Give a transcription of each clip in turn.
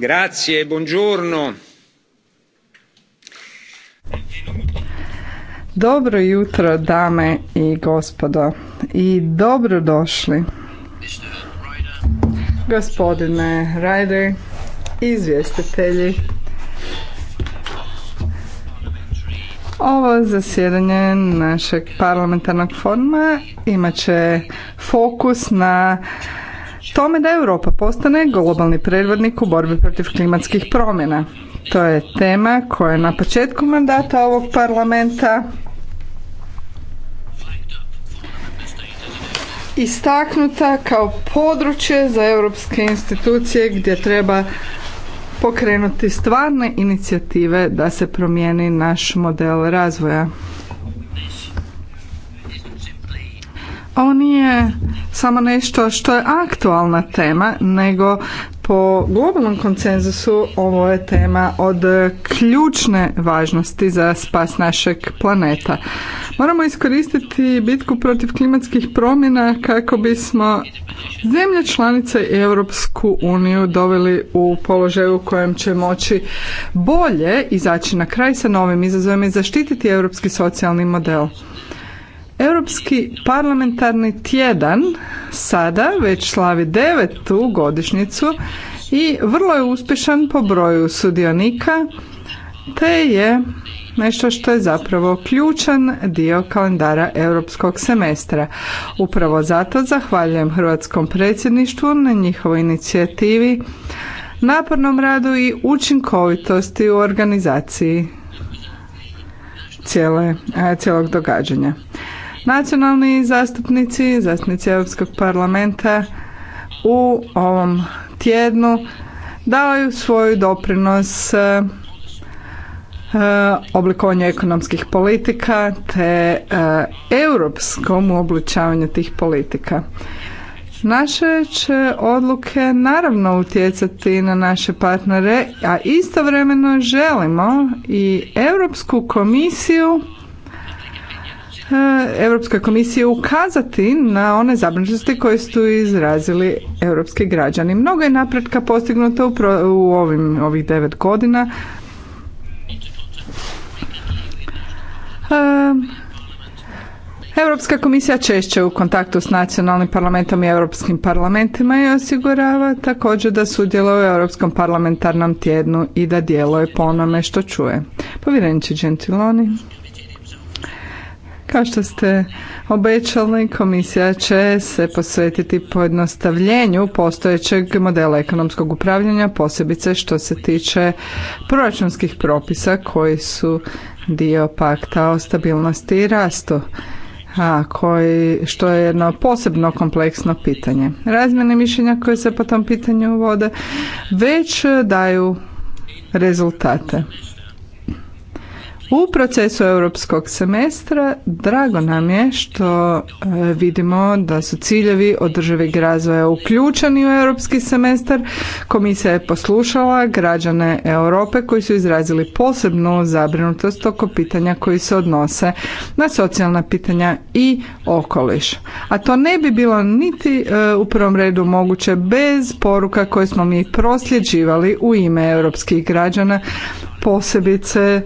Grazie, buongiorno. Dobro jutro, dame i gospodo. I dobrodošli. Gospodine Ryder, izvjestitelji. Ovo zasjedanje našeg parlamentarnog forma imat će fokus na tome da Europa postane globalni predvodnik u borbi protiv klimatskih promjena. To je tema koja je na početku mandata ovog parlamenta istaknuta kao područje za europske institucije gdje treba pokrenuti stvarne inicijative da se promijeni naš model razvoja. ovo nije samo nešto što je aktualna tema, nego po globalnom konsenzusu ovo je tema od ključne važnosti za spas našeg planeta. Moramo iskoristiti bitku protiv klimatskih promjena kako bismo zemlje članice i Europsku uniju doveli u položaju u kojem će moći bolje izaći na kraj sa novim izazovima i zaštititi europski socijalni model. Europski parlamentarni tjedan sada već slavi devetu godišnjicu i vrlo je uspješan po broju sudionika te je nešto što je zapravo ključan dio kalendara europskog semestra. Upravo zato zahvaljujem Hrvatskom predsjedništvu na njihovoj inicijativi, napornom radu i učinkovitosti u organizaciji cijele, cijelog događanja nacionalni zastupnici, zastupnici Europskog parlamenta u ovom tjednu daju svoj doprinos eh, oblikovanju ekonomskih politika te eh, europskom uobličavanju tih politika. Naše će odluke naravno utjecati na naše partnere, a istovremeno želimo i Europsku komisiju E, europska komisija ukazati na one zabrinutosti koje su izrazili europski građani. Mnogo je napretka postignuto u, ovim, ovih devet godina. E, europska komisija češće u kontaktu s nacionalnim parlamentom i europskim parlamentima i osigurava također da sudjeluje u Europskom parlamentarnom tjednu i da djeluje po onome što čuje. Povjereniče Gentiloni. Kao što ste obećali, komisija će se posvetiti pojednostavljenju postojećeg modela ekonomskog upravljanja, posebice što se tiče proračunskih propisa koji su dio pakta o stabilnosti i rastu a koji, što je jedno posebno kompleksno pitanje. Razmjene mišljenja koje se po tom pitanju vode već daju rezultate. U procesu europskog semestra drago nam je što e, vidimo da su ciljevi održivog razvoja uključeni u europski semestar. Komisija je poslušala građane Europe koji su izrazili posebnu zabrinutost oko pitanja koji se odnose na socijalna pitanja i okoliš. A to ne bi bilo niti e, u prvom redu moguće bez poruka koje smo mi prosljeđivali u ime europskih građana posebice,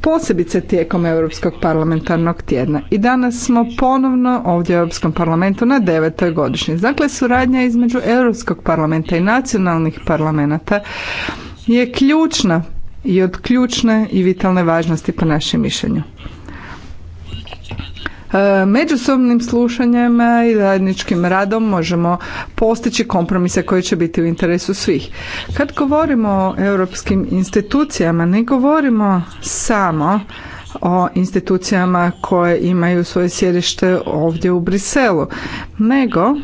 posebice tijekom Europskog parlamentarnog tjedna. I danas smo ponovno ovdje u Europskom parlamentu na devetoj godišnji. Dakle, suradnja između Europskog parlamenta i nacionalnih parlamenta je ključna i od ključne i vitalne važnosti po našem mišljenju. E, međusobnim slušanjem e, i zajedničkim radom možemo postići kompromise koji će biti u interesu svih. Kad govorimo o europskim institucijama, ne govorimo samo o institucijama koje imaju svoje sjedište ovdje u Briselu, nego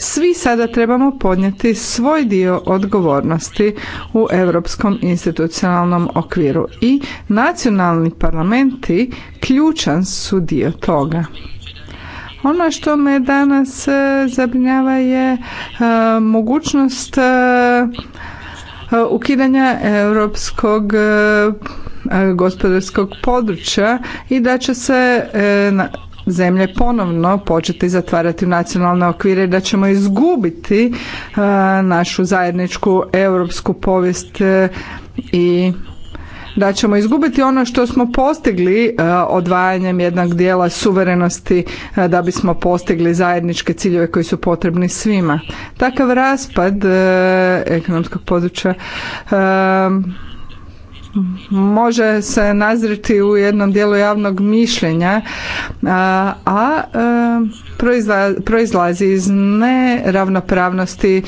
svi sada trebamo podnijeti svoj dio odgovornosti u europskom institucionalnom okviru i nacionalni parlamenti ključan su dio toga. Ono što me danas e, zabrinjava je e, mogućnost e, ukidanja europskog gospodarskog područja i da će se zemlje ponovno početi zatvarati nacionalne okvire da ćemo izgubiti e, našu zajedničku europsku povijest e, i da ćemo izgubiti ono što smo postigli e, odvajanjem jednog dijela suverenosti da bismo postigli zajedničke ciljeve koji su potrebni svima. Takav raspad ekonomskog područja može se nazriti u jednom dijelu javnog mišljenja, a, e, proizlazi iz neravnopravnosti e,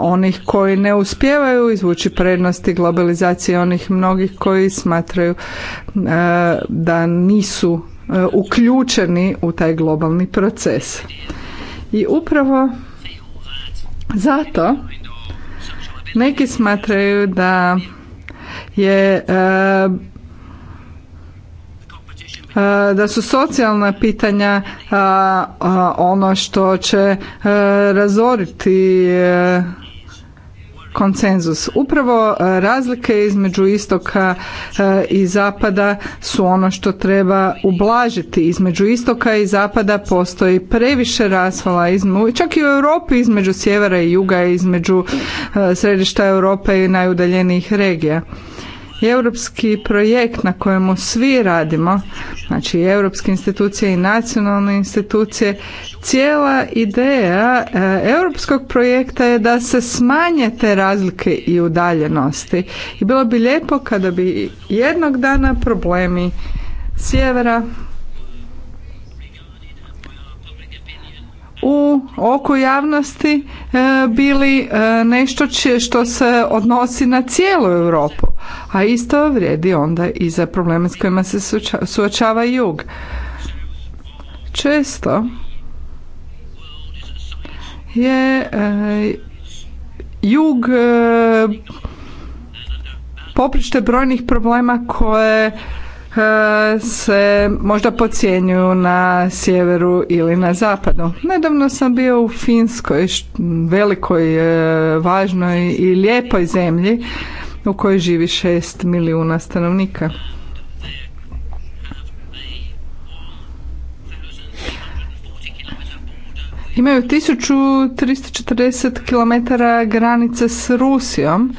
onih koji ne uspijevaju izvući prednosti globalizacije onih mnogih koji smatraju e, da nisu uključeni u taj globalni proces. I upravo zato neki smatraju da je e, e, da su socijalna pitanja e, ono što će razoriti konsenzus. Upravo e, razlike između istoka e, i zapada su ono što treba ublažiti. Između istoka i zapada postoji previše rasvala, čak i u Europi između sjevera i juga, između e, središta Europe i najudaljenijih regija europski projekt na kojemu svi radimo, znači i europske institucije i nacionalne institucije, cijela ideja e, europskog projekta je da se smanje te razlike i udaljenosti. I bilo bi lijepo kada bi jednog dana problemi sjevera u oku javnosti e, bili e, nešto što se odnosi na cijelu Europu, a isto vrijedi onda i za probleme s kojima se suočava jug. Često je e, jug poprište brojnih problema koje E, se možda pocijenjuju na sjeveru ili na zapadu. Nedavno sam bio u Finskoj, velikoj, e, važnoj i lijepoj zemlji u kojoj živi 6 milijuna stanovnika. Imaju 1340 km granice s Rusijom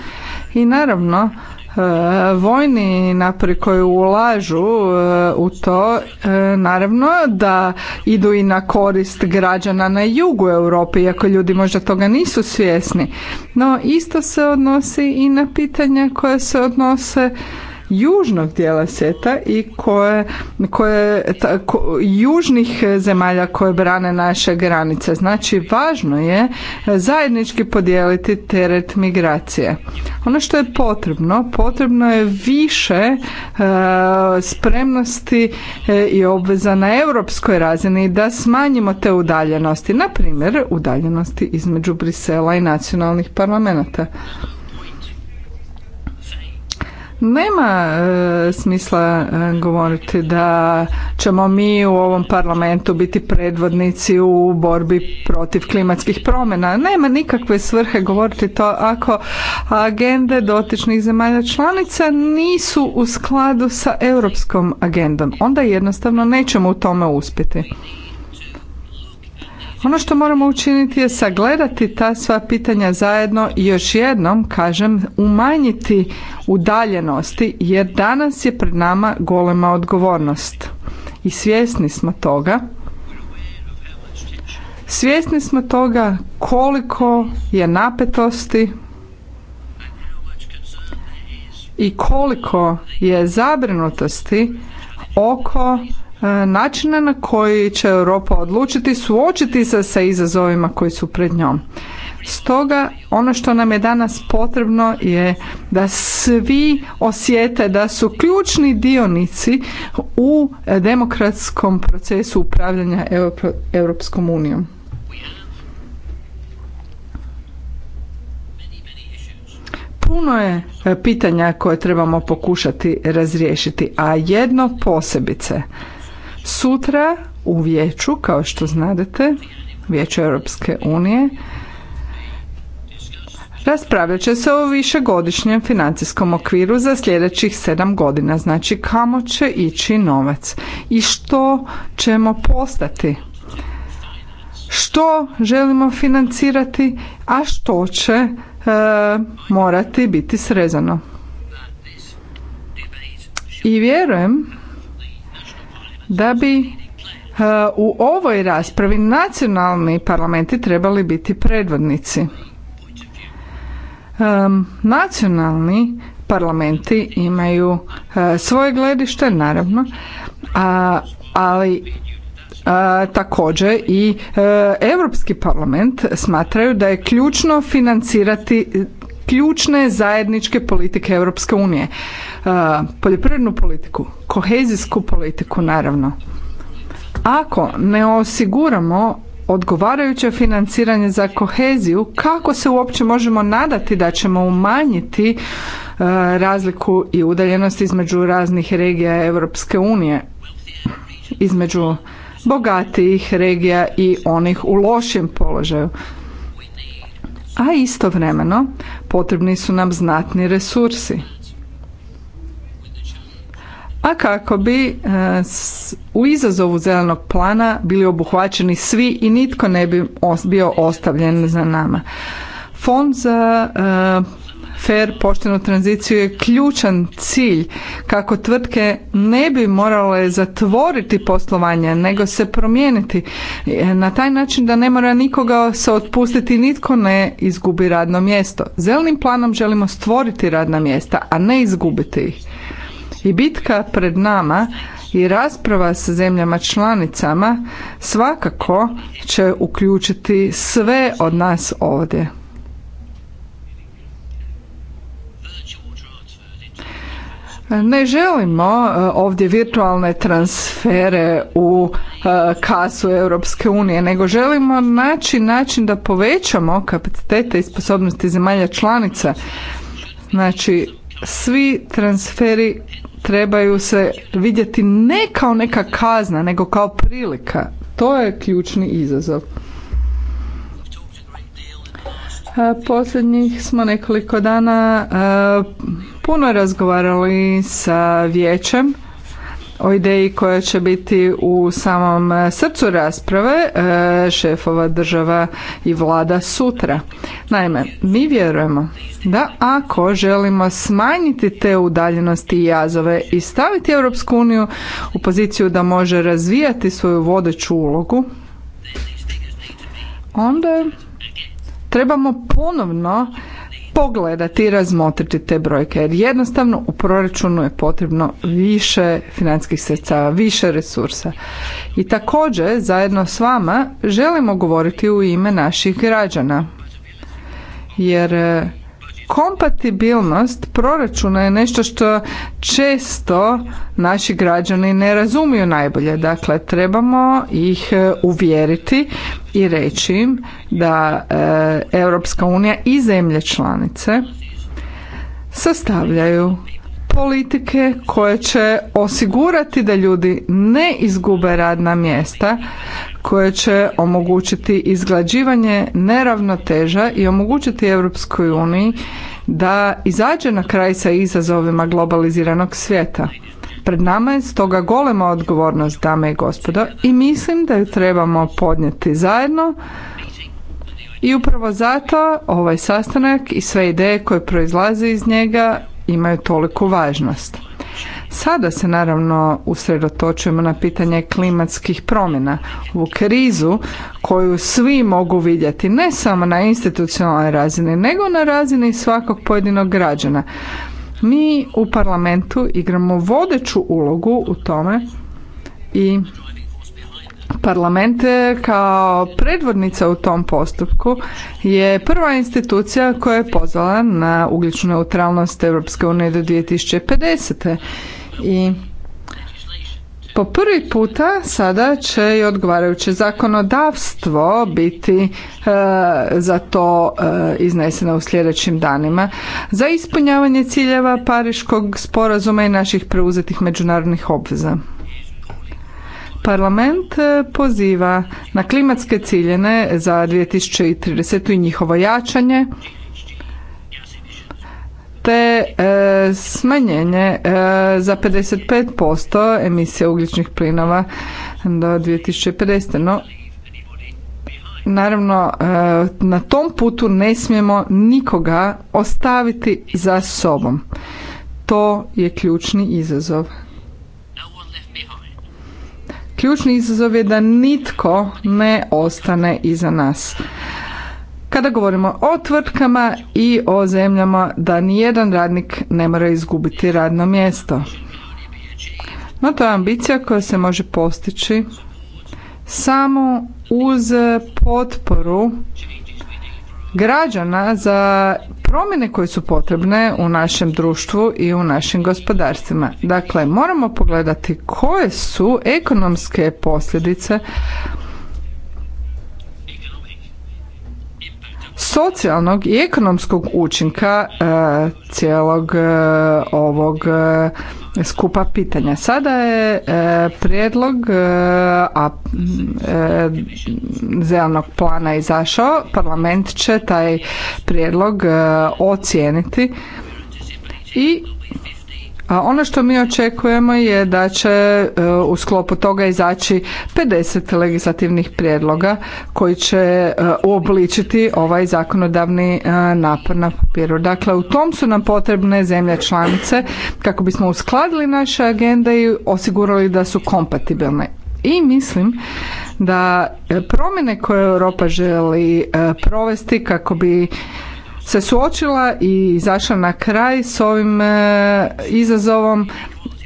i naravno Eh, vojni napori koji ulažu eh, u to eh, naravno da idu i na korist građana na jugu Europi, iako ljudi možda toga nisu svjesni no isto se odnosi i na pitanja koja se odnose južnog dijela svijeta i koje, koje južnih zemalja koje brane naše granice. Znači važno je zajednički podijeliti teret migracije. Ono što je potrebno, potrebno je više e, spremnosti e, i obveza na europskoj razini da smanjimo te udaljenosti, na udaljenosti između Brisela i nacionalnih parlamenta. Nema e, smisla e, govoriti da ćemo mi u ovom parlamentu biti predvodnici u borbi protiv klimatskih promjena. Nema nikakve svrhe govoriti to ako agende dotičnih zemalja članica nisu u skladu sa europskom agendom. Onda jednostavno nećemo u tome uspjeti. Ono što moramo učiniti je sagledati ta sva pitanja zajedno i još jednom, kažem, umanjiti udaljenosti jer danas je pred nama golema odgovornost. I svjesni smo toga. Svjesni smo toga koliko je napetosti i koliko je zabrinutosti oko načina na koji će Europa odlučiti suočiti se sa izazovima koji su pred njom. Stoga ono što nam je danas potrebno je da svi osjete da su ključni dionici u demokratskom procesu upravljanja Europskom unijom. Puno je e, pitanja koje trebamo pokušati razriješiti, a jedno posebice – Sutra u vijeću, kao što znadete, vijeću Europske unije, raspravljat će se o višegodišnjem financijskom okviru za sljedećih sedam godina, znači kamo će ići novac i što ćemo postati što želimo financirati, a što će e, morati biti srezano. I vjerujem da bi eh, u ovoj raspravi nacionalni parlamenti trebali biti predvodnici. Nacionalni parlamenti imaju eh, svoje gledište, naravno, ali također i eh, Europski parlament smatraju da je ključno financirati ključne zajedničke politike Europske unije. Uh, poljoprivrednu politiku, kohezijsku politiku naravno. Ako ne osiguramo odgovarajuće financiranje za koheziju, kako se uopće možemo nadati da ćemo umanjiti uh, razliku i udaljenost između raznih regija Europske unije, između bogatijih regija i onih u lošijem položaju a istovremeno potrebni su nam znatni resursi. A kako bi e, u izazovu zelenog plana bili obuhvaćeni svi i nitko ne bi bio ostavljen za nama. Fond za e, fer, poštenu tranziciju je ključan cilj kako tvrtke ne bi morale zatvoriti poslovanje, nego se promijeniti. Na taj način da ne mora nikoga se otpustiti, nitko ne izgubi radno mjesto. Zelenim planom želimo stvoriti radna mjesta, a ne izgubiti ih. I bitka pred nama i rasprava sa zemljama članicama svakako će uključiti sve od nas ovdje. Ne želimo e, ovdje virtualne transfere u e, kasu Europske unije, nego želimo naći način da povećamo kapacitete i sposobnosti zemalja članica. Znači, svi transferi trebaju se vidjeti ne kao neka kazna, nego kao prilika. To je ključni izazov. E, posljednjih smo nekoliko dana e, puno razgovarali sa vijećem o ideji koja će biti u samom e, srcu rasprave šefova država i vlada sutra. Naime, mi vjerujemo da ako želimo smanjiti te udaljenosti i jazove i staviti Europsku uniju u poziciju da može razvijati svoju vodeću ulogu, onda trebamo ponovno pogledati i razmotriti te brojke jer jednostavno u proračunu je potrebno više financijskih sredstava, više resursa. I također zajedno s vama želimo govoriti u ime naših građana jer kompatibilnost proračuna je nešto što često naši građani ne razumiju najbolje. Dakle, trebamo ih e, uvjeriti i reći im da e, Europska unija i zemlje članice sastavljaju politike koje će osigurati da ljudi ne izgube radna mjesta, koje će omogućiti izglađivanje neravnoteža i omogućiti Europskoj uniji da izađe na kraj sa izazovima globaliziranog svijeta. Pred nama je stoga golema odgovornost, dame i gospodo, i mislim da ju trebamo podnijeti zajedno i upravo zato ovaj sastanak i sve ideje koje proizlaze iz njega imaju toliku važnost. Sada se naravno usredotočujemo na pitanje klimatskih promjena, u krizu koju svi mogu vidjeti ne samo na institucionalnoj razini, nego na razini svakog pojedinog građana. Mi u parlamentu igramo vodeću ulogu u tome i Parlament kao predvodnica u tom postupku je prva institucija koja je pozvala na ugljičnu neutralnost Europske unije do 2050. I po prvi puta sada će i odgovarajuće zakonodavstvo biti e, za to e, izneseno u sljedećim danima za ispunjavanje ciljeva Pariškog sporazuma i naših preuzetih međunarodnih obveza. Parlament e, poziva na klimatske ciljene za 2030. i njihovo jačanje te e, smanjenje e, za 55% emisije ugljičnih plinova do 2050. No, naravno e, na tom putu ne smijemo nikoga ostaviti za sobom. To je ključni izazov. Ključni izazov je da nitko ne ostane iza nas. Kada govorimo o tvrtkama i o zemljama, da nijedan radnik ne mora izgubiti radno mjesto. No to je ambicija koja se može postići samo uz potporu građana za promjene koje su potrebne u našem društvu i u našim gospodarstvima. Dakle, moramo pogledati koje su ekonomske posljedice socijalnog i ekonomskog učinka e, cijelog e, ovog e, skupa pitanja. Sada je e, prijedlog e, a e, zelenog plana izašao, parlament će taj prijedlog e, ocijeniti i a ono što mi očekujemo je da će e, u sklopu toga izaći 50 legislativnih prijedloga koji će e, uobličiti ovaj zakonodavni e, napor na papiru. Dakle, u tom su nam potrebne zemlje članice kako bismo uskladili naše agende i osigurali da su kompatibilne. I mislim da promjene koje Europa želi provesti kako bi se suočila i izašla na kraj s ovim e, izazovom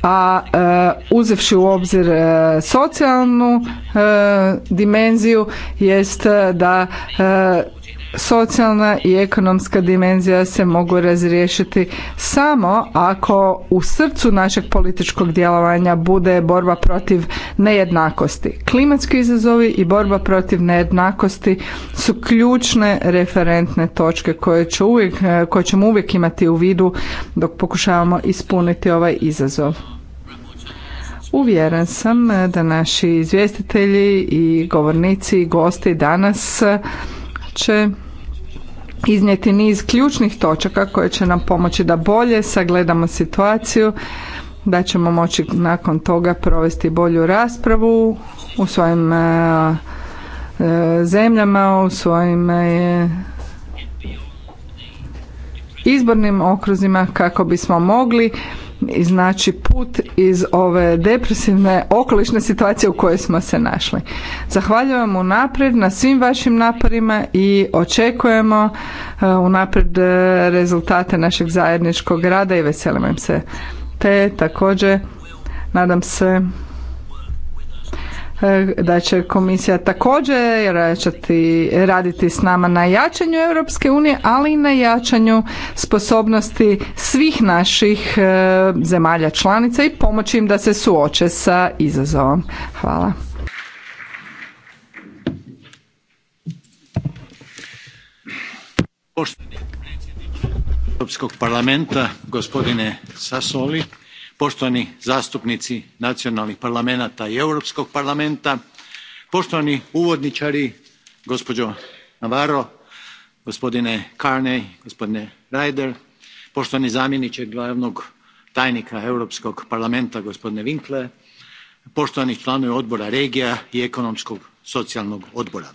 a e, uzevši u obzir e, socijalnu dimenziju jest da socijalna i ekonomska dimenzija se mogu razriješiti samo ako u srcu našeg političkog djelovanja bude borba protiv nejednakosti. Klimatski izazovi i borba protiv nejednakosti su ključne referentne točke koje, e, koje ćemo uvijek imati u vidu dok pokušavamo ispuniti ovaj izazov. Uvjeren sam e, da naši izvjestitelji i govornici i gosti danas će iznijeti niz ključnih točaka koje će nam pomoći da bolje sagledamo situaciju, da ćemo moći nakon toga provesti bolju raspravu u svojim e, e, zemljama, u svojim e, izbornim okruzima kako bismo mogli Znači put iz ove depresivne okolišne situacije u kojoj smo se našli. Zahvaljujem unaprijed na svim vašim naporima i očekujemo eh, unaprijed eh, rezultate našeg zajedničkog rada i veselimo im se. Te također nadam se E, da će komisija također račati, raditi s nama na jačanju Europske unije, ali i na jačanju sposobnosti svih naših e, zemalja članica i pomoći im da se suoče sa izazovom. Hvala. Poštovani predsjedniče Europskog parlamenta, gospodine Sassoli, poštovani zastupnici nacionalnih parlamenata i europskog parlamenta poštovani uvodničari gospođo navarro gospodine carney gospodine Ryder, poštovani zamjeniče glavnog tajnika europskog parlamenta gospodine winkler poštovani članovi odbora regija i ekonomskog socijalnog odbora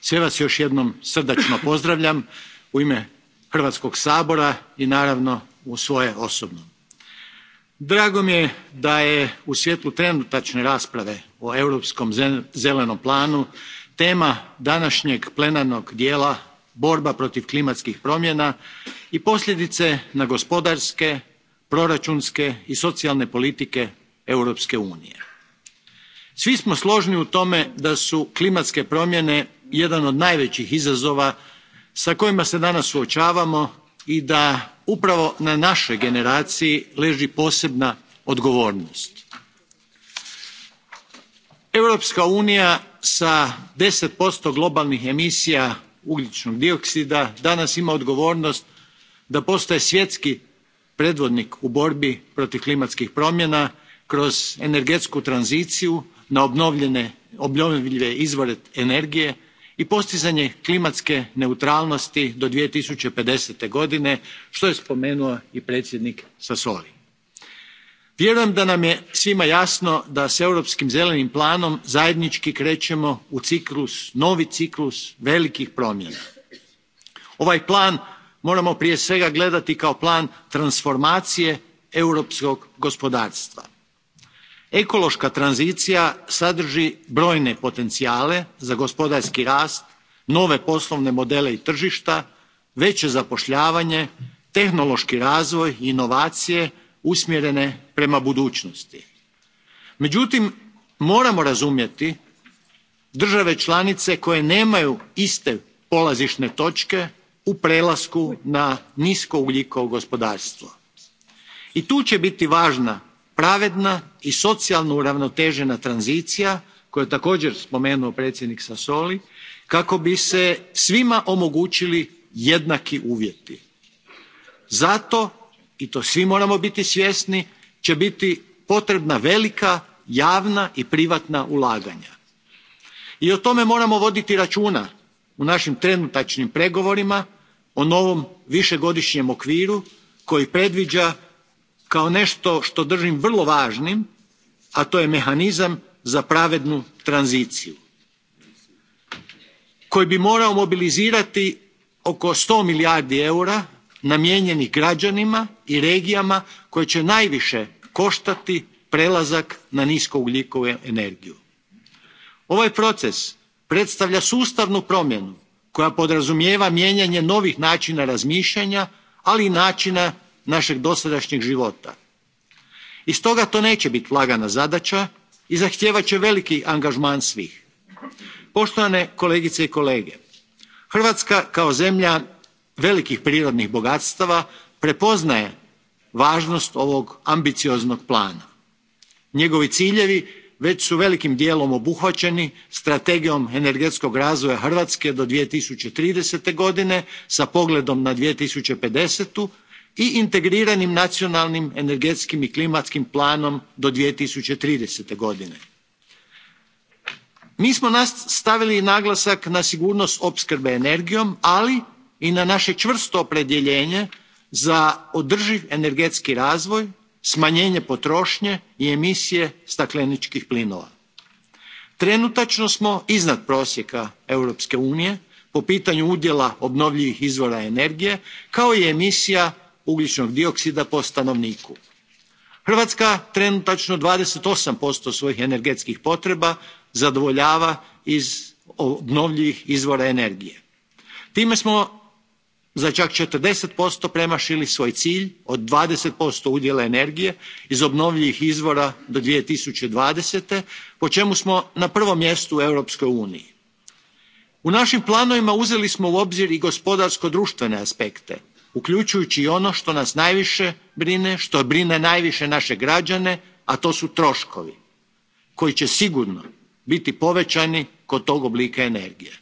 sve vas još jednom srdačno pozdravljam u ime hrvatskog sabora i naravno u svoje osobno drago mi je da je u svjetlu trenutačne rasprave o europskom zelenom planu tema današnjeg plenarnog dijela borba protiv klimatskih promjena i posljedice na gospodarske proračunske i socijalne politike europske unije. svi smo složni u tome da su klimatske promjene jedan od najvećih izazova s kojima se danas suočavamo i da upravo na našoj generaciji leži posebna odgovornost. europska unija s ten globalnih emisija ugljičnog dioksida danas ima odgovornost da postaje svjetski predvodnik u borbi protiv klimatskih promjena kroz energetsku tranziciju na obnovljive izvore energije i postizanje klimatske neutralnosti do. two thousand and fifty godine što je spomenuo i predsjednik sassoli. vjerujem da nam je svima jasno da s europskim zelenim planom zajednički krećemo u ciklus novi ciklus velikih promjena. ovaj plan moramo prije svega gledati kao plan transformacije europskog gospodarstva ekološka tranzicija sadrži brojne potencijale za gospodarski rast nove poslovne modele i tržišta veće zapošljavanje tehnološki razvoj i inovacije usmjerene prema budućnosti. međutim moramo razumjeti države članice koje nemaju iste polazišne točke u prelasku na ugljikovo gospodarstvo i tu će biti važna pravedna i socijalno uravnotežena tranzicija koju je također spomenuo predsjednik sassoli kako bi se svima omogućili jednaki uvjeti. zato i to svi moramo biti svjesni će biti potrebna velika javna i privatna ulaganja i o tome moramo voditi računa u našim trenutačnim pregovorima o novom višegodišnjem okviru koji predviđa kao nešto što držim vrlo važnim a to je mehanizam za pravednu tranziciju koji bi morao mobilizirati oko 100 milijardi eura namijenjenih građanima i regijama koje će najviše koštati prelazak na niskougljikovu energiju. Ovaj proces predstavlja sustavnu promjenu koja podrazumijeva mijenjanje novih načina razmišljanja, ali i načina našeg dosadašnjeg života. i stoga to neće biti lagana zadaća i zahtijevat će veliki angažman svih. poštovane kolegice i kolege hrvatska kao zemlja velikih prirodnih bogatstava prepoznaje važnost ovog ambicioznog plana. njegovi ciljevi već su velikim dijelom obuhvaćeni strategijom energetskog razvoja hrvatske do. two thousand and godine sa pogledom na. two thousand and i integriranim nacionalnim energetskim i klimatskim planom do. two thousand and thirty godine mi smo stavili naglasak na sigurnost opskrbe energijom ali i na nae vrsto opredjeljenje za odriv energetski razvoj smanjenje potronje i emisije stakleničkih plinova. Trenutačno smo iznad prosjeka europske unije po pitanju udjela obnovljivih izvora energije kao i emisija ugljičnog dioksida po stanovniku. Hrvatska trenutačno 28% svojih energetskih potreba zadovoljava iz obnovljivih izvora energije. Time smo za čak 40% premašili svoj cilj od 20% udjela energije iz obnovljivih izvora do 2020. po čemu smo na prvom mjestu u Europskoj uniji. U našim planovima uzeli smo u obzir i gospodarsko-društvene aspekte uključujući i ono što nas najviše brine što brine najviše naše građane a to su troškovi koji će sigurno biti povećani kod tog oblika energije.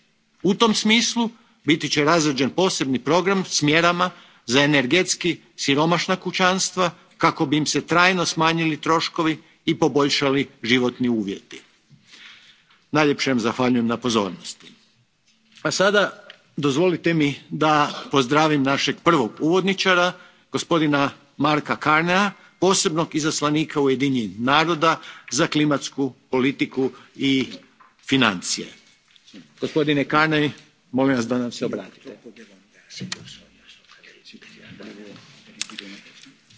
u tom smislu biti će razrađen posebni program s mjerama za energetski siromašna kućanstva kako bi im se trajno smanjili troškovi i poboljšali životni uvjeti. najljepše vam zahvaljujem na pozornosti. a sada dozvolite mi da pozdravim našeg prvog uvodničara gospodina Marka karnea posebnog izaslanika ujedinjenih naroda za klimatsku politiku i financije. gospodine carney molim vas da nam se obratite.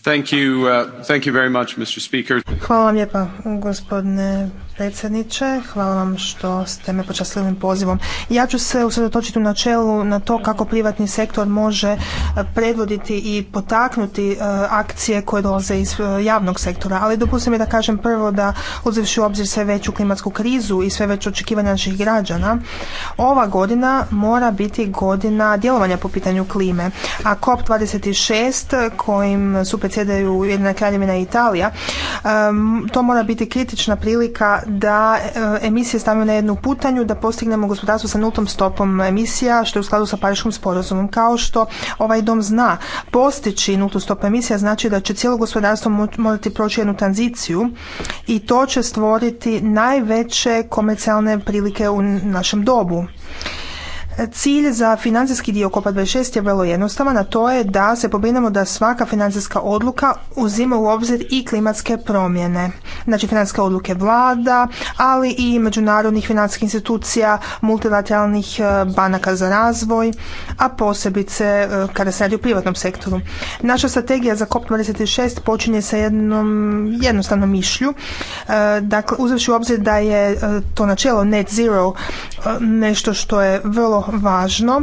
Uh, Hvala lijepa gospodine predsjedniče. Hvala vam što ste me počastili pozivom. Ja ću se usredotočiti u načelu na to kako privatni sektor može e, predvoditi i potaknuti e, akcije koje dolaze iz e, javnog sektora. Ali dopustite mi da kažem prvo da uzevši u obzir sve veću klimatsku krizu i sve veće očekivanja naših građana, ova godina mora biti godina djelovanja po pitanju klime. A COP26 kojim su predsjedaju Ujedina kraljevina i Italija, to mora biti kritična prilika da e, emisije stavimo na jednu putanju, da postignemo gospodarstvo sa nultom stopom emisija, što je u skladu sa pariškom sporazumom. Kao što ovaj dom zna, postići nultu stopu emisija znači da će cijelo gospodarstvo morati proći jednu tranziciju i to će stvoriti najveće komercijalne prilike u našem dobu. Cilj za financijski dio Kopa 26 je vrlo jednostavan, a to je da se pobrinemo da svaka financijska odluka uzima u obzir i klimatske promjene. Znači financijske odluke vlada, ali i međunarodnih financijskih institucija, multilateralnih e, banaka za razvoj, a posebice e, kada se radi u privatnom sektoru. Naša strategija za COP26 počinje sa jednom jednostavnom mišlju. E, dakle, uzevši u obzir da je to načelo net zero nešto što je vrlo važno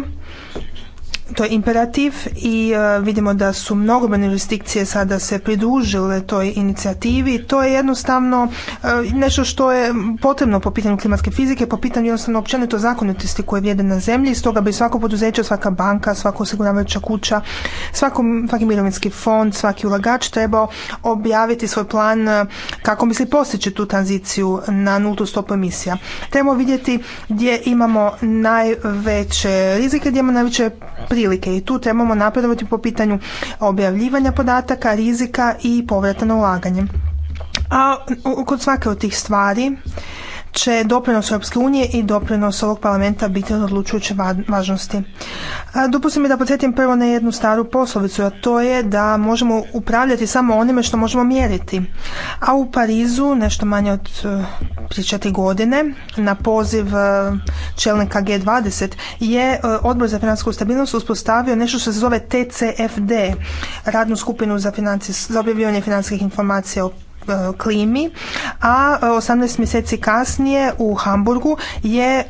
to je imperativ i e, vidimo da su mnogobrojne jurisdikcije sada se pridružile toj inicijativi. To je jednostavno e, nešto što je potrebno po pitanju klimatske fizike, po pitanju jednostavno općenito zakonitosti koje vrijede na zemlji. Stoga bi svako poduzeće, svaka banka, svako osiguravajuća kuća, svaki mirovinski fond, svaki ulagač trebao objaviti svoj plan e, kako misli postići tu tranziciju na nultu stopu emisija. Trebamo vidjeti gdje imamo najveće rizike, gdje imamo najveće prilike i tu trebamo napredovati po pitanju objavljivanja podataka, rizika i povrata na ulaganje. A kod svake od tih stvari će doprinos Europske unije i doprinos ovog parlamenta biti od odlučujuće važnosti. Dopustim mi da podsjetim prvo na jednu staru poslovicu, a to je da možemo upravljati samo onime što možemo mjeriti. A u Parizu, nešto manje od pričati e, godine, na poziv e, čelnika G20 je e, odbor za financijsku stabilnost uspostavio nešto što se zove TCFD, radnu skupinu za, za objavljivanje financijskih informacija o E, klimi, a 18 e, mjeseci kasnije u Hamburgu je e,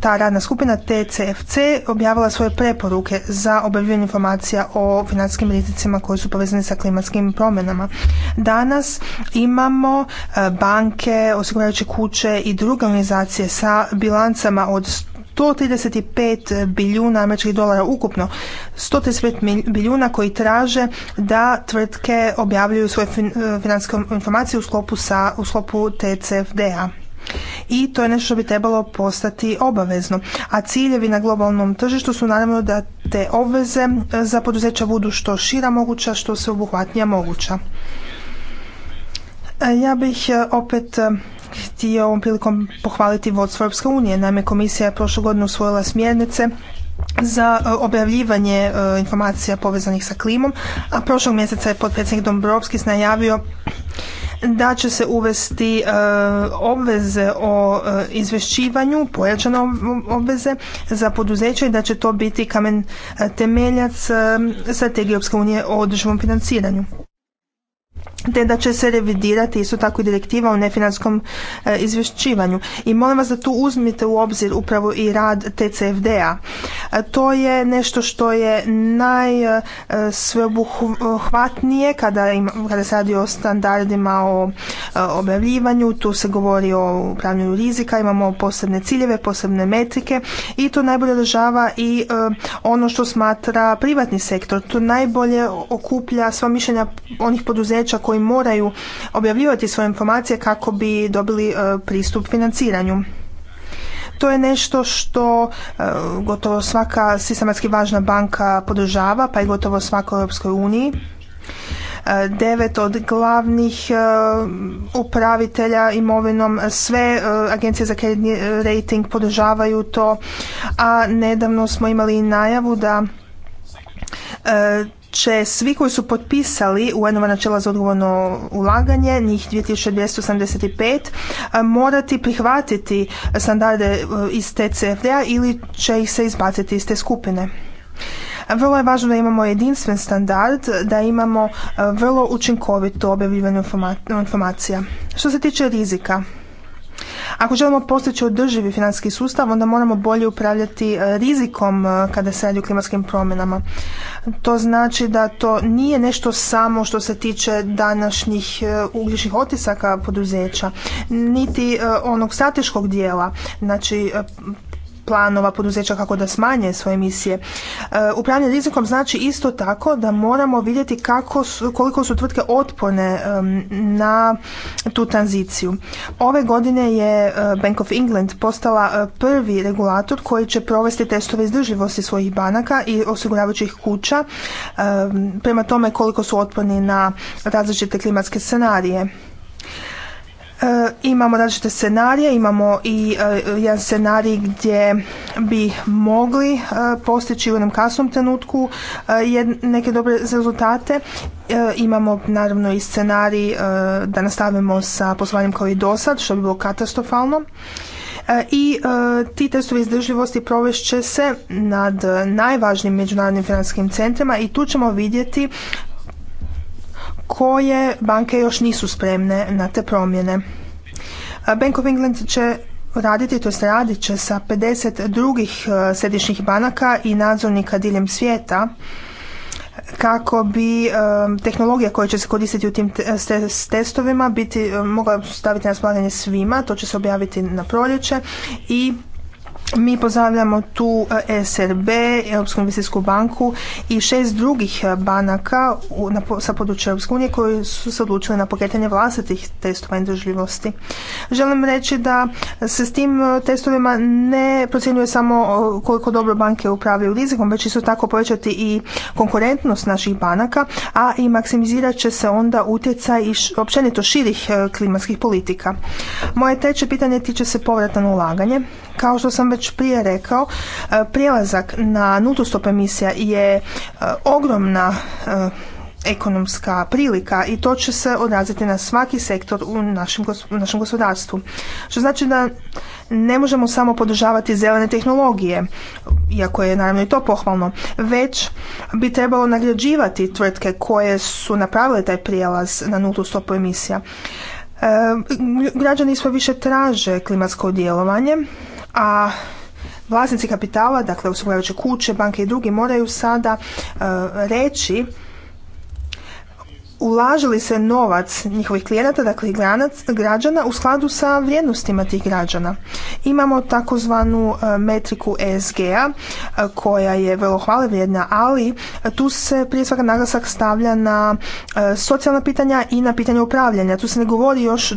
ta radna skupina TCFC objavila svoje preporuke za objavljivanje informacija o financijskim rizicima koji su povezani sa klimatskim promjenama. Danas imamo banke, osiguravajuće kuće i druge organizacije sa bilancama od 135 biljuna američkih dolara ukupno. 135 biljuna koji traže da tvrtke objavljuju svoje financijske informacije u sklopu, sa, u sklopu TCFD-a i to je nešto što bi trebalo postati obavezno. A ciljevi na globalnom tržištu su naravno da te obveze e, za poduzeća budu što šira moguća, što se obuhvatnija moguća. E, ja bih e, opet htio ovom prilikom pohvaliti vodstvo Europske unije. Naime, komisija je prošle godine usvojila smjernice za e, objavljivanje e, informacija povezanih sa klimom, a prošlog mjeseca je potpredsjednik Dombrovskis najavio da će se uvesti e, obveze o izvješćivanju, pojačane obveze za poduzeće i da će to biti kamen temeljac strategije Europske unije o održivom financiranju te da će se revidirati isto tako i direktiva o nefinanskom e, izvješćivanju. I molim vas da tu uzmite u obzir upravo i rad TCFD-a. E, to je nešto što je najsveobuhvatnije e, kada, kada se radi o standardima o objavljivanju, tu se govori o upravljanju rizika, imamo posebne ciljeve, posebne metrike i to najbolje održava i ono što smatra privatni sektor. To najbolje okuplja sva mišljenja onih poduzeća koji moraju objavljivati svoje informacije kako bi dobili e, pristup financiranju. To je nešto što e, gotovo svaka sistematski važna banka podržava, pa i gotovo svaka u Europskoj uniji. E, devet od glavnih upravitelja imovinom, sve agencije za kreditni rating podržavaju to, a nedavno smo imali i najavu da će svi koji su potpisali u jednom načela za odgovorno ulaganje, njih 2285, morati prihvatiti standarde e, iz TCFD-a ili će ih se izbaciti iz te skupine. Vrlo je važno da imamo jedinstven standard, da imamo vrlo učinkovito objavljivanje informacija. Što se tiče rizika, ako želimo postići održivi financijski sustav, onda moramo bolje upravljati e, rizikom e, kada se radi o klimatskim promjenama. To znači da to nije nešto samo što se tiče današnjih e, ugljičnih otisaka poduzeća, niti onog strateškog dijela, znači planova poduzeća kako da smanje svoje emisije. E, upravljanje rizikom znači isto tako da moramo vidjeti kako koliko su tvrtke otpone na tu tranziciju. Ove godine je e, Bank of England postala e, prvi regulator koji će provesti testove izdrživosti svojih banaka i osiguravajućih kuća prema tome koliko su otporni na različite klimatske scenarije. E, imamo različite scenarije, imamo i e, jedan scenarij gdje bi mogli e, postići u jednom kasnom trenutku neke dobre rezultate. Imamo naravno i scenarij da nastavimo sa poslovanjem kao i do što bi bilo katastrofalno i ti testovi izdržljivosti provešće se nad najvažnijim međunarodnim financijskim centrima i tu ćemo vidjeti koje banke još nisu spremne na te promjene. Bank of England će raditi, to radit će sa 50 drugih e, središnjih banaka i nadzornika diljem svijeta kako bi e, tehnologija koja će se koristiti u tim testovima biti, e, mogla staviti na raspolaganje svima, to će se objaviti na proljeće i mi pozdravljamo tu e, SRB, Europsku investicijsku banku i šest drugih e, banaka sa područja Europske unije koji su se odlučili na pokretanje vlastitih testova izdržljivosti. Želim reći da se s tim e, testovima ne procjenjuje samo koliko dobro banke upravljaju rizikom, već isto tako povećati i konkurentnost naših banaka, a i maksimizirat će se onda utjecaj i općenito širih klimatskih politika. Moje treće pitanje tiče se povratan ulaganje. Kao što sam već prije rekao, e, prijelazak na nutu stop emisija je e, ogromna e, ekonomska prilika i to će se odraziti na svaki sektor u našem, našem gospodarstvu. Što znači da ne možemo samo podržavati zelene tehnologije, iako je naravno i to pohvalno, već bi trebalo nagrađivati tvrtke koje su napravile taj prijelaz na nultu stopu emisija. Građani sve više traže klimatsko djelovanje, a vlasnici kapitala, dakle osiguravajuće kuće, banke i drugi moraju sada reći ulaže li se novac njihovih klijenata, dakle građana, u skladu sa vrijednostima tih građana. Imamo takozvanu e, metriku ESG-a e, koja je vrlo hvale vrijedna, ali tu se prije svega naglasak stavlja na e, socijalna pitanja i na pitanje upravljanja. Tu se ne govori još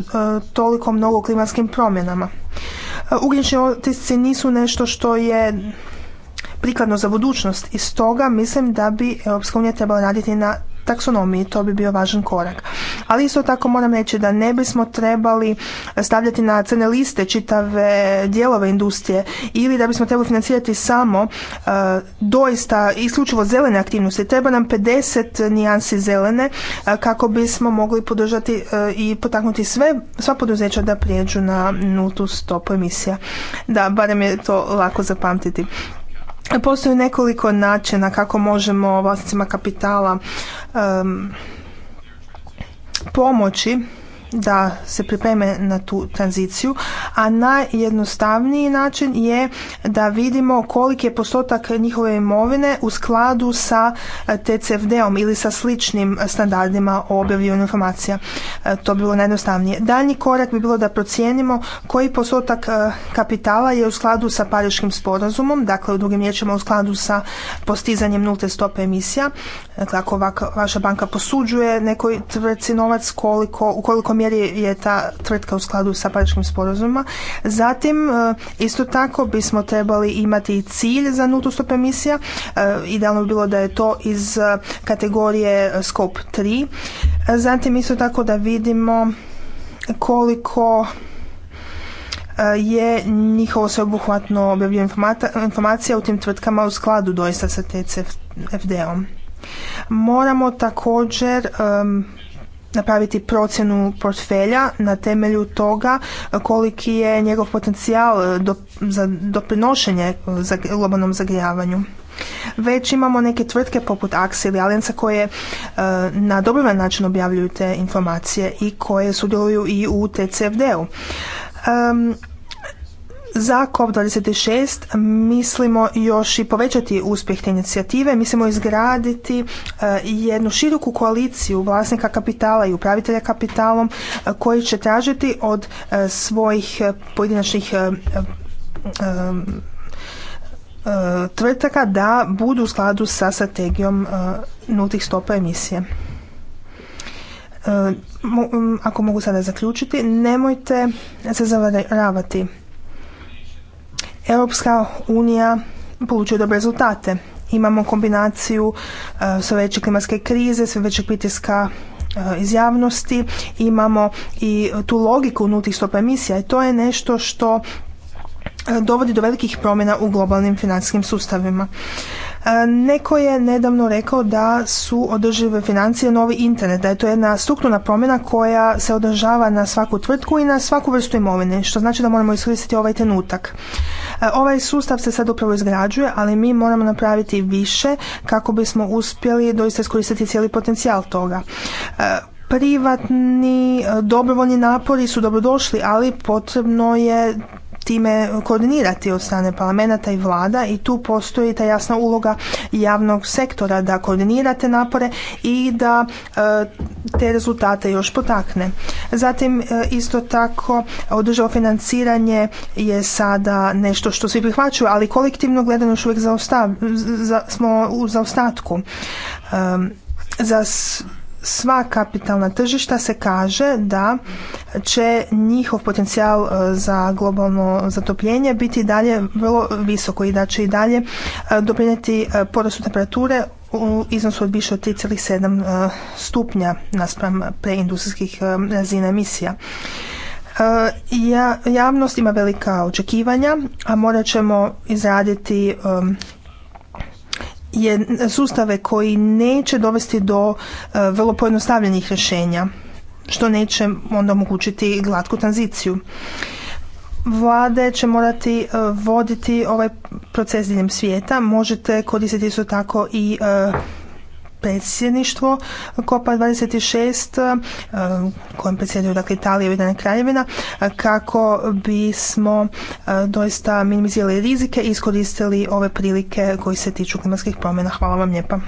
toliko mnogo o klimatskim promjenama. Ugljični otisci nisu nešto što je prikladno za budućnost i stoga mislim da bi EU trebala raditi na taksonomiji. To bi bio važan korak. Ali isto tako moram reći da ne bismo trebali stavljati na crne liste čitave dijelove industrije ili da bismo trebali financirati samo e, doista isključivo zelene aktivnosti. Treba nam 50 nijansi zelene e, kako bismo mogli podržati e, i potaknuti sve, sva poduzeća da prijeđu na nultu stopu emisija. Da, barem je to lako zapamtiti. Postoji nekoliko načina kako možemo vlasnicima kapitala pomoći da se pripreme na tu tranziciju, a najjednostavniji način je da vidimo koliki je postotak njihove imovine u skladu sa e, TCFD-om ili sa sličnim standardima o objavljivanju informacija. E, to bi bilo najjednostavnije. Daljnji korak bi bilo da procijenimo koji postotak e, kapitala je u skladu sa Pariškim sporazumom, dakle u drugim riječima u skladu sa postizanjem nulte stope emisija. Dakle, ako vaša banka posuđuje nekoj tvrci novac, koliko, u koliko mjeri je ta tvrtka u skladu sa pariškim sporazuma. Zatim, e, isto tako bismo trebali imati i cilj za nultu stopu emisija. E, idealno bi bilo da je to iz e, kategorije Scope 3. Zatim, isto tako da vidimo koliko je njihovo sveobuhvatno objavljivanje informacija u tim tvrtkama u skladu doista sa TCFD-om. Moramo također napraviti procjenu portfelja na temelju toga koliki je njegov potencijal eh, za doprinošenje za globalnom zagrijavanju. Već imamo neke tvrtke poput Axe ili Alenca koje eh, na dobrovan način objavljuju te informacije i koje sudjeluju i u TCFD-u. Za COP26 mislimo još i povećati uspjeh te inicijative, mislimo izgraditi e, jednu široku koaliciju vlasnika kapitala i upravitelja kapitalom e, koji će tražiti od e, svojih pojedinačnih tvrtaka da budu u skladu sa strategijom nultih stopa emisije. Ako mogu sada zaključiti, nemojte se zavaravati. Europska unija polučuje dobre rezultate. Imamo kombinaciju e, sve veće klimatske krize, sve većeg pritiska e, iz javnosti, imamo i tu logiku unutih stopa emisija i to je nešto što e, dovodi do velikih promjena u globalnim financijskim sustavima. E, neko je nedavno rekao da su održive financije novi internet, da je to jedna strukturna promjena koja se održava na svaku tvrtku i na svaku vrstu imovine, što znači da moramo iskoristiti ovaj trenutak. E, ovaj sustav se sad upravo izgrađuje, ali mi moramo napraviti više kako bismo uspjeli doista iskoristiti cijeli potencijal toga e, privatni dobrovoljni napori su dobrodošli, ali potrebno je time koordinirati od strane parlamenta i vlada i tu postoji ta jasna uloga javnog sektora da koordinira te napore i da e, te rezultate još potakne. Zatim e, isto tako održavo financiranje je sada nešto što svi prihvaćuju, ali kolektivno gledano još uvijek smo u zaostatku. E, za sva kapitalna tržišta se kaže da će njihov potencijal e, za globalno zatopljenje biti dalje vrlo visoko i da će i dalje e, doprinijeti e, porastu temperature u iznosu od više od 3,7 stupnja naspram preindustrijskih razina emisija. Ja, javnost ima velika očekivanja, a morat ćemo izraditi je sustave koji neće dovesti do e, vrlo pojednostavljenih rješenja, što neće onda omogućiti glatku tranziciju. Vlade će morati e, voditi ovaj proces diljem svijeta. Možete koristiti isto tako i e, predsjedništvo Kopa 26 eh, kojem predsjedaju dakle Italija i Ujedinjena Kraljevina kako bismo eh, doista minimizirali rizike i iskoristili ove prilike koji se tiču klimatskih promjena. Hvala vam lijepa.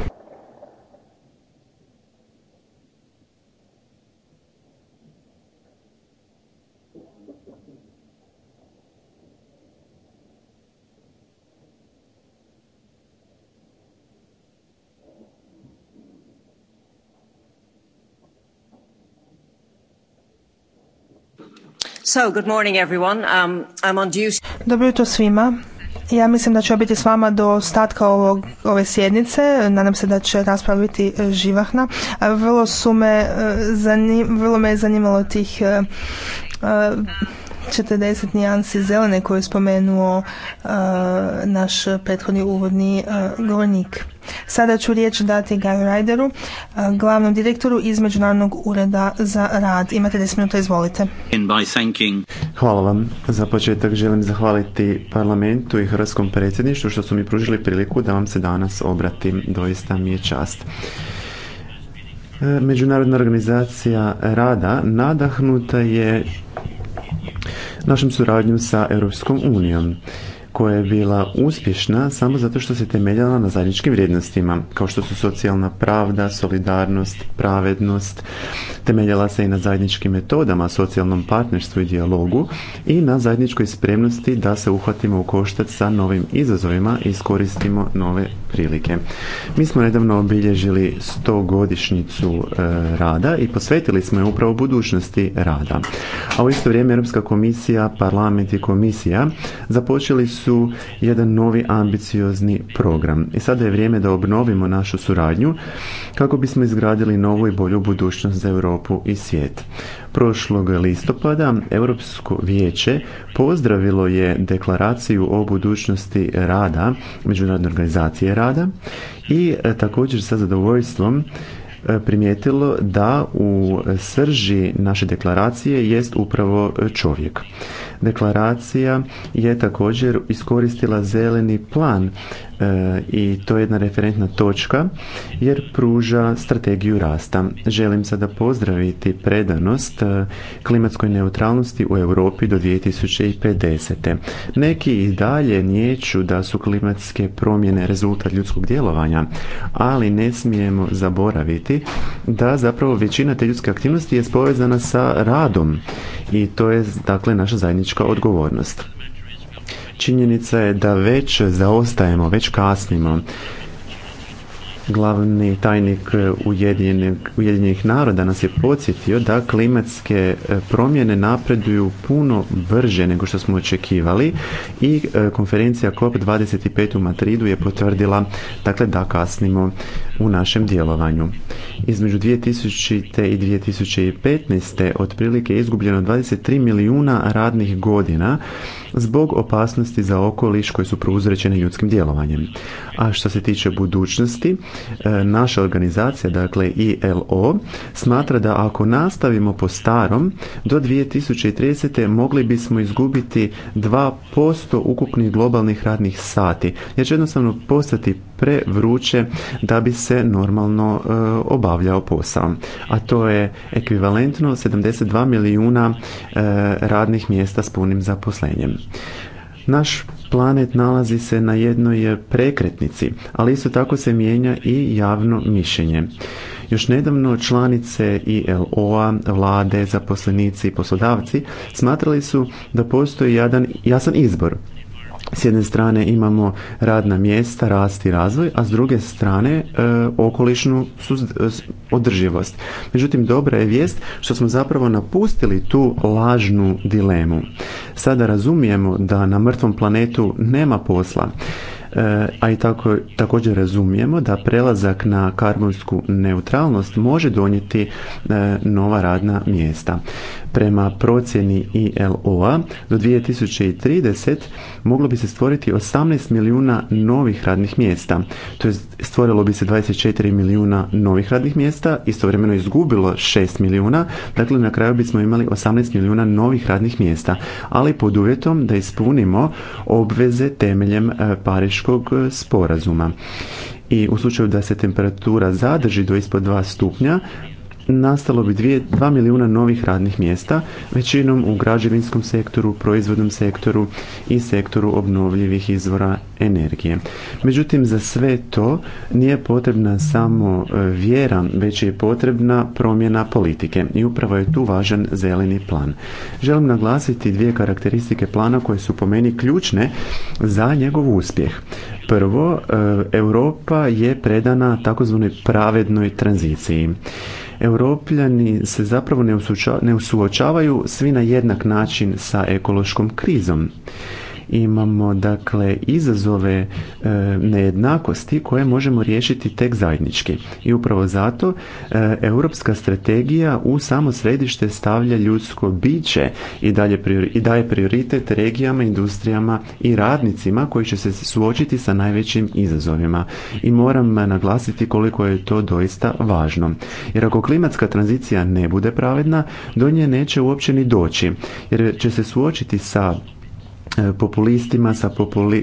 Um, Dobro jutro svima. Ja mislim da ću biti s vama do ostatka ovog, ove sjednice. Nadam se da će rasprava biti e, živahna. Vrlo su me, e, vrlo me je zanimalo tih 40 e, nijansi zelene koje je spomenuo naš prethodni uvodni govornik. Sada ću riječ dati Gaju Ryderu, e, glavnom direktoru iz Međunarodnog ureda za rad. Imate 10 minuta, izvolite. Hvala vam. Za početak želim zahvaliti parlamentu i hrvatskom predsjedništvu što su mi pružili priliku da vam se danas obratim. Doista mi je čast. E, Međunarodna organizacija rada nadahnuta je našom suradnjom sa Europskom unijom koja je bila uspješna samo zato što se temeljala na zajedničkim vrijednostima, kao što su socijalna pravda, solidarnost, pravednost, temeljala se i na zajedničkim metodama, socijalnom partnerstvu i dijalogu i na zajedničkoj spremnosti da se uhvatimo u koštac sa novim izazovima i iskoristimo nove prilike. Mi smo nedavno obilježili 100 godišnjicu e, rada i posvetili smo je upravo budućnosti rada. A u isto vrijeme Europska komisija, parlament i komisija započeli su su jedan novi ambiciozni program. I sada je vrijeme da obnovimo našu suradnju kako bismo izgradili novu i bolju budućnost za Europu i svijet. Prošlog listopada Europsko vijeće pozdravilo je deklaraciju o budućnosti rada, Međunarodne organizacije rada i e, također sa zadovoljstvom e, primijetilo da u srži naše deklaracije jest upravo čovjek. Deklaracija je također iskoristila zeleni plan e, i to je jedna referentna točka jer pruža strategiju rasta. Želim sada pozdraviti predanost e, klimatskoj neutralnosti u Europi do 2050. Neki i dalje niječu da su klimatske promjene rezultat ljudskog djelovanja, ali ne smijemo zaboraviti da zapravo većina te ljudske aktivnosti je povezana sa radom i to je dakle naša zajednička odgovornost. Činjenica je da već zaostajemo, već kasnimo Glavni tajnik e, Ujedinjenih naroda nas je podsjetio da klimatske e, promjene napreduju puno brže nego što smo očekivali i e, konferencija COP25 u Madridu je potvrdila dakle, da kasnimo u našem djelovanju. Između 2000. i 2015. otprilike je izgubljeno 23 milijuna radnih godina zbog opasnosti za okoliš koje su prouzrećene ljudskim djelovanjem. A što se tiče budućnosti, e, naša organizacija, dakle ILO, smatra da ako nastavimo po starom, do 2030. mogli bismo izgubiti 2% ukupnih globalnih radnih sati, jer će jednostavno postati prevruće da bi se normalno e, obavljao posao. A to je ekvivalentno 72 milijuna e, radnih mjesta s punim zaposlenjem. Naš planet nalazi se na jednoj prekretnici, ali isto tako se mijenja i javno mišljenje. Još nedavno članice ILO-a, vlade, zaposlenici i poslodavci smatrali su da postoji jedan jasan izbor s jedne strane imamo radna mjesta, rast i razvoj, a s druge strane e, okolišnu e, održivost. Međutim, dobra je vijest što smo zapravo napustili tu lažnu dilemu. Sada razumijemo da na mrtvom planetu nema posla, e, a i tako, također razumijemo da prelazak na karbonsku neutralnost može donijeti nova radna mjesta. Prema procjeni ILO-a do 2030 moglo bi se stvoriti 18 milijuna novih radnih mjesta. To je stvorilo bi se 24 milijuna novih radnih mjesta, istovremeno izgubilo 6 milijuna, dakle na kraju bismo imali 18 milijuna novih radnih mjesta, ali pod uvjetom da ispunimo obveze temeljem e, Pariškog e, sporazuma i u slučaju da se temperatura zadrži do ispod 2 stupnja, nastalo bi 2 milijuna novih radnih mjesta, većinom u građevinskom sektoru, proizvodnom sektoru i sektoru obnovljivih izvora energije. Međutim, za sve to nije potrebna samo e, vjera, već je potrebna promjena politike i upravo je tu važan zeleni plan. Želim naglasiti dvije karakteristike plana koje su po meni ključne za njegov uspjeh. Prvo, e, Europa je predana takozvanoj pravednoj tranziciji. Europljani se zapravo ne, usuča, svi na jednak način sa ekološkom krizom. Imamo dakle izazove e, nejednakosti koje možemo riješiti tek zajednički. I upravo zato e, europska strategija u samo središte stavlja ljudsko biće i, dalje i daje prioritet regijama, industrijama i radnicima koji će se suočiti sa najvećim izazovima. I moram naglasiti koliko je to doista važno. Jer ako klimatska tranzicija ne bude pravedna, do nje neće uopće ni doći. Jer će se suočiti sa E, populistima, sa,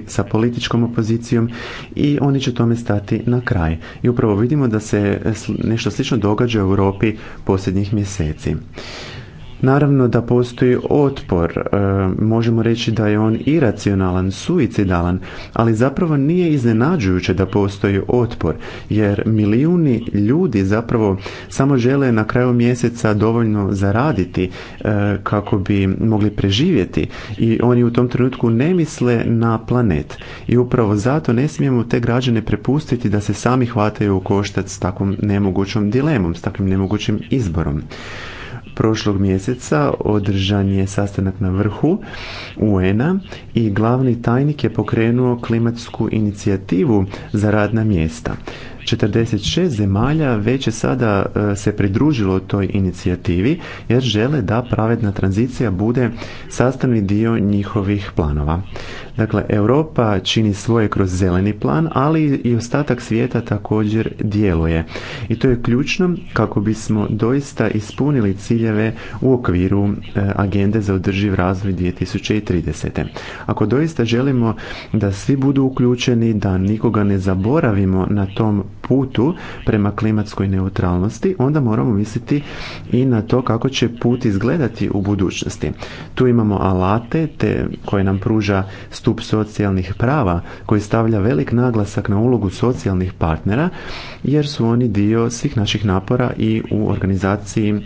sa političkom opozicijom i oni će tome stati na kraj. I upravo vidimo da se nešto slično događa u Europi posljednjih mjeseci. Naravno da postoji otpor, e, možemo reći da je on iracionalan, suicidalan, ali zapravo nije iznenađujuće da postoji otpor, jer milijuni ljudi zapravo samo žele na kraju mjeseca dovoljno zaraditi e, kako bi mogli preživjeti i oni u tom trenutku ne misle na planet. I upravo zato ne smijemo te građane prepustiti da se sami hvataju u koštac s takvom nemogućom dilemom, s takvim nemogućim izborom. Prošlog mjeseca održan je sastanak na vrhu UN-a i glavni tajnik je pokrenuo klimatsku inicijativu za radna mjesta. 46 zemalja već je sada e, se pridružilo toj inicijativi jer žele da pravedna tranzicija bude sastavni dio njihovih planova. Dakle, Europa čini svoje kroz zeleni plan, ali i ostatak svijeta također djeluje. I to je ključno kako bismo doista ispunili ciljeve u okviru e, agende za održiv razvoj 2030. Ako doista želimo da svi budu uključeni, da nikoga ne zaboravimo na tom putu prema klimatskoj neutralnosti, onda moramo misliti i na to kako će put izgledati u budućnosti. Tu imamo alate te koje nam pruža stup socijalnih prava koji stavlja velik naglasak na ulogu socijalnih partnera jer su oni dio svih naših napora i u organizaciji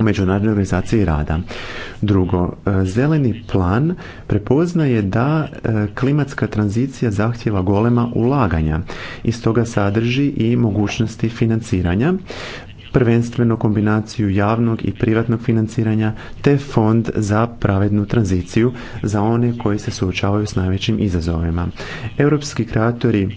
u Međunarodnoj organizaciji rada. Drugo, e, zeleni plan prepoznaje da e, klimatska tranzicija zahtjeva golema ulaganja i stoga sadrži i mogućnosti financiranja prvenstveno kombinaciju javnog i privatnog financiranja te fond za pravednu tranziciju za one koji se suočavaju s najvećim izazovima. Europski kreatori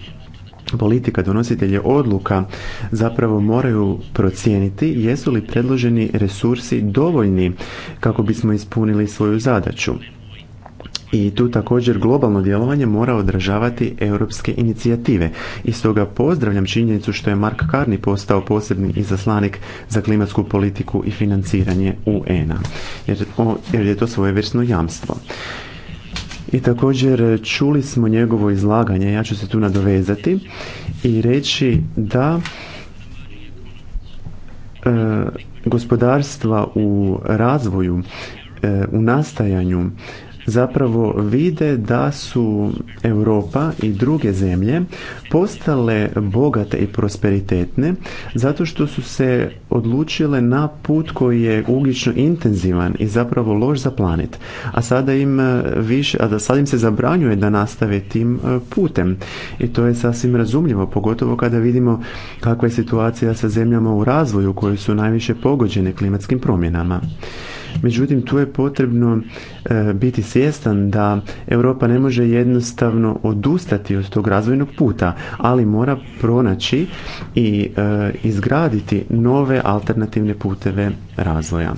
politika, donositelje odluka zapravo moraju procijeniti jesu li predloženi resursi dovoljni kako bismo ispunili svoju zadaću. I tu također globalno djelovanje mora odražavati europske inicijative. I stoga pozdravljam činjenicu što je Mark Carney postao posebni izaslanik za klimatsku politiku i financiranje UN-a. Jer, jer je to svojevrsno jamstvo i također čuli smo njegovo izlaganje, ja ću se tu nadovezati i reći da e, gospodarstva u razvoju, e, u nastajanju zapravo vide da su Europa i druge zemlje postale bogate i prosperitetne zato što su se odlučile na put koji je ugljično intenzivan i zapravo loš za planet. A sada im e, više, a da sad im se zabranjuje da nastave tim e, putem. I to je sasvim razumljivo, pogotovo kada vidimo kakva je situacija sa zemljama u razvoju koje su najviše pogođene klimatskim promjenama. Međutim, tu je potrebno e, biti svjestan da Europa ne može jednostavno odustati od tog razvojnog puta, ali mora pronaći i e, izgraditi nove alternativne puteve razvoja.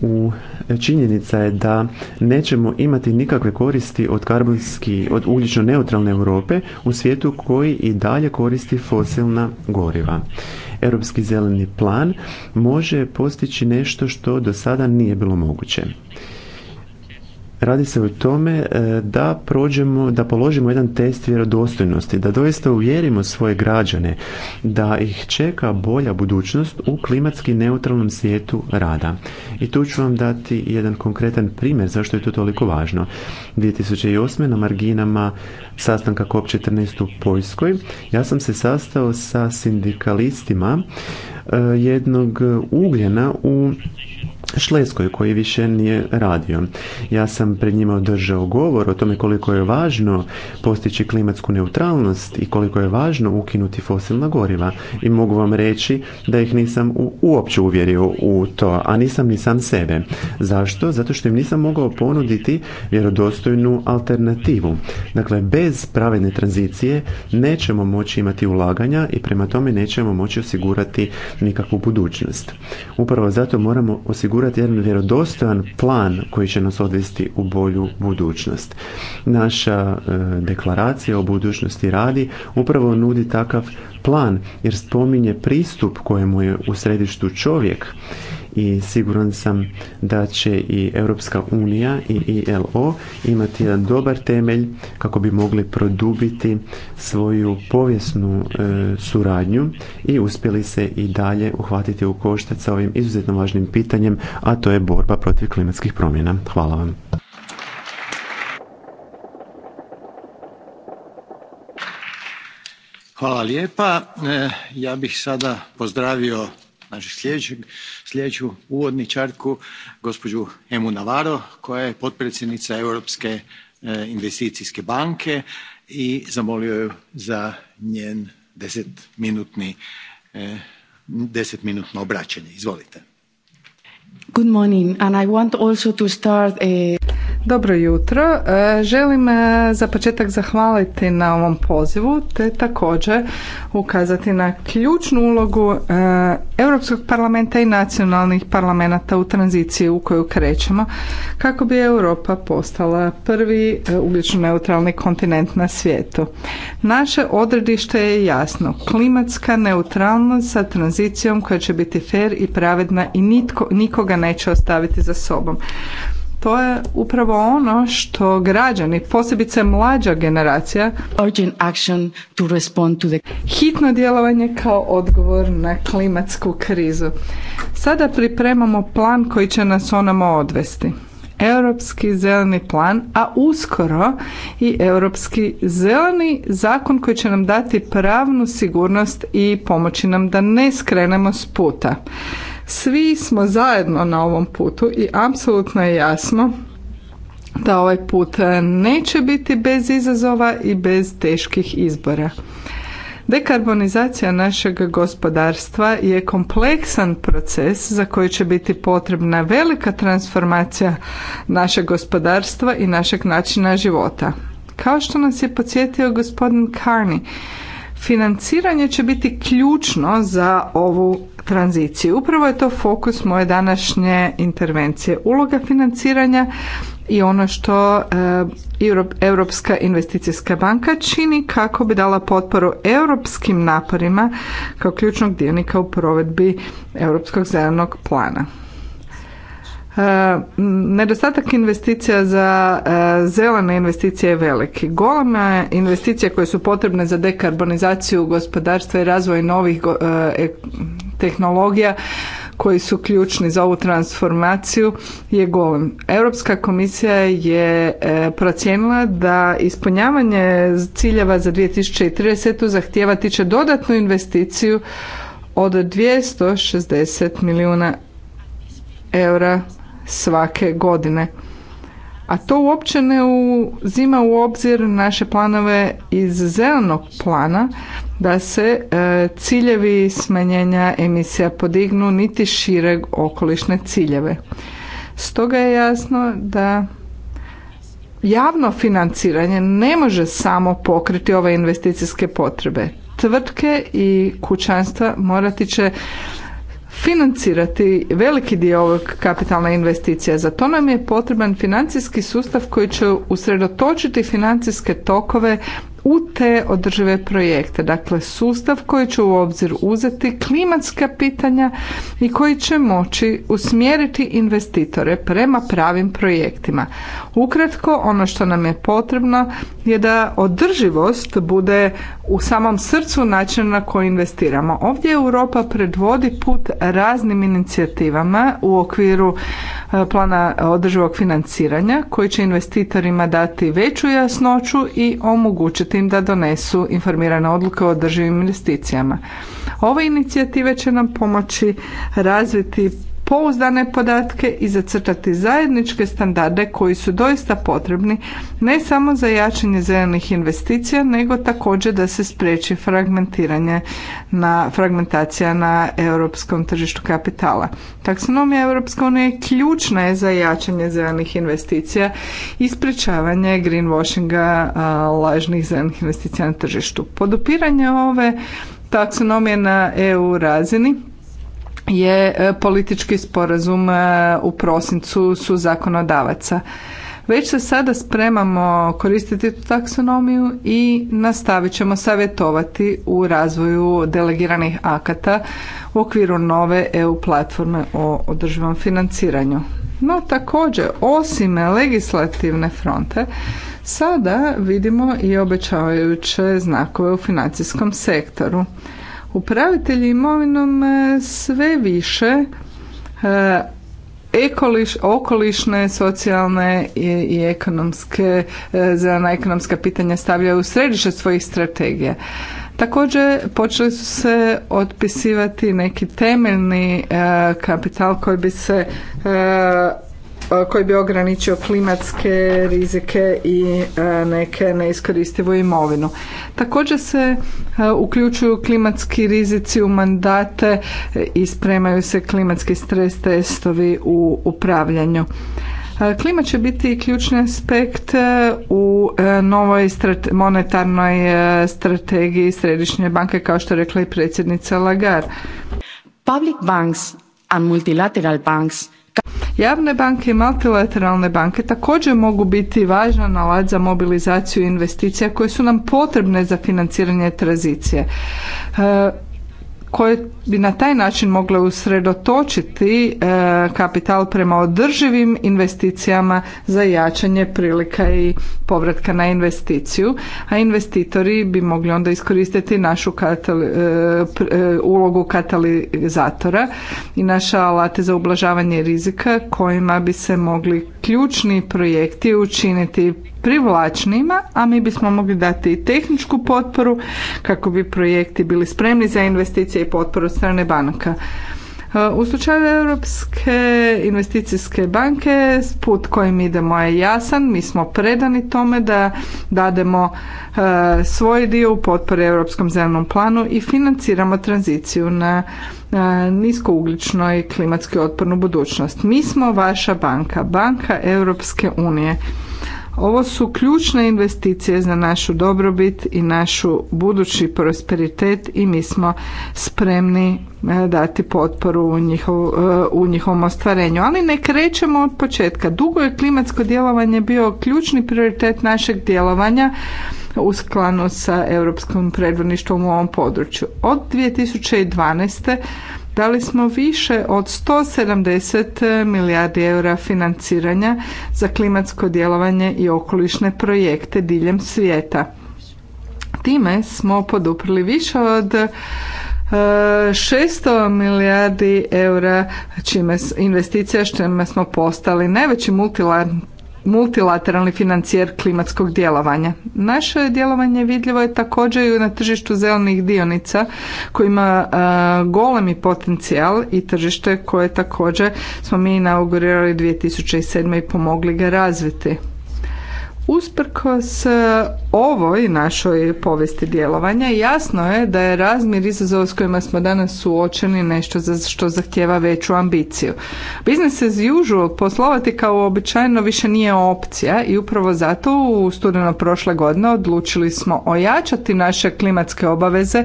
U činjenica je da nećemo imati nikakve koristi od karbonski, od ugljično neutralne Europe u svijetu koji i dalje koristi fosilna goriva. Europski zeleni plan može postići nešto što do sada nije bilo moguće. Radi se o tome e, da prođemo, da položimo jedan test vjerodostojnosti, da doista uvjerimo svoje građane da ih čeka bolja budućnost u klimatski neutralnom svijetu rada. I tu ću vam dati jedan konkretan primjer zašto je to toliko važno. 2008. na marginama sastanka COP14 u Poljskoj ja sam se sastao sa sindikalistima e, jednog ugljena u Šleskoj koji više nije radio. Ja sam pred njima održao govor o tome koliko je važno postići klimatsku neutralnost i koliko je važno ukinuti fosilna goriva i mogu vam reći da ih nisam uopće uvjerio u to, a nisam ni sam sebe. Zašto? Zato što im nisam mogao ponuditi vjerodostojnu alternativu. Dakle, bez pravedne tranzicije nećemo moći imati ulaganja i prema tome nećemo moći osigurati nikakvu budućnost. Upravo zato moramo osigurati osigurati jedan vjerodostojan plan koji će nas odvesti u bolju budućnost. Naša e, deklaracija o budućnosti radi upravo nudi takav plan jer spominje pristup kojemu je u središtu čovjek i siguran sam da će i Europska unija i ILO imati jedan dobar temelj kako bi mogli produbiti svoju povijesnu e, suradnju i uspjeli se i dalje uhvatiti u koštac sa ovim izuzetno važnim pitanjem, a to je borba protiv klimatskih promjena. Hvala vam. Hvala lijepa. E, ja bih sada pozdravio našu znači, sljedeću uvodničarku gospođu emu navarro koja je potpredsjednica europske eh, investicijske banke i zamolio ju za njen eh, desetminutno obraćanje. izvolite. Good eh, Dobro jutro. E, želim e, za početak zahvaliti na ovom pozivu te također ukazati na ključnu ulogu e, Europskog parlamenta i nacionalnih parlamenta u tranziciji u koju krećemo kako bi Europa postala prvi ugljično neutralni kontinent na svijetu. Naše odredište je jasno. Klimatska neutralnost sa tranzicijom koja će biti fer i pravedna i nitko, nikoga neće ostaviti za sobom. To je upravo ono što građani, posebice mlađa generacija, hitno djelovanje kao odgovor na klimatsku krizu. Sada pripremamo plan koji će nas onamo odvesti. Europski zeleni plan, a uskoro i Europski zeleni zakon koji će nam dati pravnu sigurnost i pomoći nam da ne skrenemo s puta. Svi smo zajedno na ovom putu i apsolutno je jasno da ovaj put neće biti bez izazova i bez teških izbora. Dekarbonizacija našeg gospodarstva je kompleksan proces za koji će biti potrebna velika transformacija našeg gospodarstva i našeg načina života. Kao što nas je podsjetio gospodin Carney, financiranje će biti ključno za ovu tranziciji. Upravo je to fokus moje današnje intervencije. Uloga financiranja i ono što eh, Europska investicijska banka čini kako bi dala potporu europskim naporima kao ključnog dionika u provedbi Europskog zelenog plana. E, nedostatak investicija za e, zelene investicije je veliki. Goleme investicije koje su potrebne za dekarbonizaciju gospodarstva i razvoj novih e, tehnologija koji su ključni za ovu transformaciju je golem. Europska komisija je procijenila da ispunjavanje ciljeva za 2030. zahtijevati će dodatnu investiciju od 260 milijuna eura svake godine. A to uopće ne uzima u obzir naše planove iz zelenog plana da se e, ciljevi smanjenja emisija podignu niti šire okolišne ciljeve. Stoga je jasno da javno financiranje ne može samo pokriti ove investicijske potrebe. Tvrtke i kućanstva morati će financirati veliki dio ovog kapitalna investicija. Za to nam je potreban financijski sustav koji će usredotočiti financijske tokove u te održive projekte. Dakle, sustav koji će u obzir uzeti klimatska pitanja i koji će moći usmjeriti investitore prema pravim projektima. Ukratko, ono što nam je potrebno je da održivost bude u samom srcu načina na koji investiramo. Ovdje Europa predvodi put raznim inicijativama u okviru e, plana održivog financiranja koji će investitorima dati veću jasnoću i omogućiti im da donesu informirane odluke o održivim investicijama. Ove inicijative će nam pomoći razviti pouzdane podatke i zacrtati zajedničke standarde koji su doista potrebni ne samo za jačanje zelenih investicija nego također da se spriječi fragmentiranje na fragmentacija na europskom tržištu kapitala. Taksonomija Europske unije ključna je za jačanje zelenih investicija i sprječavanje greenwashinga lažnih zelenih investicija na tržištu. Podupiranje ove taksonomije na EU razini je e, politički sporazum e, u prosincu su zakonodavaca. Već se sada spremamo koristiti tu taksonomiju i nastavit ćemo savjetovati u razvoju delegiranih akata u okviru nove EU platforme o održivom financiranju. No također, osim legislativne fronte, sada vidimo i obećavajuće znakove u financijskom sektoru upravitelji imovinom e, sve više e, ekoliš, okolišne, socijalne i, ekonomske, e, za na ekonomska pitanja stavljaju u središte svojih strategija. Također počeli su se otpisivati neki temeljni kapital koji bi se koji bi ograničio klimatske rizike i neke neiskoristivu imovinu. Također se uključuju klimatski rizici u mandate i spremaju se klimatski stres testovi u upravljanju. Klima će biti ključni aspekt u novoj monetarnoj strategiji Središnje banke, kao što je rekla i predsjednica Lagarde. Public banks and multilateral banks Javne banke i multilateralne banke također mogu biti važan nalaz za mobilizaciju investicija koje su nam potrebne za financiranje tranzicije koje bi na taj način mogle usredotočiti e, kapital prema održivim investicijama za jačanje prilika i povratka na investiciju, a investitori bi mogli onda iskoristiti našu e, e, ulogu katalizatora i naša alate za ublažavanje rizika kojima bi se mogli ključni projekti učiniti privlačnima, a mi bismo mogli dati i tehničku potporu kako bi projekti bili spremni za investicije i i potporu strane banaka. Uh, u slučaju Europske investicijske banke put kojim idemo je jasan, mi smo predani tome da dademo uh, svoj dio u potpore Europskom zelenom planu i financiramo tranziciju na uh, niskouglično i klimatski otpornu budućnost. Mi smo vaša banka, banka Europske unije. Ovo su ključne investicije za našu dobrobit i našu budući prosperitet i mi smo spremni e, dati potporu u, njihov, e, u njihovom ostvarenju. Ali ne krećemo od početka. Dugo je klimatsko djelovanje bio ključni prioritet našeg djelovanja u sklanu sa europskom predvodništvom u ovom području. Od 2012 dali smo više od 170 milijardi eura financiranja za klimatsko djelovanje i okolišne projekte diljem svijeta. Time smo poduprli više od 600 e, milijardi eura investicija s čime smo postali najveći multilateralni multilateralni financijer klimatskog djelovanja. Naše djelovanje vidljivo je također i na tržištu zelenih dionica koji ima e, golemi potencijal i tržište koje također smo mi inaugurirali 2007. i pomogli ga razviti. Usprkos e, ovoj našoj povesti djelovanja jasno je da je razmjer izazova s kojima smo danas suočeni nešto za što zahtjeva veću ambiciju. Business as usual poslovati kao običajno više nije opcija i upravo zato u studeno prošle godine odlučili smo ojačati naše klimatske obaveze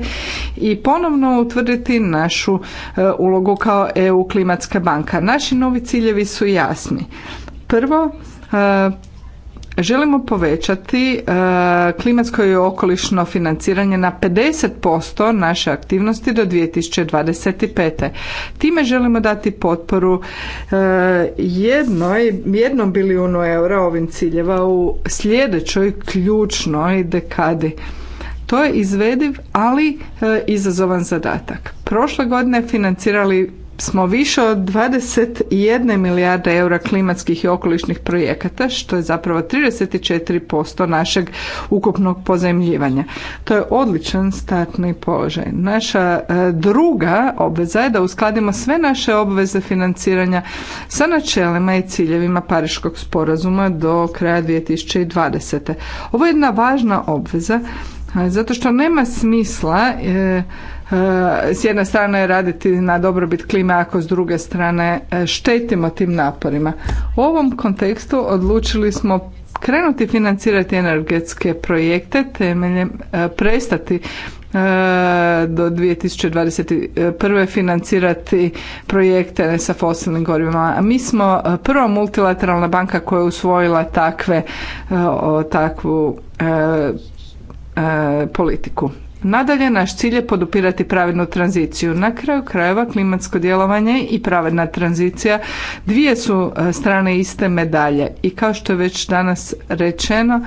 i ponovno utvrditi našu e, ulogu kao EU klimatska banka. Naši novi ciljevi su jasni. Prvo, e, želimo povećati e, klimatsko i okolišno financiranje na 50% naše aktivnosti do 2025. Time želimo dati potporu e, jednoj, jednom bilijunu eura ovim ciljeva u sljedećoj ključnoj dekadi. To je izvediv, ali e, izazovan zadatak. Prošle godine financirali smo više od 21 milijarda eura klimatskih i okolišnih projekata, što je zapravo 34% našeg ukupnog pozemljivanja. To je odličan startni položaj. Naša e, druga obveza je da uskladimo sve naše obveze financiranja sa načelima i ciljevima Pariškog sporazuma do kraja 2020. Ovo je jedna važna obveza zato što nema smisla e, e, s jedne strane raditi na dobrobit klime ako s druge strane e, štetimo tim naporima. U ovom kontekstu odlučili smo krenuti financirati energetske projekte temeljem prestati do 2021. financirati projekte sa fosilnim gorivima. A mi smo prva multilateralna banka koja je usvojila takve, takvu E, politiku. Nadalje, naš cilj je podupirati pravednu tranziciju. Na kraju krajeva klimatsko djelovanje i pravedna tranzicija dvije su e, strane iste medalje i kao što je već danas rečeno,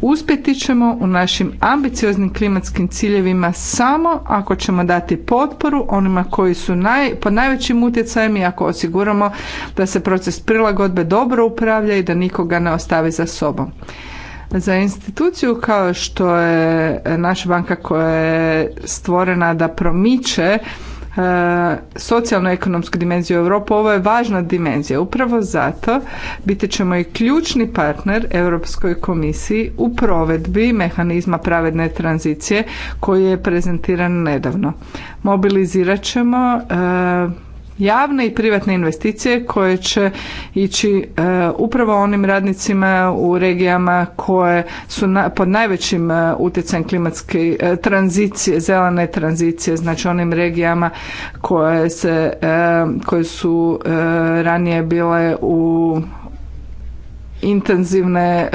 uspjeti ćemo u našim ambicioznim klimatskim ciljevima samo ako ćemo dati potporu onima koji su naj, pod najvećim utjecajem i ako osiguramo da se proces prilagodbe dobro upravlja i da nikoga ne ostavi za sobom. Za instituciju kao što je naša banka koja je stvorena da promiče e, socijalno-ekonomsku dimenziju Europe, ovo je važna dimenzija. Upravo zato biti ćemo i ključni partner Europskoj komisiji u provedbi mehanizma pravedne tranzicije koji je prezentiran nedavno. Mobilizirat ćemo e, javne i privatne investicije koje će ići e, upravo onim radnicima u regijama koje su pod najvećim e, utjecajem klimatske e, tranzicije, zelene tranzicije, znači onim regijama koje, se, koje su ranije bile u intenzivne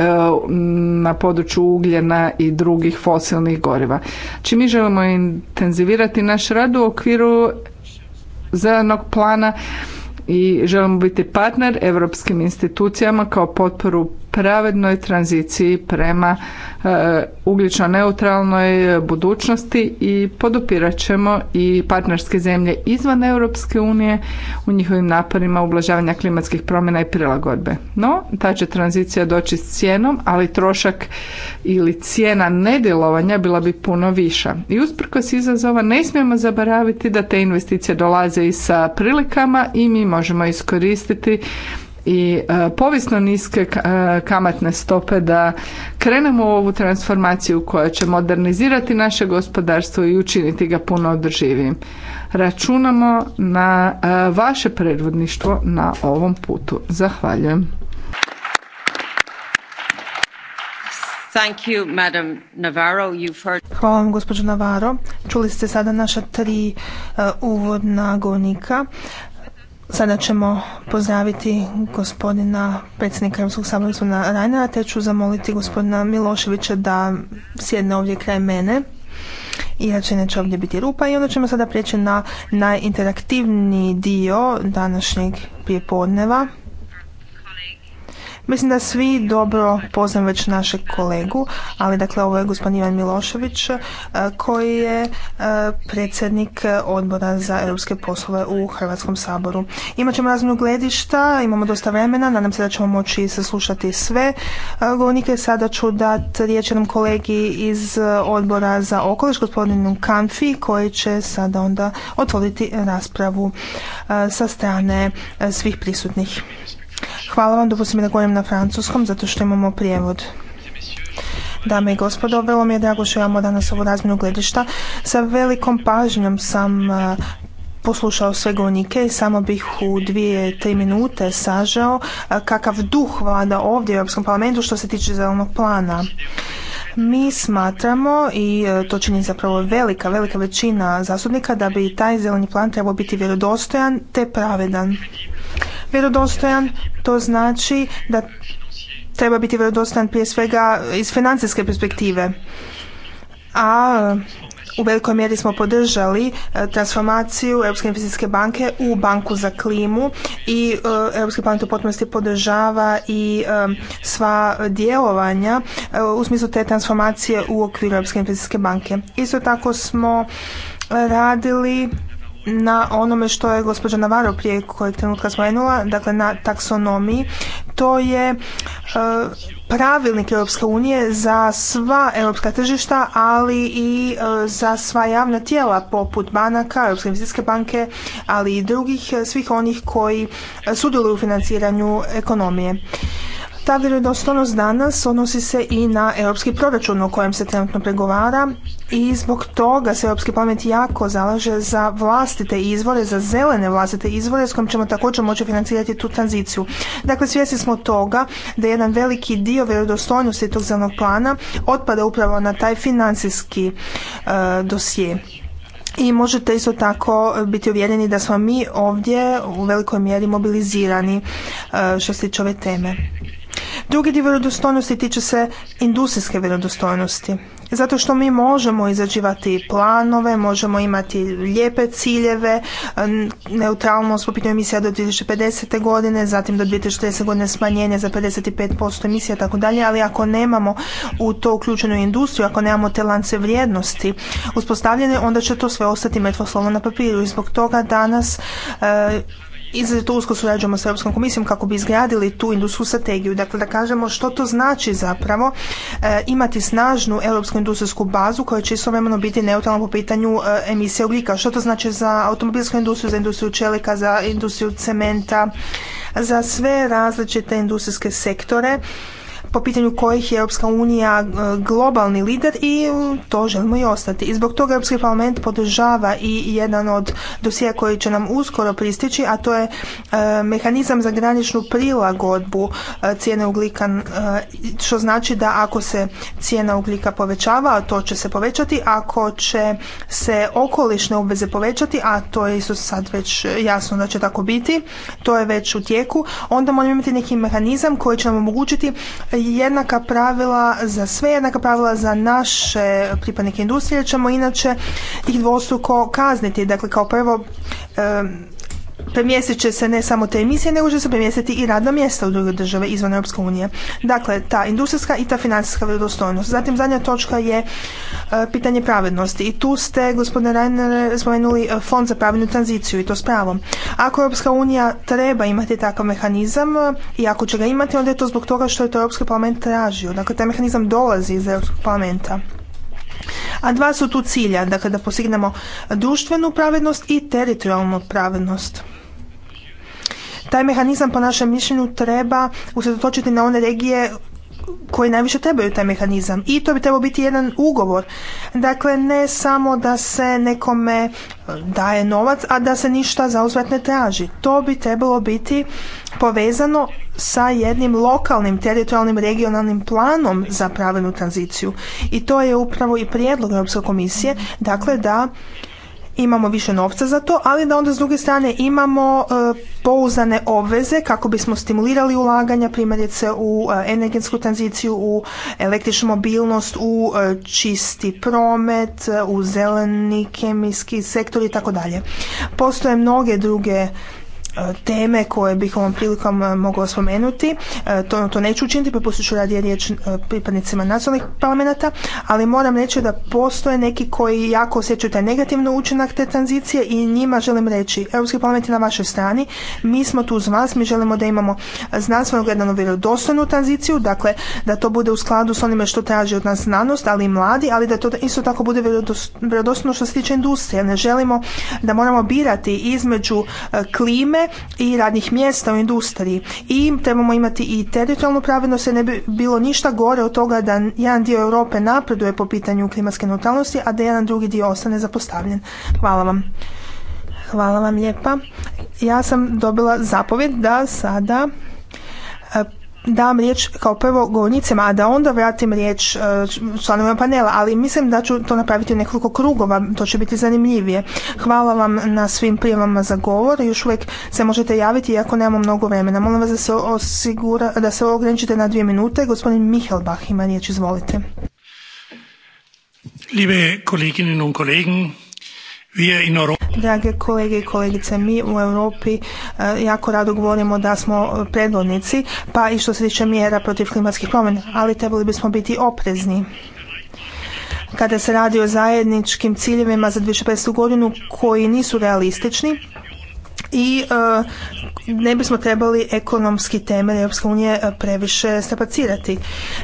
na području ugljena i drugih fosilnih goriva. Či znači mi želimo intenzivirati naš rad u okviru zelenog plana i želimo biti partner europskim institucijama kao potporu pravednoj tranziciji prema e, ugljično neutralnoj budućnosti i podupirat ćemo i partnerske zemlje izvan Europske unije u njihovim naporima ublažavanja klimatskih promjena i prilagodbe. No, ta će tranzicija doći s cijenom, ali trošak ili cijena nedjelovanja bila bi puno viša. I usprkos izazova ne smijemo zaboraviti da te investicije dolaze i sa prilikama i mi možemo iskoristiti i e, povisno niske e, kamatne stope da krenemo u ovu transformaciju koja će modernizirati naše gospodarstvo i učiniti ga puno održivim. Računamo na e, vaše predvodništvo na ovom putu. Zahvaljujem. Thank you, Madam Navarro. Hvala vam, gospođo Navarro. Čuli ste sada naša tri uvodna gonika. Sada ćemo pozdraviti gospodina predsjednika Europskog sabora gospodina Rajnera, te ću zamoliti gospodina Miloševića da sjedne ovdje kraj mene jer će neće ovdje biti rupa i onda ćemo sada prijeći na najinteraktivniji dio današnjeg prijepodneva Mislim da svi dobro poznam već našeg kolegu, ali dakle ovo je gospodin Ivan Milošević e, koji je e, predsjednik odbora za europske poslove u Hrvatskom saboru. Imaćemo ćemo razminu gledišta, imamo dosta vremena, nadam se da ćemo moći saslušati sve e, govornike. Sada ću dati riječ jednom kolegi iz odbora za okoliš, gospodinu Kanfi, koji će sada onda otvoriti raspravu sa strane svih prisutnih. Hvala vam, dopustite mi da govorim na francuskom zato što imamo prijevod. Dame i gospodo, vrlo mi je drago što imamo danas ovu razmjenu gledišta. Sa velikom pažnjom sam e, poslušao sve govornike i samo bih u dvije, tri minute sažao e, kakav duh vlada ovdje u Europskom parlamentu što se tiče zelenog plana. Mi smatramo i e, to čini zapravo velika, velika većina zastupnika da bi taj zeleni plan trebao biti vjerodostojan te pravedan vjerodostojan, to znači da treba biti vjerodostojan prije svega iz financijske perspektive. A u velikoj mjeri smo podržali e, transformaciju Europske investicijske banke u banku za klimu i e, Europski parlament u potpunosti podržava i e, sva djelovanja u smislu te transformacije u okviru Europske investicijske banke. Isto tako smo radili na onome što je gospođa Navarro prije kojeg trenutka spomenula, dakle na taksonomiji, to je e, pravilnik Europske unije za sva europska tržišta, ali i e, za sva javna tijela poput banaka, Europske investicijske banke, ali i drugih e, svih onih koji sudjeluju u financiranju ekonomije. Ta vjerodostojnost danas odnosi se i na europski proračun o kojem se trenutno pregovara i zbog toga se Europski parlament jako zalaže za vlastite izvore, za zelene vlastite izvore s kojim ćemo također moći financirati tu tranziciju. Dakle, svjesni smo toga da jedan veliki dio vjerodostojnosti tog zelenog plana otpada upravo na taj financijski e, dosje. I možete isto tako biti uvjereni da smo mi ovdje u velikoj mjeri mobilizirani e, što se tiče ove teme. Drugi dio vjerodostojnosti tiče se industrijske vjerodostojnosti. Zato što mi možemo izrađivati planove, možemo imati lijepe ciljeve, neutralnost po pitanju emisija do 2050. godine, zatim do 2040. godine smanjenje za 55% emisija i tako dalje, ali ako nemamo u to uključenu industriju, ako nemamo te lance vrijednosti uspostavljene, onda će to sve ostati metvo slovo na papiru i zbog toga danas e, izrazito usko surađujemo sa Europskom komisijom kako bi izgradili tu industrijsku strategiju. Dakle, da kažemo što to znači zapravo eh, imati snažnu europsku industrijsku bazu koja će istovremeno biti neutralna po pitanju eh, emisije ugljika. Što to znači za automobilsku industriju, za industriju čelika, za industriju cementa, za sve različite industrijske sektore po pitanju kojih je Europska unija e, globalni lider i e, to želimo i ostati. I zbog toga Europski parlament podržava i jedan od dosija koji će nam uskoro pristići, a to je e, mehanizam za graničnu prilagodbu cijene uglika, što znači da ako se cijena uglika povećava, to će se povećati, ako će se okolišne obveze povećati, a to je isto sad već jasno da će tako biti, to je već u tijeku, onda moramo imati neki mehanizam koji će nam omogućiti jednaka pravila za sve, jednaka pravila za naše pripadnike industrije, ćemo inače ih dvostruko kazniti. Dakle, kao prvo, premjestit će se ne samo te emisije, nego će se premjestiti i radna mjesta u druge države izvan Europske unije. Dakle, ta industrijska i ta financijska vjerodostojnost. Zatim zadnja točka je e, pitanje pravednosti. I tu ste, gospodine Reiner, spomenuli e, fond za pravednu tranziciju i to s pravom. Ako Europska unija treba imati takav mehanizam i ako će ga imati, onda je to zbog toga što je to Europski parlament tražio. Dakle, taj mehanizam dolazi iz Europskog parlamenta. A dva su tu cilja, dakle da postignemo društvenu pravednost i teritorijalnu pravednost. Taj mehanizam po našem mišljenju treba usredotočiti na one regije koji najviše trebaju taj mehanizam. I to bi trebao biti jedan ugovor. Dakle, ne samo da se nekome e, daje novac, a da se ništa za uzvrat ne traži. To bi trebalo biti povezano sa jednim lokalnim, teritorijalnim, regionalnim planom za pravilnu tranziciju. I to je upravo i prijedlog Europske komisije, dakle da imamo više novca za to, ali da onda s druge strane imamo e, pouzdane pouzane obveze kako bismo stimulirali ulaganja primjerice u e, energetsku tranziciju, u električnu mobilnost, u e, čisti promet, u zeleni kemijski sektor i tako dalje. Postoje mnoge druge teme koje bih ovom prilikom e, mogla spomenuti. E, to, to neću učiniti, prepustit ću radije riječ e, pripadnicima nacionalnih parlamenta, ali moram reći da postoje neki koji jako osjećaju taj negativni učinak te tranzicije i njima želim reći, Europski parlament je na vašoj strani, mi smo tu uz vas, mi želimo da imamo znanstveno gledano vjerodostojnu tranziciju, dakle da to bude u skladu s onime što traži od nas znanost, ali i mladi, ali da to isto tako bude vjerodostojno što se tiče industrije. Ne želimo da moramo birati između klime i radnih mjesta u industriji. I trebamo imati i teritorijalnu pravednost jer ne bi bilo ništa gore od toga da jedan dio Europe napreduje po pitanju klimatske neutralnosti, a da jedan drugi dio ostane zapostavljen. Hvala vam. Hvala vam lijepa. Ja sam dobila zapovjed da sada dam riječ kao prvo govornicima, a da onda vratim riječ e, članovima panela, ali mislim da ću to napraviti u nekoliko krugova, to će biti zanimljivije. Hvala vam na svim prijevama za govor, još uvijek se možete javiti iako nemamo mnogo vremena. Molim vas da se, osigura, da se ograničite na dvije minute. Gospodin Michelbach ima riječ, izvolite. Liebe kolegini i kolegin. Drage kolege i kolegice, mi u Europi e, jako rado govorimo da smo predvodnici, pa i što se tiče mjera protiv klimatskih promjena, ali trebali bismo biti oprezni kada se radi o zajedničkim ciljevima za 2050. godinu koji nisu realistični i e, ne bismo trebali ekonomski temelj Europske unije e, previše stapacirati.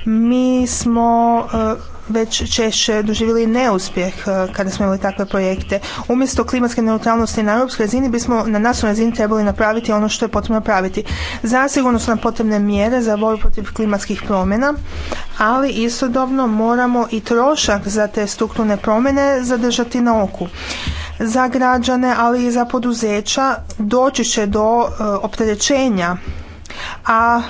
Mi smo e, već češće doživjeli neuspjeh kada smo imali takve projekte. Umjesto klimatske neutralnosti na europskoj razini bismo na nacionalnoj razini trebali napraviti ono što je potrebno napraviti. Zasigurno su nam potrebne mjere za borbu protiv klimatskih promjena, ali istodobno moramo i trošak za te strukturne promjene zadržati na oku za građane, ali i za poduzeća doći će do e, opterećenja, a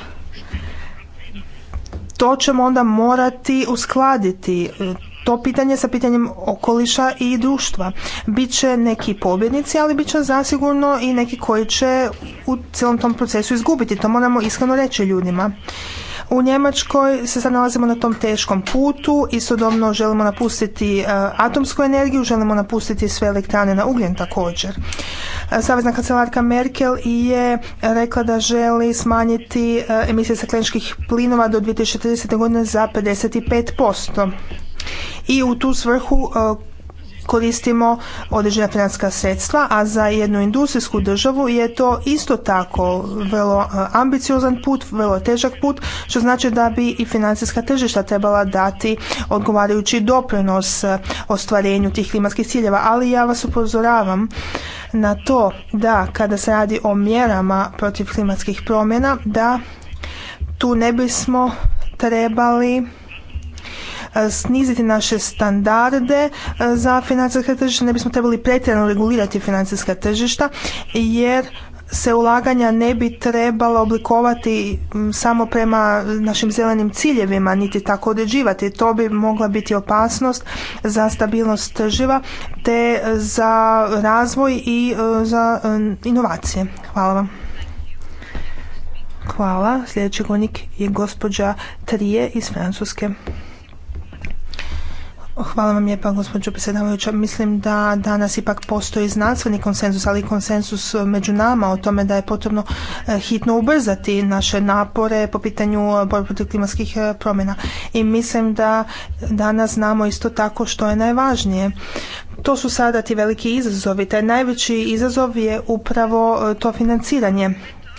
to ćemo onda morati uskladiti e, to pitanje sa pitanjem okoliša i društva. Biće neki pobjednici, ali bit će zasigurno i neki koji će u cijelom tom procesu izgubiti. To moramo iskreno reći ljudima. U Njemačkoj se sad nalazimo na tom teškom putu, istodobno želimo napustiti e, atomsku energiju, želimo napustiti sve elektrane na ugljen također. E, Savezna kancelarka Merkel je rekla da želi smanjiti e, emisije stakleničkih plinova do 2030. godine za 55%. I u tu svrhu koristimo određena financijska sredstva, a za jednu industrijsku državu je to isto tako vrlo ambiciozan put, vrlo težak put, što znači da bi i financijska tržišta trebala dati odgovarajući doprinos ostvarenju tih klimatskih ciljeva. Ali ja vas upozoravam na to da kada se radi o mjerama protiv klimatskih promjena, da tu ne bismo trebali sniziti naše standarde e, za financijske tržišta, ne bismo trebali pretjerano regulirati financijska tržišta jer se ulaganja ne bi trebala oblikovati samo prema našim zelenim ciljevima, niti tako određivati. To bi mogla biti opasnost za stabilnost trživa te za razvoj i e, za e, inovacije. Hvala vam. Hvala. Sljedeći konik je gospođa Trije iz Francuske. Hvala vam lijepa, gospođo predsjedavajuća. Mislim da danas ipak postoji znanstveni konsenzus, ali i konsensus među nama o tome da je potrebno eh, hitno ubrzati naše napore po pitanju eh, borbe protiv klimatskih eh, promjena. I mislim da danas znamo isto tako što je najvažnije. To su sada ti veliki izazovi. Taj najveći izazov je upravo to financiranje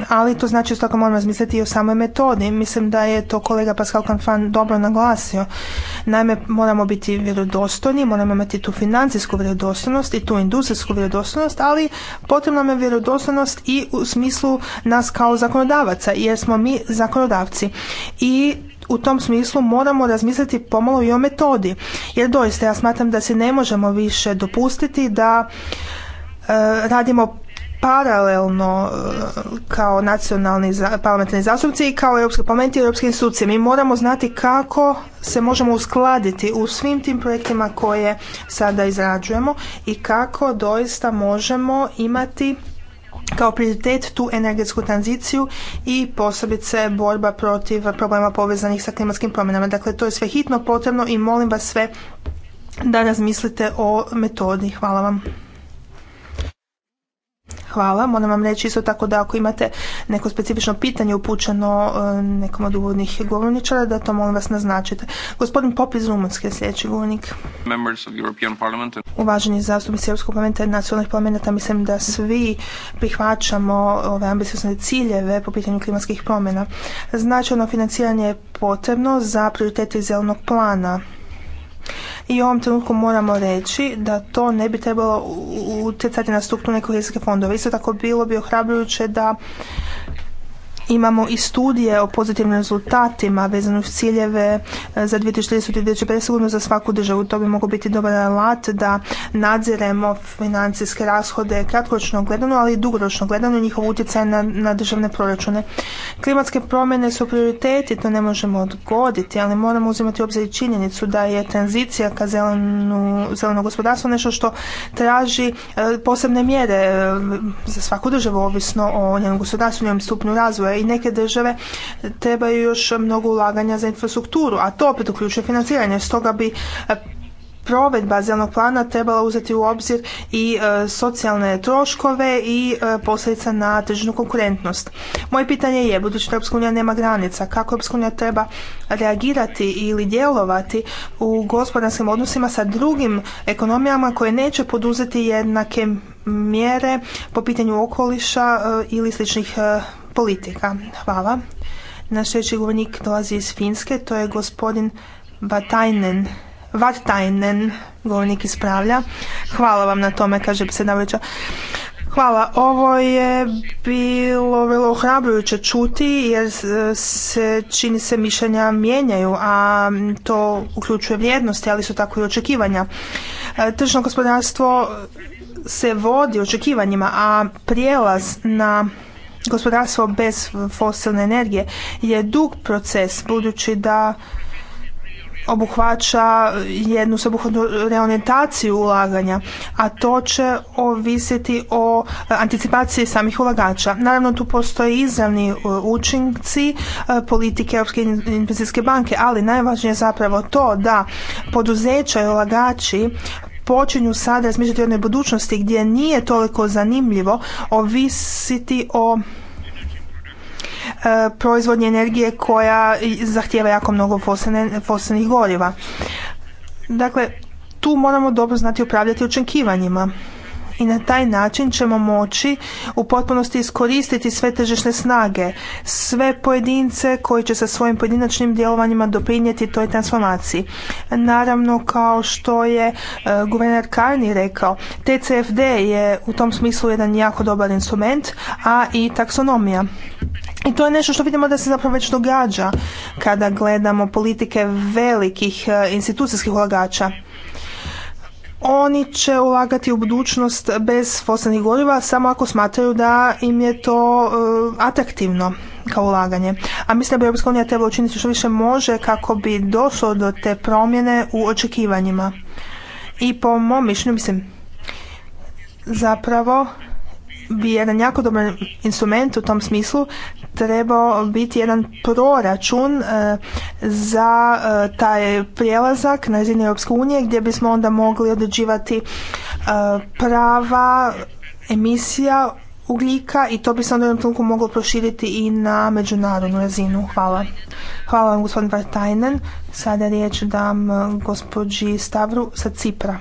ali to znači stoga moramo razmisliti i o samoj metodi. Mislim da je to kolega Pascal Canfan dobro naglasio. Naime, moramo biti vjerodostojni, moramo imati tu financijsku vjerodostojnost i tu industrijsku vjerodostojnost, ali potrebna nam je vjerodostojnost i u smislu nas kao zakonodavaca, jer smo mi zakonodavci. I u tom smislu moramo razmisliti pomalo i o metodi, jer doista ja smatram da se ne možemo više dopustiti da e, radimo paralelno e, kao nacionalni parlamentarni zastupnici i kao Europski parlament i Europske institucije. Mi moramo znati kako se možemo uskladiti u svim tim projektima koje sada izrađujemo i kako doista možemo imati kao prioritet tu energetsku tranziciju i posebice borba protiv problema povezanih sa klimatskim promjenama. Dakle, to je sve hitno potrebno i molim vas sve da razmislite o metodi. Hvala vam. Hvala. Moram vam reći isto tako da ako imate neko specifično pitanje upućeno e, nekom od uvodnih govorničara, da to molim vas naznačite. Gospodin Popis iz sljedeći govornik. Uvaženi zastupnici Europskog parlamenta i nacionalnih parlamenta, mislim da svi prihvaćamo ove ambiciozne ciljeve po pitanju klimatskih promjena. Značajno financiranje je potrebno za prioritete zelenog plana i u ovom trenutku moramo reći da to ne bi trebalo utjecati na strukturne kohezijske fondove. Isto tako bilo bi ohrabrujuće da Imamo i studije o pozitivnim rezultatima vezano uz ciljeve e, za 2030. i 2050. godinu za svaku državu. To bi mogao biti dobar alat da nadziremo financijske rashode kratkoročno gledano, ali i dugoročno gledano njihov utjecaj na, državne proračune. Klimatske promjene su prioriteti, to ne možemo odgoditi, ali moramo uzimati u obzir i činjenicu da je tranzicija ka zelenu, zeleno gospodarstvo nešto što traži e, posebne mjere e, za svaku državu, ovisno o njenom gospodarstvu, njenom stupnju razvoja i neke države trebaju još mnogo ulaganja za infrastrukturu, a to opet uključuje financiranje. Stoga bi e, provedba zelenog plana trebala uzeti u obzir i e, socijalne troškove i e, posljedica na tržnu konkurentnost. Moje pitanje je, budući da Europska nema granica, kako Europska treba reagirati ili djelovati u gospodarskim odnosima sa drugim ekonomijama koje neće poduzeti jednake mjere po pitanju okoliša e, ili sličnih politika. Hvala. Naš sljedeći govornik dolazi iz Finske, to je gospodin Vatainen, Vatajnen, govornik ispravlja. Hvala vam na tome, kaže predsjedavajuća. Hvala. Ovo je bilo vrlo ohrabrujuće čuti jer se čini se mišljenja mijenjaju, a to uključuje vrijednosti, ali su tako i očekivanja. E, tržno gospodarstvo se vodi očekivanjima, a prijelaz na gospodarstvo bez fosilne energije je dug proces budući da obuhvaća jednu sveobuhvatnu reorientaciju ulaganja, a to će ovisiti o e, anticipaciji samih ulagača. Naravno tu postoje izravni e, učinci e, politike Europske investicijske banke, ali najvažnije je zapravo to da poduzeća i ulagači počinju sada razmišljati o jednoj budućnosti gdje nije toliko zanimljivo ovisiti o e, proizvodnje energije koja zahtjeva jako mnogo fosilnih goriva. Dakle, tu moramo dobro znati upravljati očekivanjima i na taj način ćemo moći u potpunosti iskoristiti sve tržišne snage, sve pojedince koji će sa svojim pojedinačnim djelovanjima doprinijeti toj transformaciji. Naravno, kao što je e, guverner Karni rekao, TCFD je u tom smislu jedan jako dobar instrument, a i taksonomija. I to je nešto što vidimo da se zapravo već događa kada gledamo politike velikih e, institucijskih ulagača oni će ulagati u budućnost bez fosilnih goriva samo ako smatraju da im je to e, atraktivno kao ulaganje. A mislim da bi Europska unija trebala učiniti što više može kako bi došlo do te promjene u očekivanjima. I po mom mišljenju, mislim, zapravo bi jedan jako dobar instrument u tom smislu trebao biti jedan proračun e, za e, taj prijelazak na razini Europske unije gdje bismo onda mogli određivati e, prava emisija ugljika i to bi se onda u jednom trenutku moglo proširiti i na međunarodnu razinu. Hvala. Hvala vam gospodin Vartajnen. Sada riječ dam gospođi Stavru sa Cipra.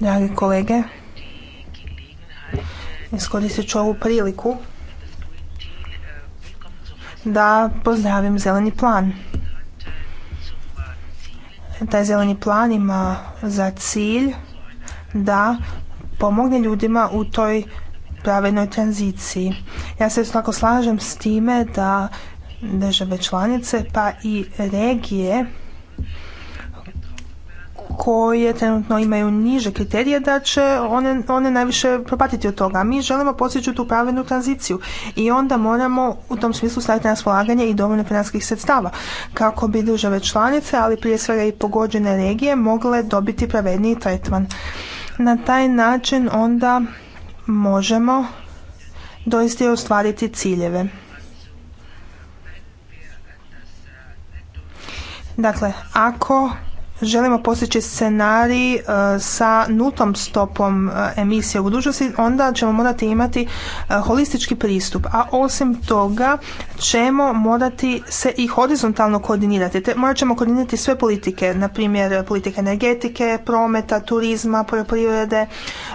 Dragi kolege, Iskoristit ću ovu priliku da pozdravim zeleni plan. Taj zeleni plan ima za cilj da pomogne ljudima u toj pravednoj tranziciji. Ja se svako slažem s time da države članice pa i regije koje trenutno imaju niže kriterije da će one, one najviše propatiti od toga. Mi želimo postići tu pravednu tranziciju i onda moramo u tom smislu staviti na raspolaganje i dovoljno financijskih sredstava kako bi države članice, ali prije svega i pogođene regije mogle dobiti pravedniji tretman. Na taj način onda možemo doista ostvariti ciljeve. Dakle, ako želimo postići scenarij e, sa nultom stopom e, emisije u budućnosti, onda ćemo morati imati e, holistički pristup. A osim toga ćemo morati se i horizontalno koordinirati. Te, morat ćemo koordinirati sve politike, na primjer politike energetike, prometa, turizma, poljoprivrede,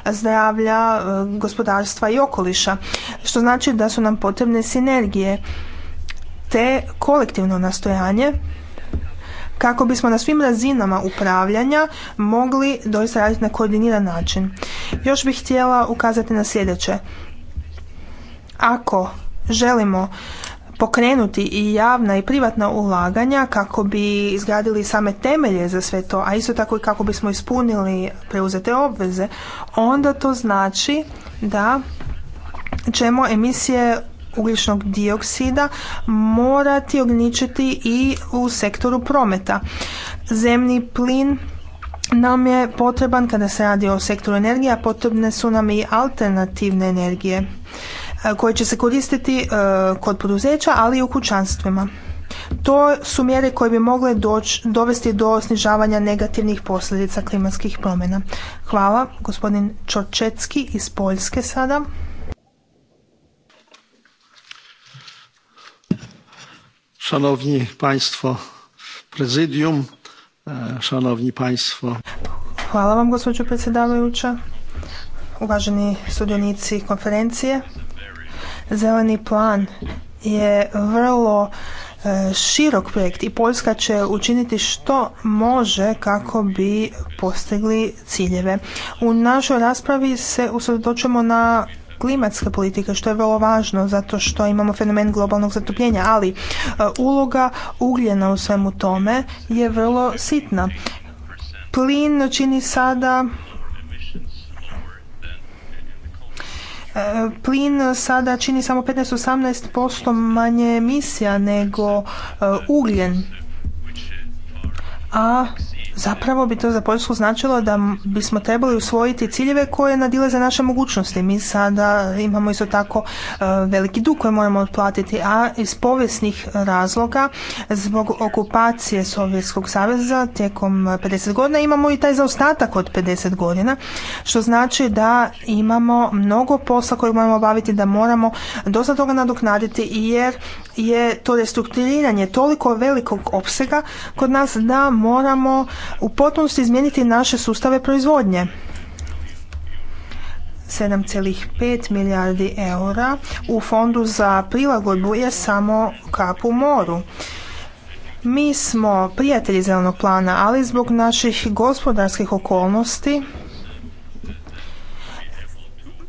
zdravlja, gospodarstva i okoliša. Što znači da su nam potrebne sinergije te kolektivno nastojanje kako bismo na svim razinama upravljanja mogli doista raditi na koordiniran način. Još bih htjela ukazati na sljedeće. Ako želimo pokrenuti i javna i privatna ulaganja kako bi izgradili same temelje za sve to, a isto tako i kako bismo ispunili preuzete obveze, onda to znači da ćemo emisije ugljičnog dioksida morati ograničiti i u sektoru prometa. Zemni plin nam je potreban kada se radi o sektoru energije, a potrebne su nam i alternativne energije e, koje će se koristiti e, kod poduzeća, ali i u kućanstvima. To su mjere koje bi mogle dovesti do snižavanja negativnih posljedica klimatskih promjena. Hvala, gospodin Čorčecki iz Poljske sada. Szanowni Państwo Prezydium, e, Szanowni Państwo. Hvala vam gospođo predsjedavajuća, uvaženi sudionici konferencije. Zeleni plan je vrlo e, širok projekt i Poljska će učiniti što može kako bi postigli ciljeve. U našoj raspravi se usredotočujemo na klimatske politike, što je vrlo važno zato što imamo fenomen globalnog zatopljenja, ali e, uloga ugljena u svemu tome je vrlo sitna. Plin čini sada e, Plin sada čini samo 15-18% manje emisija nego e, ugljen. A Zapravo bi to za Poljsku značilo da bismo trebali usvojiti ciljeve koje nadilaze naše mogućnosti. Mi sada imamo isto tako e, veliki dug koji moramo otplatiti, a iz povijesnih razloga zbog okupacije Sovjetskog saveza tijekom 50 e, godina imamo i taj zaostatak od 50 godina, što znači da imamo mnogo posla koje moramo obaviti, da moramo dosta toga nadoknaditi jer je to restrukturiranje toliko velikog opsega kod nas da moramo u potpunosti izmijeniti naše sustave proizvodnje. 7,5 milijardi eura u fondu za prilagodbu je samo kap u moru. Mi smo prijatelji zelenog plana, ali zbog naših gospodarskih okolnosti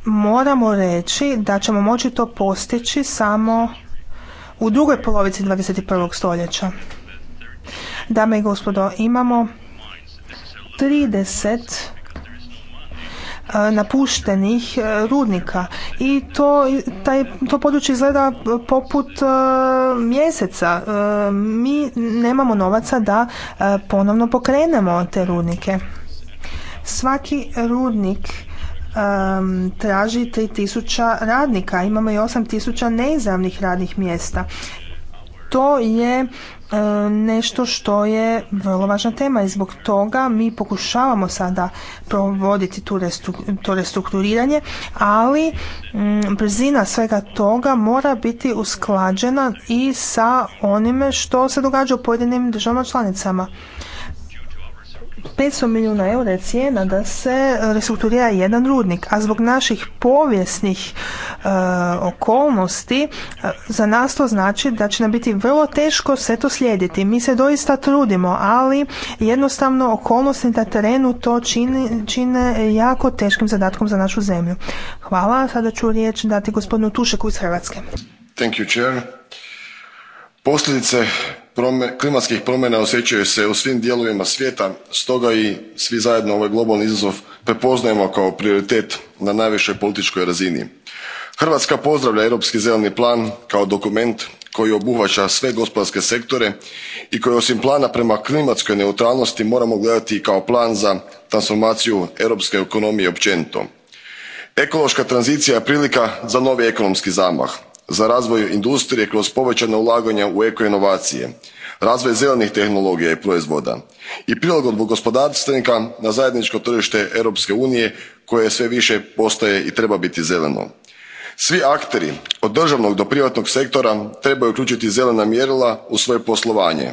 moramo reći da ćemo moći to postići samo u drugoj polovici 21. stoljeća. Dame i gospodo, imamo 30 e, napuštenih e, rudnika i to, taj, to područje izgleda poput e, mjeseca. mi nemamo novaca da ponovno pokrenemo te rudnike. Svaki rudnik um, traži 3000 radnika, imamo i 8000 neizravnih radnih mjesta. To je e, nešto što je vrlo važna tema i zbog toga mi pokušavamo sada provoditi to restrukturiranje, ali mm, brzina svega toga mora biti usklađena i sa onime što se događa u pojedinim državama članicama. 500 milijuna eura je cijena da se e, restrukturira jedan rudnik, a zbog naših povijesnih e, okolnosti e, za nas to znači da će nam biti vrlo teško sve to slijediti. Mi se doista trudimo, ali jednostavno okolnosti na terenu to čini, čine jako teškim zadatkom za našu zemlju. Hvala, sada ću riječ dati gospodinu Tušeku iz Hrvatske. Thank you, klimatskih promjena osjećaju se u svim dijelovima svijeta stoga i svi zajedno ovaj globalni izazov prepoznajemo kao prioritet na najvišoj političkoj razini. hrvatska pozdravlja europski zeleni plan kao dokument koji obuhvaća sve gospodarske sektore i koji osim plana prema klimatskoj neutralnosti moramo gledati i kao plan za transformaciju europske ekonomije općenito. ekološka tranzicija je prilika za novi ekonomski zamah za razvoj industrije kroz povećana ulaganja u eko inovacije, razvoj zelenih tehnologija i proizvoda i prilagodbu gospodarstvenika na zajedničko tržište Europske unije koje sve više postaje i treba biti zeleno. Svi akteri od državnog do privatnog sektora trebaju uključiti zelena mjerila u svoje poslovanje,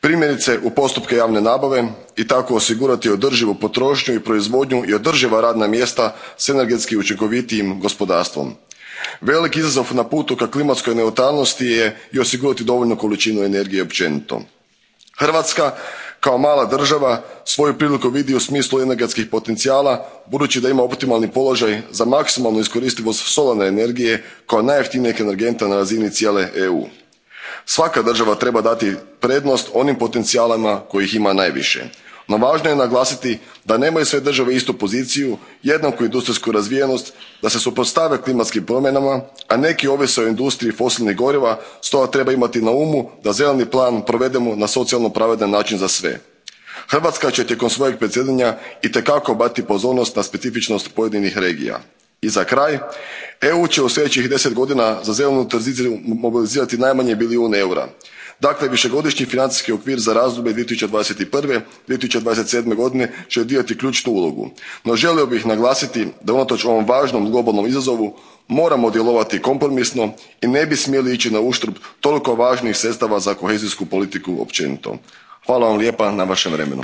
primjerice u postupke javne nabave i tako osigurati održivu potrošnju i proizvodnju i održiva radna mjesta s energetski učinkovitijim gospodarstvom. Velik izazov na putu ka klimatskoj neutralnosti je i osigurati dovoljnu količinu energije općenito. Hrvatska kao mala država svoju priliku vidi u smislu energetskih potencijala budući da ima optimalni položaj za maksimalnu iskoristivost solarne energije kao najjeftinijeg energenta na razini cijele EU. Svaka država treba dati prednost onim potencijalima kojih ima najviše no važno je naglasiti da nemaju sve države istu poziciju jednaku industrijsku razvijenost da se suprotstave klimatskim promjenama a neki ovise o industriji fosilnih goriva stoga treba imati na umu da zeleni plan provedemo na socijalno pravedan način za sve. hrvatska će tijekom svojeg predsjedanja itekako obratiti pozornost na specifičnost pojedinih regija. i za kraj eu će u sljedećih deset godina za zelenu tranziciju mobilizirati najmanje bilijun eura. Dakle, višegodišnji financijski okvir za razdoblje 2021.-2027. godine će odigrati ključnu ulogu. No želio bih naglasiti da unatoč ovom važnom globalnom izazovu moramo djelovati kompromisno i ne bi smjeli ići na uštrb toliko važnih sredstava za kohezijsku politiku općenito. Hvala vam lijepa na vašem vremenu.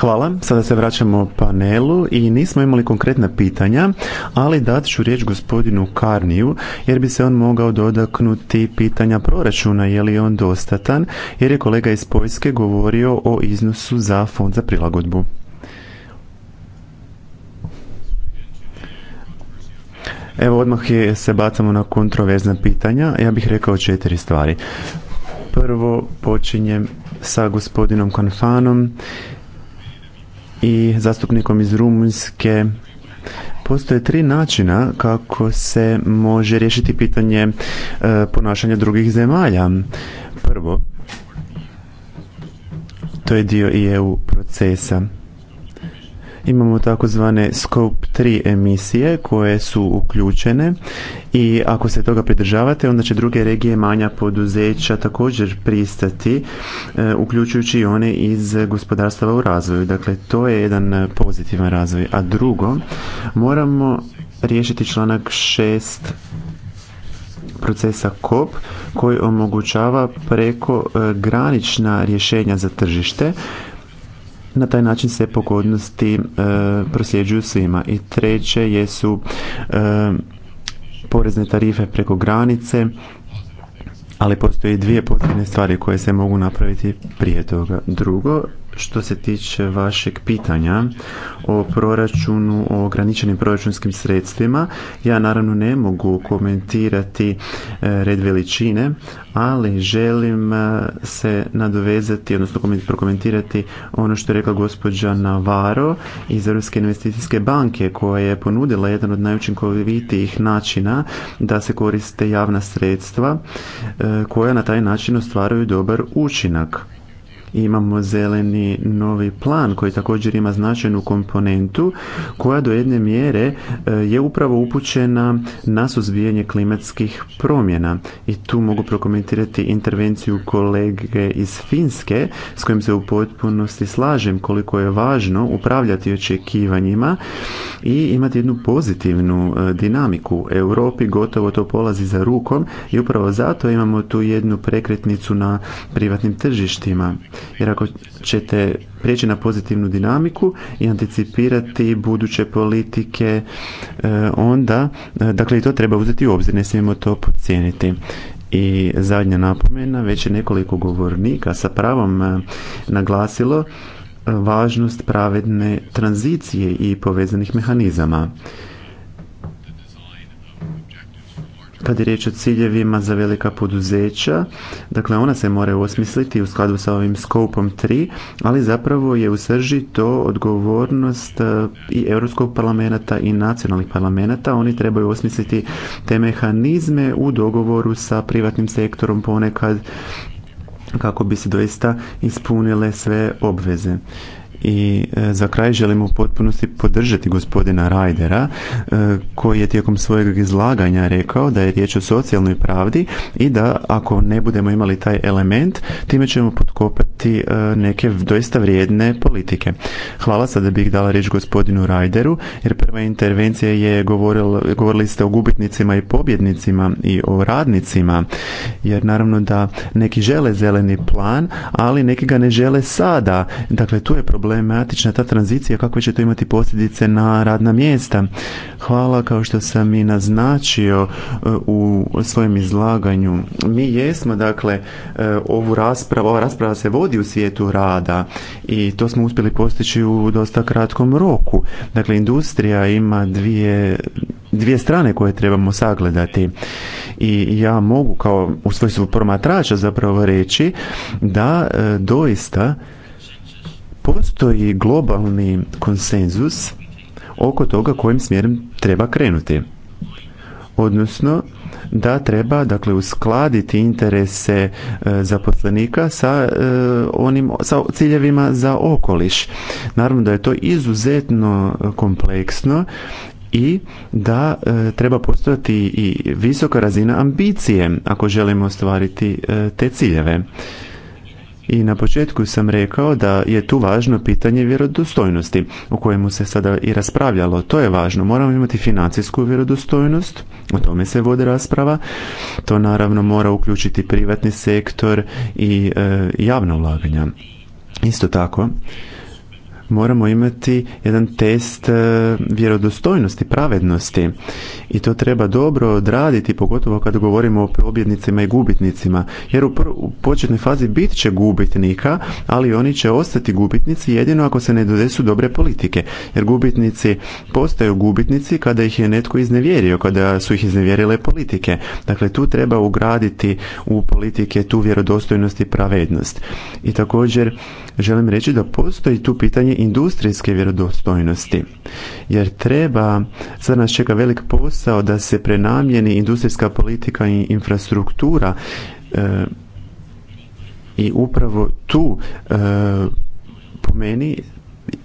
Hvala. Sada se vraćamo panelu i nismo imali konkretna pitanja, ali dat ću riječ gospodinu Karniju jer bi se on mogao dodaknuti pitanja proračuna je li on dostatan jer je kolega iz Poljske govorio o iznosu za fond za prilagodbu. Evo odmah se bacamo na kontroverzna pitanja. Ja bih rekao četiri stvari. Prvo počinjem sa gospodinom Konfanom i zastupnikom iz Rumunjske. Postoje tri načina kako se može riješiti pitanje e, ponašanja drugih zemalja. Prvo, to je dio i EU procesa. Imamo takozvane Scope 3 emisije koje su uključene i ako se toga pridržavate onda će druge regije manja poduzeća također pristati e, uključujući i one iz gospodarstva u razvoju. Dakle, to je jedan pozitivan razvoj. A drugo, moramo riješiti članak 6 procesa COP koji omogućava preko e, granična rješenja za tržište na taj način se pogodnosti e, prosljeđuju svima. I treće jesu e, porezne tarife preko granice, ali postoje dvije potrebne stvari koje se mogu napraviti prije toga. Drugo, što se tiče vašeg pitanja o proračunu, o ograničenim proračunskim sredstvima, ja naravno ne mogu komentirati e, red veličine, ali želim e, se nadovezati, odnosno prokomentirati ono što je rekla gospođa Navaro iz Europske investicijske banke koja je ponudila jedan od najučinkovitijih načina da se koriste javna sredstva e, koja na taj način ostvaruju dobar učinak Imamo zeleni novi plan koji također ima značajnu komponentu koja do jedne mjere e, je upravo upućena na suzbijanje klimatskih promjena. I tu mogu prokomentirati intervenciju kolege iz Finske s kojim se u potpunosti slažem koliko je važno upravljati očekivanjima i imati jednu pozitivnu e, dinamiku. U Europi gotovo to polazi za rukom i upravo zato imamo tu jednu prekretnicu na privatnim tržištima. Jer ako ćete prijeći na pozitivnu dinamiku i anticipirati buduće politike, e, onda, e, dakle i to treba uzeti u obzir, ne smijemo to podcijeniti. I zadnja napomena, već je nekoliko govornika sa pravom e, naglasilo važnost pravedne tranzicije i povezanih mehanizama. kad je riječ o ciljevima za velika poduzeća, dakle ona se mora osmisliti u skladu sa ovim skopom 3, ali zapravo je u srži to odgovornost e, i Europskog parlamenta i nacionalnih parlamenta. Oni trebaju osmisliti te mehanizme u dogovoru sa privatnim sektorom ponekad kako bi se doista ispunile sve obveze. I e, za kraj želimo u potpunosti podržati gospodina Rajdera e, koji je tijekom svojeg izlaganja rekao da je riječ o socijalnoj pravdi i da ako ne budemo imali taj element, time ćemo potkopati e, neke doista vrijedne politike. Hvala sada bih dala riječ gospodinu Rajderu jer prva intervencija je govoril, govorili ste o gubitnicima i pobjednicima i o radnicima jer naravno da neki žele zeleni plan, ali neki ga ne žele sada. Dakle, tu je problem problematična ta tranzicija, kakve će to imati posljedice na radna mjesta. Hvala kao što sam i naznačio e, u svojem izlaganju. Mi jesmo, dakle, e, ovu raspravu, ova rasprava se vodi u svijetu rada i to smo uspjeli postići u dosta kratkom roku. Dakle, industrija ima dvije dvije strane koje trebamo sagledati i ja mogu kao u svojstvu promatrača zapravo reći da e, doista Postoji globalni konsenzus oko toga kojim smjerom treba krenuti. Odnosno, da treba dakle uskladiti interese e, zaposlenika sa e, onim sa ciljevima za okoliš. Naravno da je to izuzetno kompleksno i da e, treba postojati i visoka razina ambicije ako želimo ostvariti te ciljeve. I na početku sam rekao da je tu važno pitanje vjerodostojnosti o kojemu se sada i raspravljalo. To je važno. Moramo imati financijsku vjerodostojnost, o tome se vodi rasprava. To naravno mora uključiti privatni sektor i e, javna ulaganja. Isto tako, moramo imati jedan test e, vjerodostojnosti, pravednosti i to treba dobro odraditi, pogotovo kad govorimo o pobjednicima i gubitnicima, jer u, u početnoj fazi bit će gubitnika, ali oni će ostati gubitnici jedino ako se ne dodesu dobre politike, jer gubitnici postaju gubitnici kada ih je netko iznevjerio, kada su ih iznevjerile politike. Dakle, tu treba ugraditi u politike tu vjerodostojnost i pravednost. I također želim reći da postoji tu pitanje industrijske vjerodostojnosti. Jer treba, sad nas čeka velik posao da se prenamjeni industrijska politika i infrastruktura e, i upravo tu e, po meni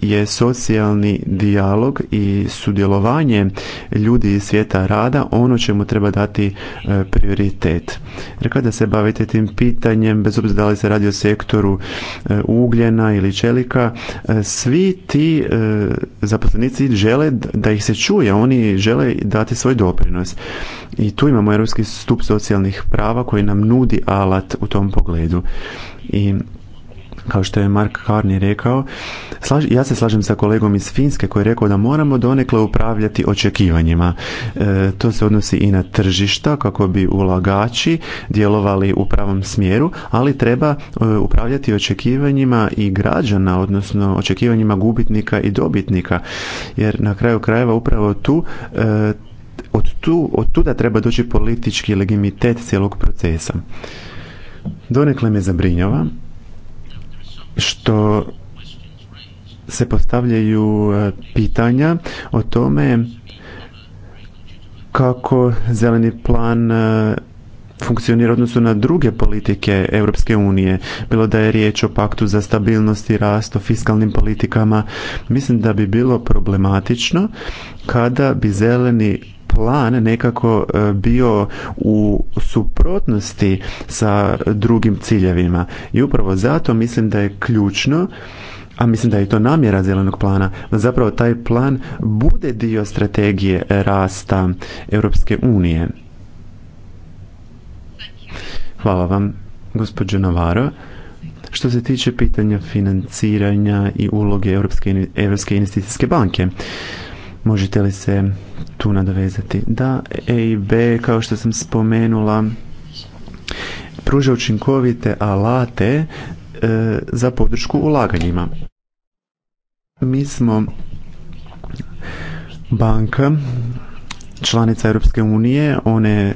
je socijalni dijalog i sudjelovanje ljudi iz svijeta rada ono čemu treba dati e, prioritet. Rekao da se bavite tim pitanjem, bez obzira da li se radi o sektoru e, ugljena ili čelika, e, svi ti zaposlenici žele da ih se čuje, oni žele dati svoj doprinos. I tu imamo europski stup socijalnih prava koji nam nudi alat u tom pogledu. I kao što je Mark Carney rekao, ja se slažem sa kolegom iz Finske koji je rekao da moramo donekle upravljati očekivanjima. E, to se odnosi i na tržišta kako bi ulagači djelovali u pravom smjeru, ali treba e, upravljati očekivanjima i građana, odnosno očekivanjima gubitnika i dobitnika, jer na kraju krajeva upravo tu e, od, tu, od tuda treba doći politički legitimitet cijelog procesa. Donekle me zabrinjava što se postavljaju e, pitanja o tome kako zeleni plan e, funkcionira odnosu na druge politike Europske unije, bilo da je riječ o paktu za stabilnost i rast, o fiskalnim politikama, mislim da bi bilo problematično kada bi zeleni plan nekako e, bio u suprotnosti sa drugim ciljevima. I upravo zato mislim da je ključno a mislim da je to namjera zelenog plana, da zapravo taj plan bude dio strategije rasta Europske unije. Hvala vam, gospođo Navaro. Što se tiče pitanja financiranja i uloge Europske, Europske investicijske banke, Možete li se tu nadovezati? Da, e i B, kao što sam spomenula, pruža učinkovite alate e, za podršku ulaganjima. Mi smo banka članica Europske unije, one e,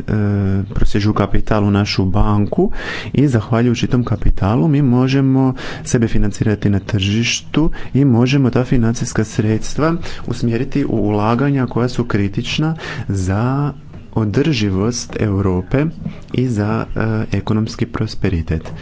prosježu kapital u našu banku i zahvaljujući tom kapitalu mi možemo sebe financirati na tržištu i možemo ta financijska sredstva usmjeriti u ulaganja koja su kritična za održivost Europe i za e, ekonomski prosperitet.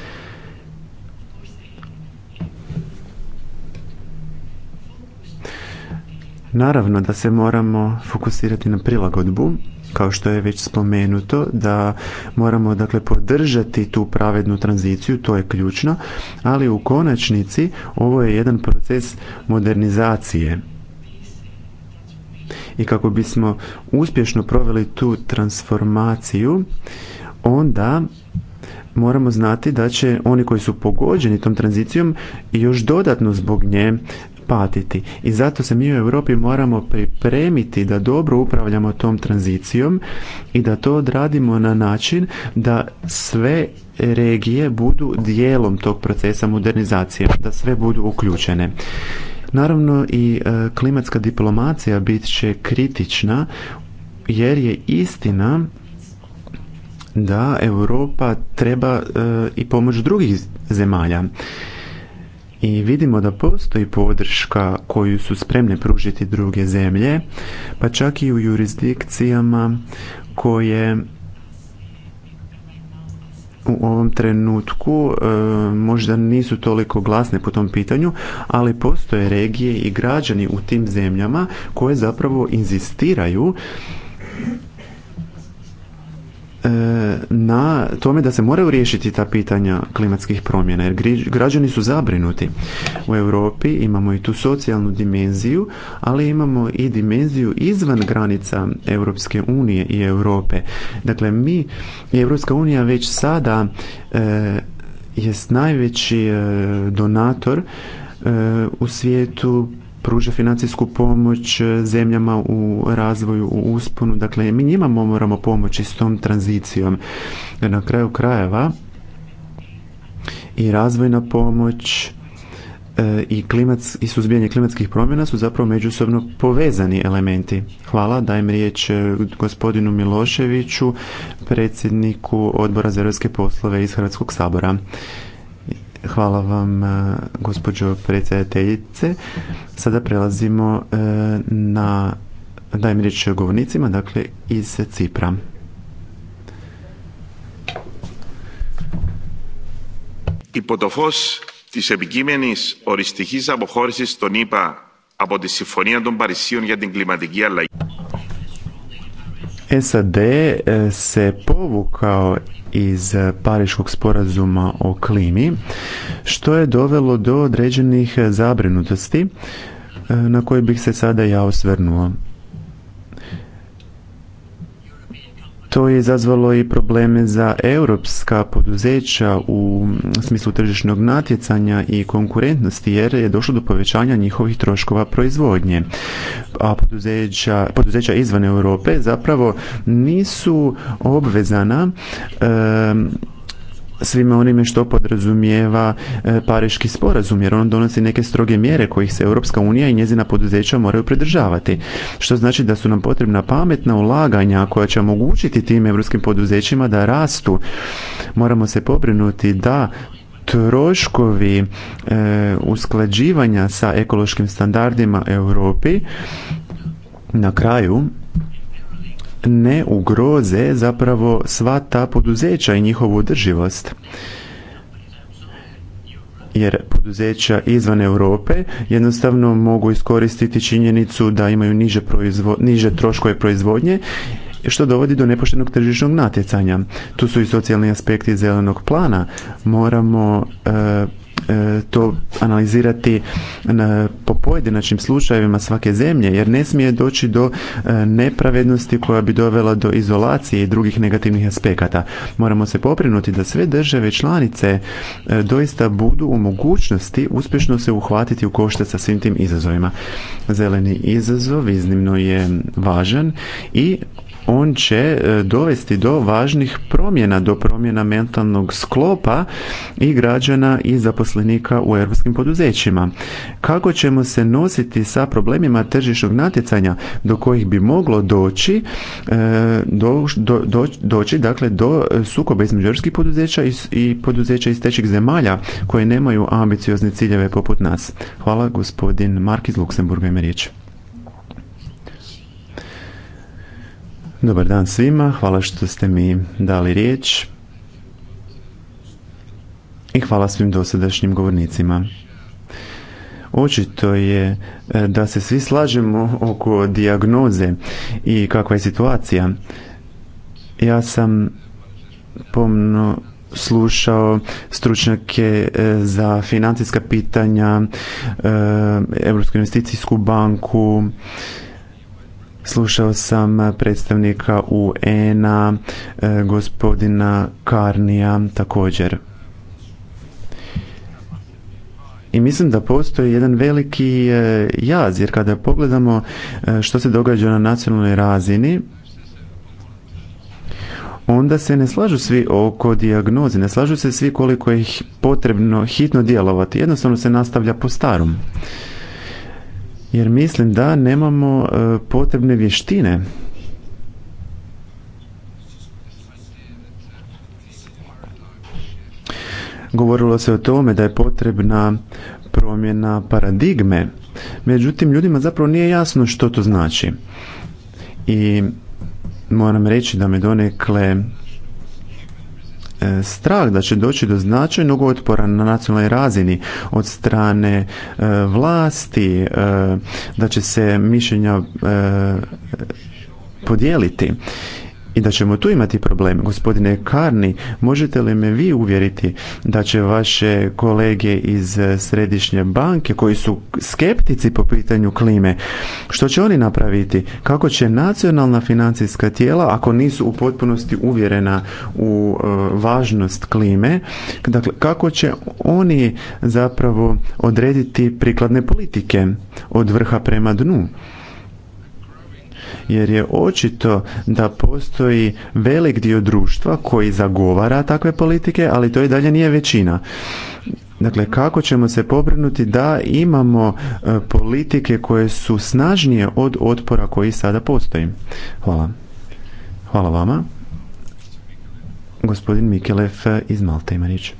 Naravno da se moramo fokusirati na prilagodbu, kao što je već spomenuto, da moramo dakle podržati tu pravednu tranziciju, to je ključno, ali u konačnici ovo je jedan proces modernizacije. I kako bismo uspješno proveli tu transformaciju, onda moramo znati da će oni koji su pogođeni tom tranzicijom još dodatno zbog nje patiti. I zato se mi u Europi moramo pripremiti da dobro upravljamo tom tranzicijom i da to odradimo na način da sve regije budu dijelom tog procesa modernizacije, da sve budu uključene. Naravno i e, klimatska diplomacija bit će kritična jer je istina da Europa treba e, i pomoć drugih zemalja i vidimo da postoji podrška koju su spremne pružiti druge zemlje, pa čak i u jurisdikcijama koje u ovom trenutku e, možda nisu toliko glasne po tom pitanju, ali postoje regije i građani u tim zemljama koje zapravo inzistiraju na tome da se moraju riješiti ta pitanja klimatskih promjena jer građani su zabrinuti. U Europi imamo i tu socijalnu dimenziju, ali imamo i dimenziju izvan granica Europske unije i Europe. Dakle, mi Europska unija već sada e, jest najveći e, donator e, u svijetu pruža financijsku pomoć e, zemljama u razvoju, u usponu. Dakle, mi njima moramo pomoći s tom tranzicijom. Na kraju krajeva i razvojna pomoć e, i, i suzbijanje klimatskih promjena su zapravo međusobno povezani elementi. Hvala, dajem riječ e, gospodinu Miloševiću, predsjedniku odbora za europske poslove iz Hrvatskog sabora. Hvala vam, e, gospođo predsjedateljice. Sada prelazimo e, na najmriječ govornicima, dakle, iz Cipra. I po to fos tis epikimenis oristihis abohorisis ton ipa abo tis sifonija ton parisijon jatim klimatikijan lajim. SAD e, se povukao iz Pariškog sporazuma o klimi, što je dovelo do određenih zabrinutosti e, na koje bih se sada ja osvrnuo. To je izazvalo i probleme za europska poduzeća u smislu tržišnog natjecanja i konkurentnosti jer je došlo do povećanja njihovih troškova proizvodnje. A poduzeća, poduzeća izvan Europe zapravo nisu obvezana svime onime što podrazumijeva e, Pariški sporazum, jer on donosi neke stroge mjere kojih se Europska unija i njezina poduzeća moraju pridržavati. Što znači da su nam potrebna pametna ulaganja koja će omogućiti tim europskim poduzećima da rastu. Moramo se pobrinuti da troškovi e, usklađivanja sa ekološkim standardima Europi na kraju ne ugroze zapravo sva ta poduzeća i njihovu održivost jer poduzeća izvan Europe jednostavno mogu iskoristiti činjenicu da imaju niže, proizvo, niže troškove proizvodnje što dovodi do nepoštenog tržišnog natjecanja. Tu su i socijalni aspekti zelenog plana. Moramo e, E, to analizirati e, po pojedinačnim slučajevima svake zemlje jer ne smije doći do e, nepravednosti koja bi dovela do izolacije i drugih negativnih aspekata. Moramo se poprinuti da sve države članice doista budu u mogućnosti uspješno se uhvatiti u koštac sa svim tim izazovima. Zeleni izazov iznimno je važan i on će e, dovesti do važnih promjena, do promjena mentalnog sklopa i građana i zaposlenika u europskim poduzećima. Kako ćemo se nositi sa problemima tržišnog natjecanja do kojih bi moglo doći, e, do, doći dakle, do sukoba između europskih poduzeća i, poduzeća iz trećih zemalja koje nemaju ambiciozne ciljeve poput nas. Hvala gospodin Mark iz Luksemburga Dobar dan svima, hvala što ste mi dali riječ i hvala svim dosadašnjim govornicima. Očito je e, da se svi slažemo oko dijagnoze i kakva je situacija. Ja sam pomno slušao stručnjake e, za financijska pitanja, e, Europsku investicijsku banku, Slušao sam eh, predstavnika UN-a, eh, gospodina Karnija također. I mislim da postoji jedan veliki eh, jaz, jer kada pogledamo što se događa na nacionalnoj razini, onda se ne slažu svi oko dijagnoze, ne slažu se svi koliko je potrebno hitno djelovati. Jednostavno se nastavlja po starom jer mislim da nemamo e, potrebne vještine govorilo se o tome da je potrebna promjena paradigme međutim ljudima zapravo nije jasno što to znači i moram reći da me donekle E, strah da će doći do značajnog otpora na nacionalnoj razini od strane e, vlasti, e, da će se mišljenja podijeliti i da ćemo tu imati problem. Gospodine Karni, možete li me vi uvjeriti da će vaše kolege iz središnje banke koji su skeptici po pitanju klime, što će oni napraviti? Kako će nacionalna financijska tijela, ako nisu u potpunosti uvjerena u e, važnost klime, dakle, kako će oni zapravo odrediti prikladne politike od vrha prema dnu? jer je očito da postoji velik dio društva koji zagovara takve politike, ali to i dalje nije većina. Dakle, kako ćemo se pobrinuti da imamo e, politike koje su snažnije od otpora koji sada postoji? Hvala. Hvala vama. Gospodin Mikelef iz Malta ima riječ.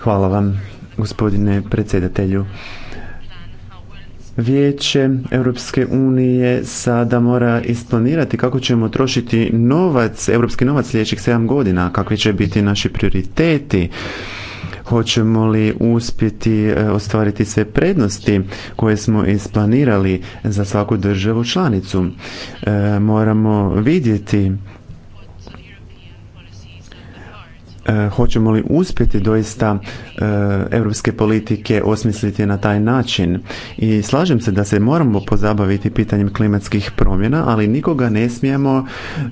Hvala vam gospodine predsjedatelju. Vijeće Europske unije sada mora isplanirati kako ćemo trošiti novac, europski novac sljedećih 7 godina, kakvi će biti naši prioriteti, hoćemo li uspjeti e, ostvariti sve prednosti koje smo isplanirali za svaku državu članicu. E, moramo vidjeti E, hoćemo li uspjeti doista europske politike osmisliti na taj način i slažem se da se moramo pozabaviti pitanjem klimatskih promjena ali nikoga ne smijemo e,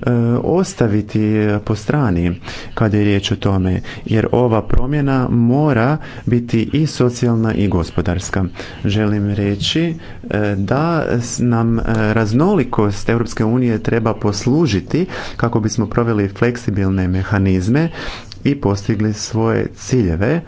ostaviti po strani kada je riječ o tome jer ova promjena mora biti i socijalna i gospodarska želim reći e, da nam raznolikost Europske unije treba poslužiti kako bismo proveli fleksibilne mehanizme i postigli svoje ciljeve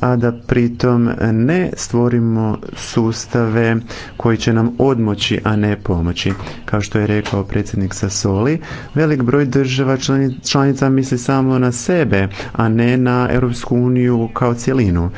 a da pritom ne stvorimo sustave koji će nam odmoći, a ne pomoći. Kao što je rekao predsjednik Sasoli, velik broj država članica misli samo na sebe, a ne na Europsku uniju kao cjelinu.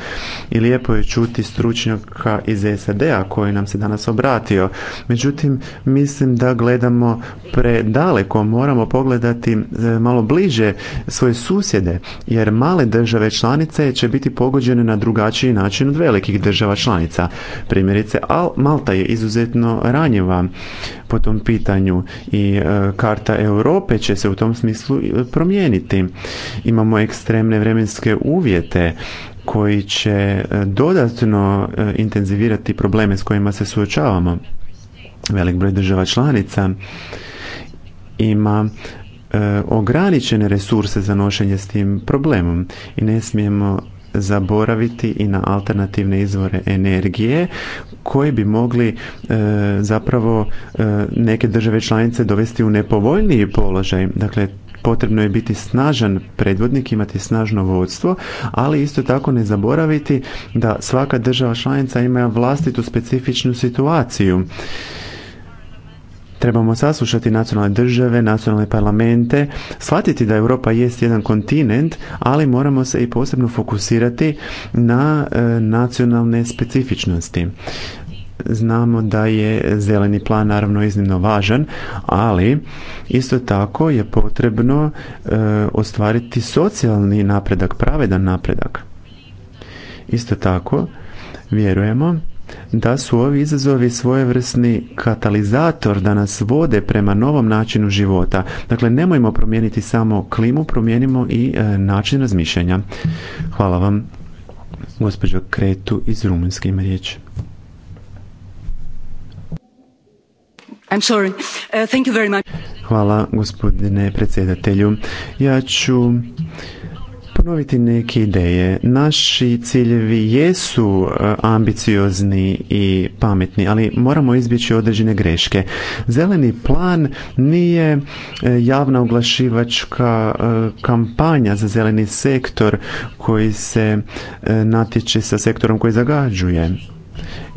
I lijepo je čuti stručnjaka iz SAD-a koji nam se danas obratio. Međutim, mislim da gledamo predaleko, moramo pogledati e, malo bliže svoje susjede, jer male države članice će biti pogođene uređene na drugačiji način od velikih država članica. Primjerice, Malta je izuzetno ranjiva po tom pitanju i e, karta Europe će se u tom smislu e, promijeniti. Imamo ekstremne vremenske uvjete koji će e, dodatno intenzivirati probleme s kojima se suočavamo. Velik broj država članica ima ograničene resurse za nošenje s tim problemom i ne smijemo zaboraviti i na alternativne izvore energije koji bi mogli e, zapravo e, neke države članice dovesti u nepovoljniji položaj. Dakle, potrebno je biti snažan predvodnik, imati snažno vodstvo, ali isto tako ne zaboraviti da svaka država članica ima vlastitu specifičnu situaciju. Trebamo saslušati nacionalne države, nacionalne parlamente, shvatiti da Europa jest jedan kontinent, ali moramo se i posebno fokusirati na e, nacionalne specifičnosti. Znamo da je zeleni plan naravno iznimno važan, ali isto tako je potrebno e, ostvariti socijalni napredak, pravedan napredak. Isto tako vjerujemo da su ovi izazovi svojevrsni katalizator da nas vode prema novom načinu života. Dakle, nemojmo promijeniti samo klimu, promijenimo i e, način razmišljanja. Hvala vam, gospođo Kretu iz Rumunjske ima riječ. I'm sorry. Uh, thank you very much. Hvala, gospodine predsjedatelju. Ja ću ponoviti neke ideje. Naši ciljevi jesu e, ambiciozni i pametni, ali moramo izbjeći određene greške. Zeleni plan nije e, javna oglašivačka e, kampanja za zeleni sektor koji se natječe sa sektorom koji zagađuje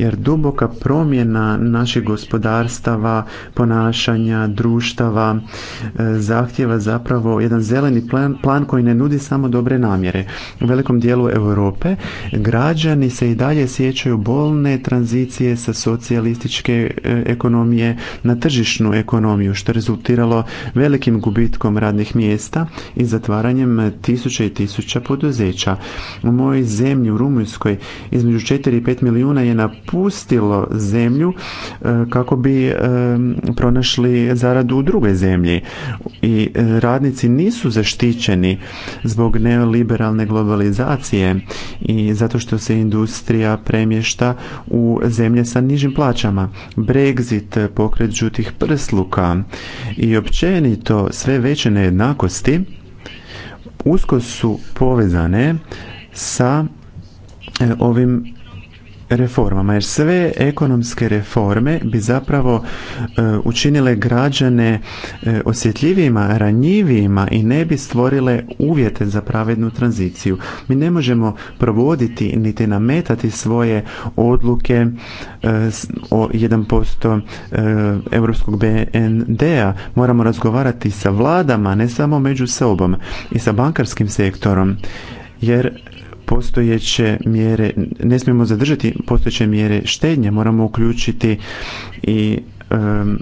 jer duboka promjena naših gospodarstava, ponašanja, društava e, zahtjeva zapravo jedan zeleni plan, plan koji ne nudi samo dobre namjere. U velikom dijelu Europe građani se i dalje sjećaju bolne tranzicije sa socijalističke e, ekonomije na tržišnu ekonomiju što je rezultiralo velikim gubitkom radnih mjesta i zatvaranjem tisuća i tisuća poduzeća. U mojoj zemlji u Rumunjskoj između 4 i 5 milijuna je na napustilo zemlju e, kako bi e, pronašli zaradu u drugoj zemlji. I e, radnici nisu zaštićeni zbog neoliberalne globalizacije i zato što se industrija premješta u zemlje sa nižim plaćama. Brexit, pokret žutih prsluka i općenito sve veće nejednakosti usko su povezane sa ovim reformama jer sve ekonomske reforme bi zapravo e, učinile građane e, osjetljivijima, ranjivijima i ne bi stvorile uvjete za pravednu tranziciju. Mi ne možemo provoditi niti nametati svoje odluke e, o 1% e, europskog BND-a. Moramo razgovarati sa vladama, ne samo među sobom i sa bankarskim sektorom jer postojeće mjere, ne smijemo zadržati postojeće mjere štednje, moramo uključiti i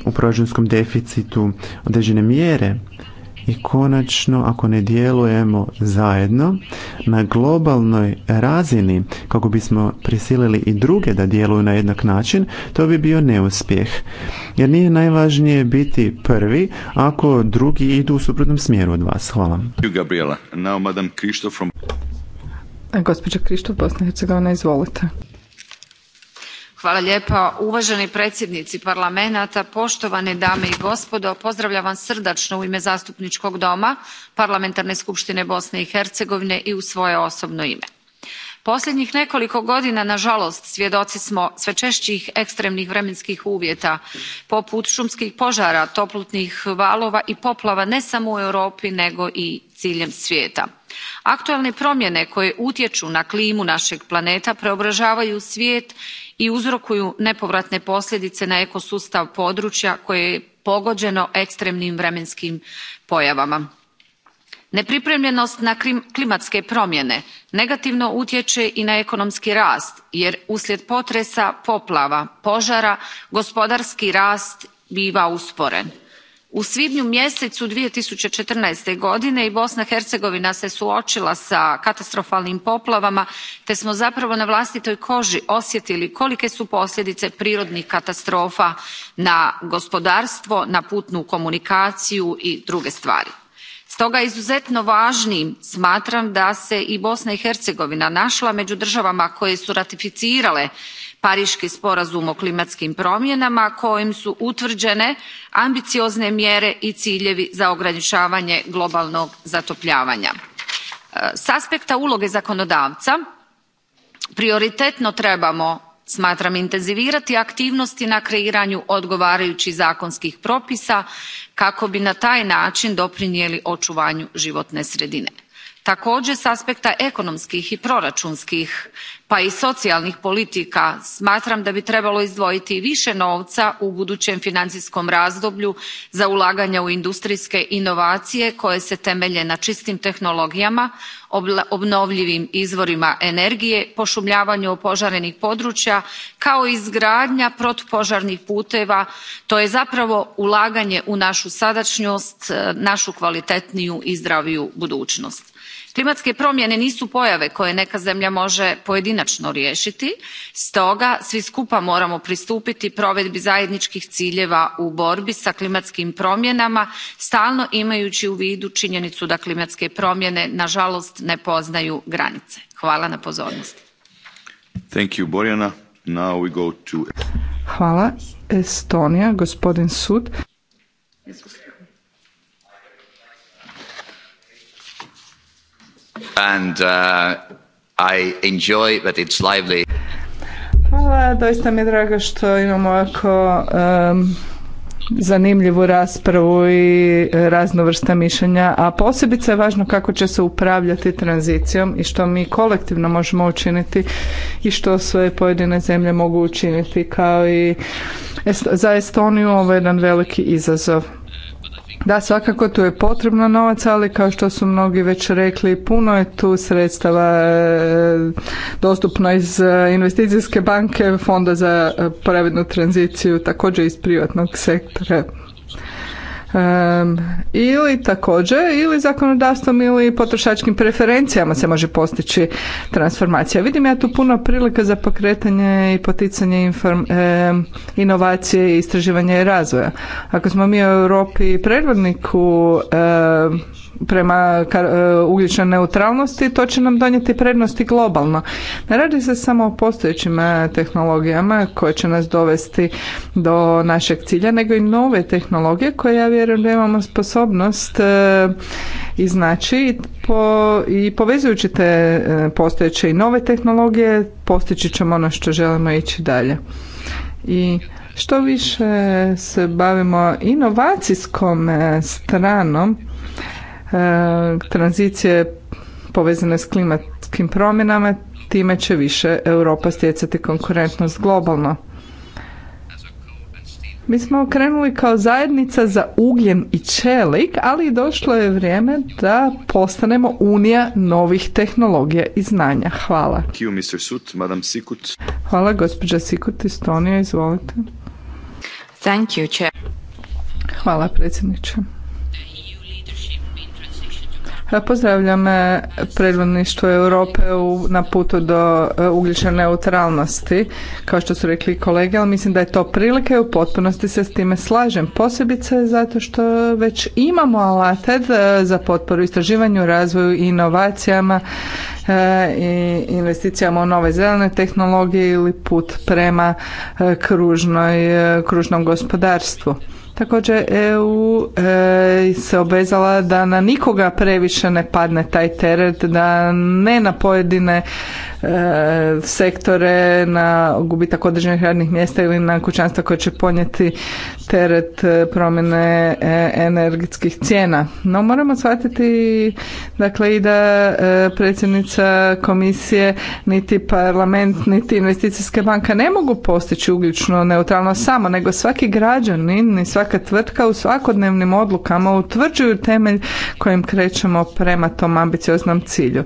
u proračunskom deficitu određene mjere i konačno ako ne djelujemo zajedno na globalnoj razini kako bismo prisilili i druge da djeluju na jednak način, to bi bio neuspjeh. Jer nije najvažnije biti prvi ako drugi idu u suprotnom smjeru od vas. Hvala. Gospođa Krištof, Bosna Hercegovina, izvolite. Hvala lijepa. Uvaženi predsjednici parlamenta, poštovane dame i gospodo, pozdravljam srdačno u ime zastupničkog doma Parlamentarne skupštine Bosne i Hercegovine i u svoje osobno ime. Posljednjih nekoliko godina, nažalost, svjedoci smo sve češćih ekstremnih vremenskih uvjeta, poput šumskih požara, toplutnih valova i poplava ne samo u Europi nego i ciljem svijeta aktualne promjene koje utječu na klimu našeg planeta preobražavaju svijet i uzrokuju nepovratne posljedice na ekosustav područja koje je pogođeno ekstremnim vremenskim pojavama. nepripremljenost na klimatske promjene negativno utječe i na ekonomski rast jer uslijed potresa poplava požara gospodarski rast biva usporen u svibnju mjesecu. two thousand and fourteen godine i bosna i hercegovina se suoila s katastrofalnim poplavama te smo zapravo na vlastitoj koži osjetili kolike su posljedice prirodnih katastrofa na gospodarstvo na putnu komunikaciju i druge stvari. stoga izuzetno vanim smatram da se i bosna i hercegovina nala meu dravama koje su ratificirale pariški sporazum o klimatskim promjenama kojim su utvrđene ambiciozne mjere i ciljevi za ograničavanje globalnog zatopljavanja. E, s aspekta uloge zakonodavca prioritetno trebamo smatram intenzivirati aktivnosti na kreiranju odgovarajućih zakonskih propisa kako bi na taj način doprinijeli očuvanju životne sredine. Također, s aspekta ekonomskih i proračunskih, pa i socijalnih politika smatram da bi trebalo izdvojiti više novca u budućem financijskom razdoblju za ulaganja u industrijske inovacije koje se temelje na čistim tehnologijama obnovljivim izvorima energije poumljavanju opoarenih podruja kao i izgradnja protupoarnih puteva to je zapravo ulaganje u našu sadanjost našu kvalitetniju i zdraviju budunost klimatske promjene nisu pojave koje neka zemlja moe pojedinačno riješiti, stoga svi skupa moramo pristupiti provedbi zajedničkih ciljeva u borbi s klimatskim promjenama stalno imajući u vidu činjenicu da klimatske promjene nažalost, ne poznaju granice. hvala na pozornosti. And, uh, I enjoy that it's lively. Hvala, doista mi je drago što imamo ovako um, zanimljivu raspravu i raznovrsna mišljenja, a posebice je važno kako će se upravljati tranzicijom i što mi kolektivno možemo učiniti i što sve pojedine zemlje mogu učiniti, kao i za Estoniju ovo je jedan veliki izazov. Da, svakako tu je potrebno novaca, ali kao što su mnogi već rekli, puno je tu sredstava e, dostupno iz e, investicijske banke, fonda za e, pravednu tranziciju, također iz privatnog sektora ili također ili zakonodavstvom ili potrošačkim preferencijama se može postići transformacija. Vidim ja tu puno prilika za pokretanje i poticanje inform, i inovacije, istraživanja i razvoja. Ako smo mi u Europi predvodnik u prema e, ugljičnoj neutralnosti, to će nam donijeti prednosti globalno. Ne radi se samo o postojećim e, tehnologijama koje će nas dovesti do našeg cilja, nego i nove tehnologije koje ja vjerujem da imamo sposobnost e, i znači i povezujući te postojeće i nove tehnologije postići ćemo ono što želimo ići dalje. I što više se bavimo inovacijskom stranom E, tranzicije povezane s klimatskim promjenama, time će više Europa stjecati konkurentnost globalno. Mi smo krenuli kao zajednica za ugljen i čelik, ali došlo je vrijeme da postanemo unija novih tehnologija i znanja. Hvala. Hvala, gospođa Sikut, Estonija, izvolite. Hvala, predsjedniče. Pozdravljam e, predvodništvo Europe na putu do e, ugljične neutralnosti, kao što su rekli kolege, ali mislim da je to prilika i u potpunosti se s time slažem. Posebice zato što već imamo alate e, za potporu istraživanju, razvoju i inovacijama i investicijama u nove zelene tehnologije ili put prema kružnom gospodarstvu. Također EU e, se obezala da na nikoga previše ne padne taj teret, da ne na pojedine e, sektore, na gubitak određenih radnih mjesta ili na kućanstva koje će ponijeti teret e, promjene e, energetskih cijena. No moramo shvatiti dakle i da predsjednica komisije niti parlament niti investicijske banka ne mogu postići ugljično neutralno samo, nego svaki građanin i svaki svaka tvrtka u svakodnevnim odlukama utvrđuju temelj kojim krećemo prema tom ambicioznom cilju.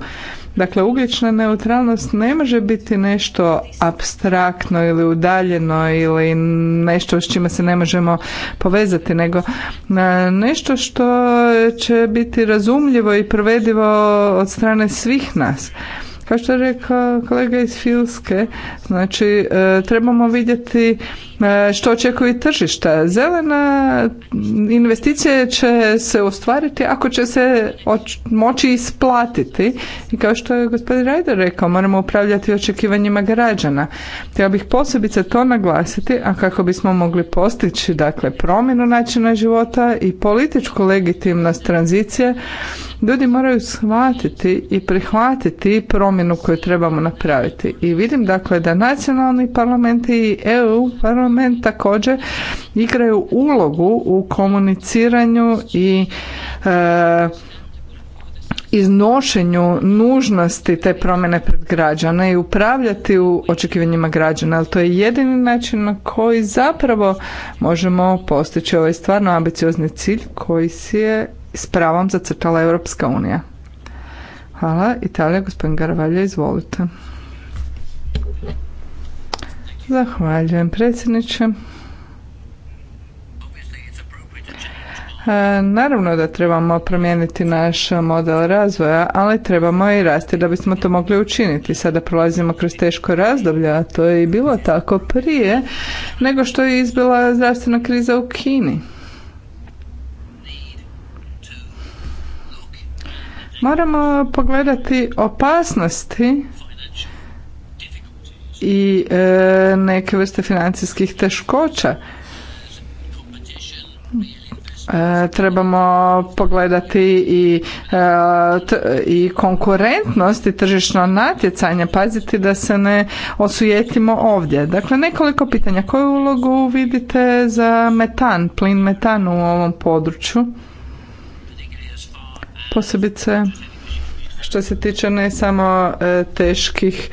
Dakle, ugljična neutralnost ne može biti nešto abstraktno ili udaljeno ili nešto s čime se ne možemo povezati, nego e, nešto što će biti razumljivo i provedivo od strane svih nas. Kao što je rekao kolega iz Filske, znači e, trebamo vidjeti E, što očekuju tržišta. Zelena investicije će se ostvariti ako će se moći isplatiti. I kao što je gospodin Rajder rekao, moramo upravljati očekivanjima građana. Htio bih posebice to naglasiti, a kako bismo mogli postići dakle, promjenu načina života i političku legitimnost tranzicije, ljudi moraju shvatiti i prihvatiti promjenu koju trebamo napraviti. I vidim dakle da nacionalni parlamenti i EU parlament također igraju ulogu u komuniciranju i e, iznošenju nužnosti te promjene pred građana i upravljati u očekivanjima građana, ali to je jedini način na koji zapravo možemo postići ovaj stvarno ambiciozni cilj koji si je s pravom zacrtala Europska unija. Hvala, Italija, gospodin Garvalja, izvolite. Zahvaljujem predsjedniče. E, naravno da trebamo promijeniti naš model razvoja, ali trebamo i rasti da bismo to mogli učiniti. Sada prolazimo kroz teško razdoblje, a to je i bilo tako prije nego što je izbila zdravstvena kriza u Kini. Moramo pogledati opasnosti i e, neke vrste financijskih teškoća. E, trebamo pogledati i, e, i konkurentnost i tržišno natjecanje, paziti da se ne osujetimo ovdje. Dakle, nekoliko pitanja. Koju ulogu vidite za metan, plin metan u ovom području? Posebice što se tiče ne samo e, teških,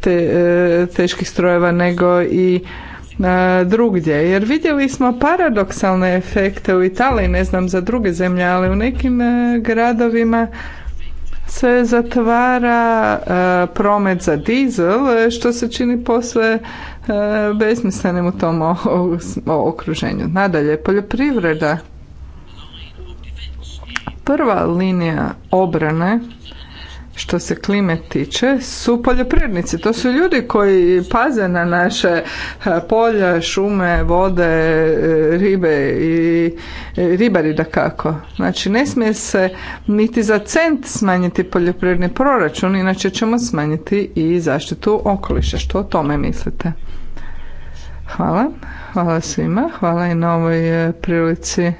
te, e, teških strojeva nego i e, drugdje. Jer vidjeli smo paradoksalne efekte u Italiji, ne znam za druge zemlje, ali u nekim gradovima se zatvara promet za dizel, što se čini posve besmislenim u tom okruženju. Nadalje, poljoprivreda. Prva linija obrane što se klime tiče su poljoprivrednici. To su ljudi koji paze na naše eh, polja, šume, vode, eh, ribe i eh, ribari da kako. Znači ne smije se niti za cent smanjiti poljoprivredni proračun, inače ćemo smanjiti i zaštitu okoliša. Što o tome mislite? Hvala. Hvala svima. Hvala i na ovoj prilici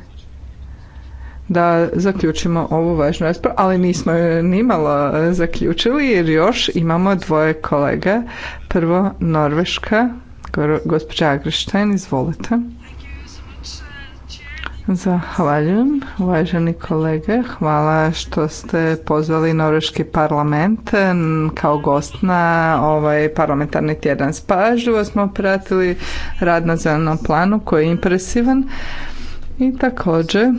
da zaključimo ovu važnu raspravu, ali nismo ju nimalo zaključili jer još imamo dvoje kolege. Prvo Norveška, gospođa Agrištajn, izvolite. Zahvaljujem, uvaženi kolege. Hvala što ste pozvali Norveški parlament kao gost na ovaj parlamentarni tjedan. spažljivo smo pratili rad na zelenom planu koji je impresivan i također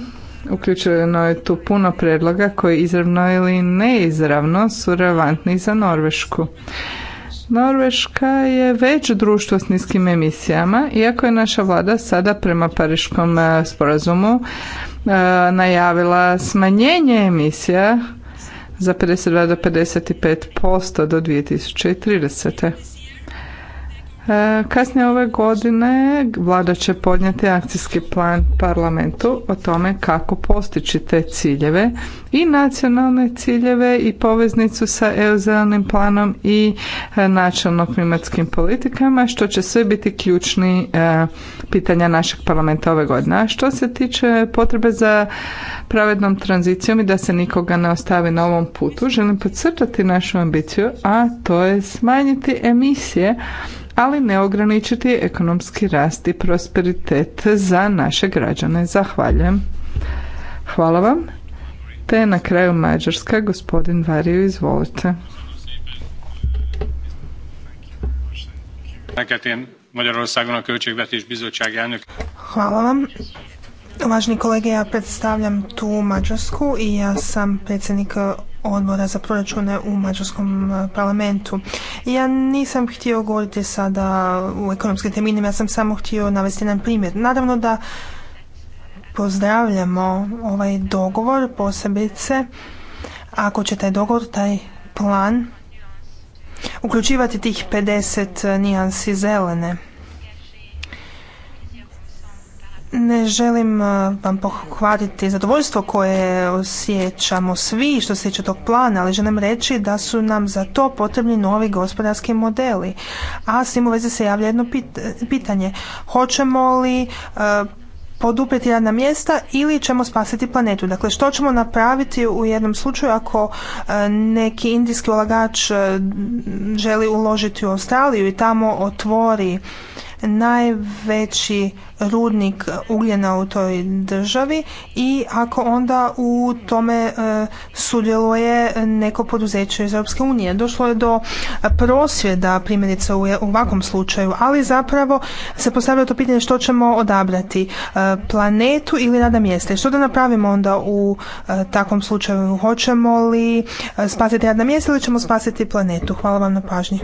Uključeno je tu puno predloga koji izravno ili neizravno su relevantni za Norvešku. Norveška je već društvo s niskim emisijama, iako je naša vlada sada prema Pariškom e, sporazumu e, najavila smanjenje emisija za 52 do 55% do 2030. E, kasnije ove godine vlada će podnijeti akcijski plan parlamentu o tome kako postići te ciljeve i nacionalne ciljeve i poveznicu sa EU zelenim planom i e, načelno klimatskim politikama što će sve biti ključni e, pitanja našeg parlamenta ove godine. A što se tiče potrebe za pravednom tranzicijom i da se nikoga ne ostavi na ovom putu, želim podcrtati našu ambiciju, a to je smanjiti emisije ali ne ograničiti ekonomski rast i prosperitet za naše građane. Zahvaljujem. Hvala vam. Te na kraju Mađarska, gospodin Vario, izvolite. Hvala vam. Važni kolege, ja predstavljam tu Mađarsku i ja sam predsjednik odbora za proračune u mađarskom e, parlamentu. Ja nisam htio govoriti sada u ekonomskim terminima, ja sam samo htio navesti jedan primjer. Naravno da pozdravljamo ovaj dogovor posebice ako će taj dogovor, taj plan uključivati tih 50 nijansi zelene. Ne želim uh, vam pohvatiti zadovoljstvo koje osjećamo svi što se tiče tog plana, ali želim reći da su nam za to potrebni novi gospodarski modeli. A s tim u vezi se javlja jedno pitanje. Hoćemo li uh, poduprijeti radna mjesta ili ćemo spasiti planetu. Dakle, što ćemo napraviti u jednom slučaju ako uh, neki indijski ulagač uh, želi uložiti u Australiju i tamo otvori najveći rudnik ugljena u toj državi i ako onda u tome e, sudjeluje neko poduzeće iz Europske unije. Došlo je do prosvjeda primjerice u ovakvom slučaju, ali zapravo se postavlja to pitanje što ćemo odabrati, e, planetu ili rada mjesta. što da napravimo onda u e, takvom slučaju? Hoćemo li spasiti radna mjesta ili ćemo spasiti planetu? Hvala vam na pažnji.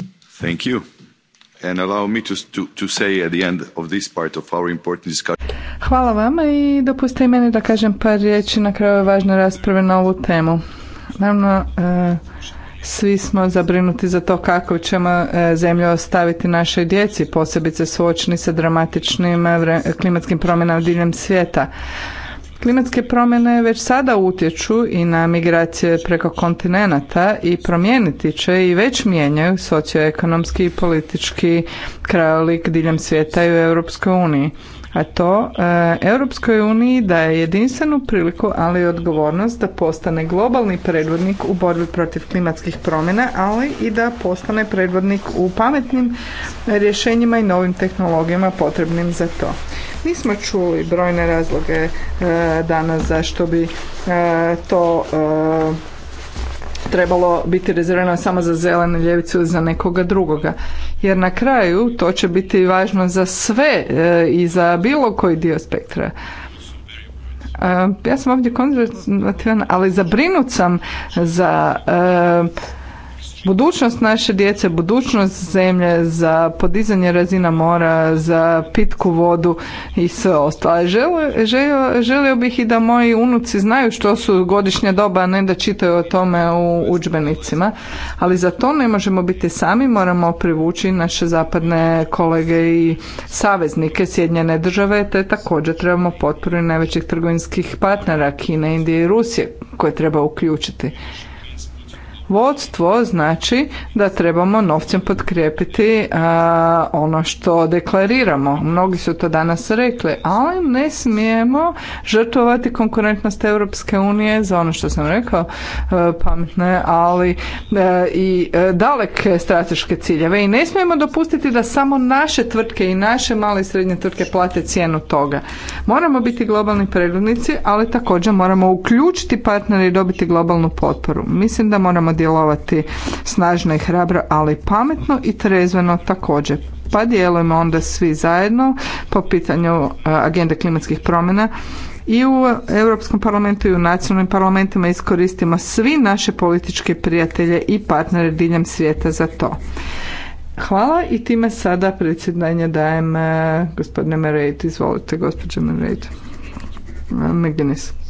And Hvala vama i dopustite meni da kažem par riječi na kraju ove važne rasprave na ovu temu. Naravno, e, svi smo zabrinuti za to kako ćemo e, zemlju ostaviti našoj djeci, posebice suočni sa dramatičnim e, klimatskim promjenama diljem svijeta. Klimatske promjene već sada utječu i na migracije preko kontinenata i promijeniti će i već mijenjaju socioekonomski i politički krajolik diljem svijeta i u Europskoj uniji. A to e, Europskoj uniji daje jedinstvenu priliku, ali i odgovornost da postane globalni predvodnik u borbi protiv klimatskih promjena, ali i da postane predvodnik u pametnim rješenjima i novim tehnologijama potrebnim za to. Nismo čuli brojne razloge e, danas zašto bi e, to e, trebalo biti rezervirano samo za zelenu ljevicu ili za nekoga drugoga. Jer na kraju to će biti važno za sve i za bilo koji dio spektra. Ja sam ovdje konzervativan, ali zabrinut sam za budućnost naše djece, budućnost zemlje, za podizanje razina mora, za pitku vodu i sve ostalo. Želio, želio, bih i da moji unuci znaju što su godišnja doba, a ne da čitaju o tome u udžbenicima. Ali za to ne možemo biti sami, moramo privući naše zapadne kolege i saveznike Sjedinjene države, te također trebamo potporu najvećih trgovinskih partnera Kine, Indije i Rusije koje treba uključiti. Vodstvo znači da trebamo novcem potkrijepiti ono što deklariramo. Mnogi su to danas rekli, ali ne smijemo žrtvovati konkurentnost Europske unije za ono što sam rekao a, e, pametne, ali e, i e, daleke strateške ciljeve. I ne smijemo dopustiti da samo naše tvrtke i naše male i srednje tvrtke plate cijenu toga. Moramo biti globalni predvodnici, ali također moramo uključiti partnere i dobiti globalnu potporu. Mislim da moramo djelovati snažno i hrabro, ali pametno i trezveno također. Pa djelujemo onda svi zajedno po pitanju e, agende klimatskih promjena i u Europskom parlamentu i u nacionalnim parlamentima iskoristimo svi naše političke prijatelje i partnere diljem svijeta za to. Hvala i time sada predsjedanje dajem e, gospodine Merejt. Izvolite, gospođe Merejt. E, nisam.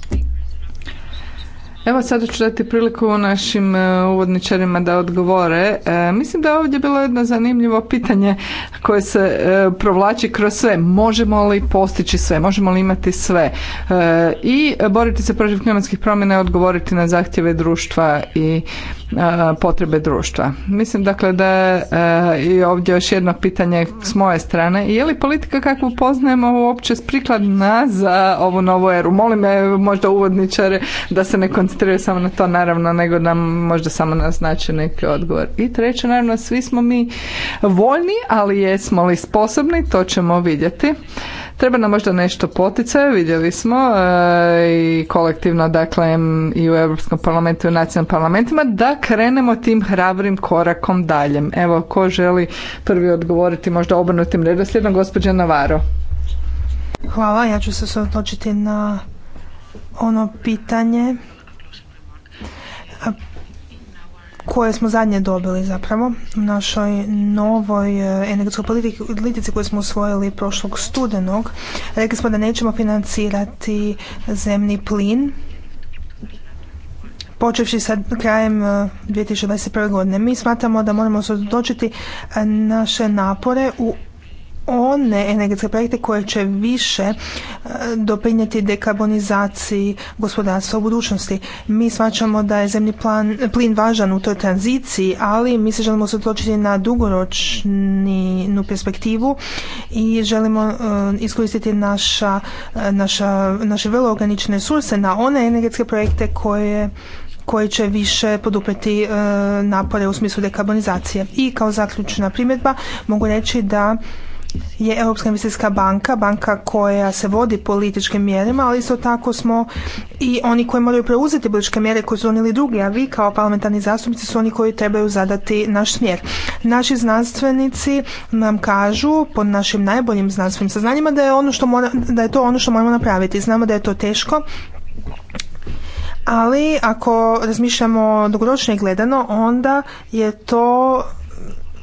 Evo sada ću dati priliku našim e, uvodničarima da odgovore. E, mislim da je ovdje bilo jedno zanimljivo pitanje koje se e, provlači kroz sve. Možemo li postići sve? Možemo li imati sve? I boriti se protiv klimatskih promjena, odgovoriti na zahtjeve društva i potrebe društva. Mislim dakle da je i ovdje još jedno pitanje s moje strane. Je li politika kakvu poznajemo uopće prikladna za ovu novu eru? Molim me možda uvodničare da se ne koncentriraju samo na to naravno nego da možda samo naznače neki odgovor. I treće naravno svi smo mi voljni ali jesmo li sposobni to ćemo vidjeti. Treba nam možda nešto poticaja, vidjeli smo e, i kolektivno dakle i u Europskom parlamentu i u nacionalnim parlamentima da krenemo tim hrabrim korakom daljem. Evo, ko želi prvi odgovoriti možda obrnutim redoslijedom, gospođa Navaro. Hvala, ja ću se sotočiti na ono pitanje koje smo zadnje dobili zapravo u našoj novoj e, energetskoj politici koju smo usvojili prošlog studenog. Rekli smo da nećemo financirati zemni plin počevši sa krajem 2021. E, godine. Mi smatramo da moramo se naše napore u one energetske projekte koje će više e, doprinijeti dekarbonizaciji gospodarstva u budućnosti. Mi svačamo da je zemlji plan, plin važan u toj tranziciji, ali mi se želimo sotočiti na dugoročnu perspektivu i želimo e, iskoristiti naša, e, naša, naše vrlo ograničene resurse na one energetske projekte koje koji će više podupeti napore u smislu dekarbonizacije. I kao zaključna primjedba mogu reći da je Europska investicijska banka, banka koja se vodi političkim mjerima, ali isto tako smo i oni koji moraju preuzeti političke mjere koje su ili drugi, a vi kao parlamentarni zastupnici su oni koji trebaju zadati naš smjer. Naši znanstvenici nam kažu pod našim najboljim znanstvenim saznanjima da je, ono što da je to ono što moramo napraviti. Znamo da je to teško, ali ako razmišljamo dugoročno gledano, onda je to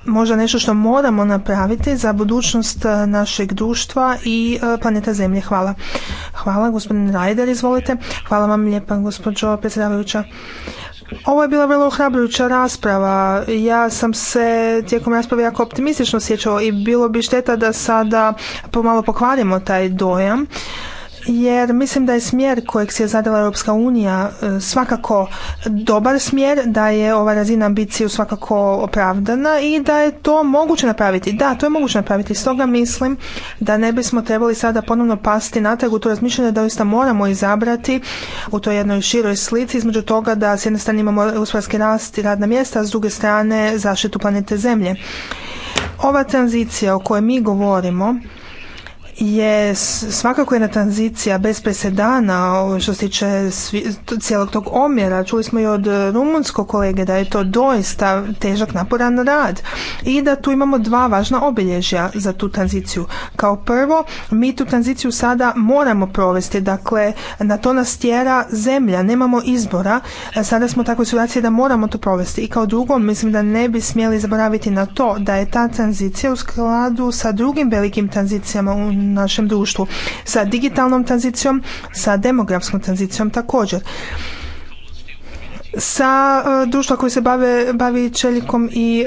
možda nešto što moramo napraviti za budućnost e, našeg društva i e, planeta Zemlje. Hvala. Hvala, gospodin Rajder, izvolite. Hvala vam lijepa, gospođo predsjedavajuća. Ovo je bila vrlo ohrabrujuća rasprava. Ja sam se tijekom rasprave jako optimistično sjećao i bilo bi šteta da sada pomalo pokvarimo taj dojam jer mislim da je smjer kojeg se je zadala Europska unija e, svakako dobar smjer, da je ova razina ambicije svakako opravdana i da je to moguće napraviti. Da, to je moguće napraviti. Stoga mislim da ne bismo trebali sada ponovno pasti natrag u to razmišljanje da doista moramo izabrati u toj jednoj široj slici između toga da s jedne strane imamo gospodarski rast i radna mjesta, a s druge strane zaštitu planete Zemlje. Ova tranzicija o kojoj mi govorimo je svakako jedna tranzicija bez presedana što se tiče cijelog tog omjera. Čuli smo i od e, rumunskog kolege da je to doista težak naporan rad i da tu imamo dva važna obilježja za tu tranziciju. Kao prvo, mi tu tranziciju sada moramo provesti, dakle na to nas tjera zemlja, nemamo izbora, e, sada smo u takvoj situaciji da moramo to provesti. I kao drugo, mislim da ne bi smjeli zaboraviti na to da je ta tranzicija u skladu sa drugim velikim tranzicijama u našem društvu, sa digitalnom tranzicijom, sa demografskom tranzicijom također sa e, društva koji se bave, bavi čelikom i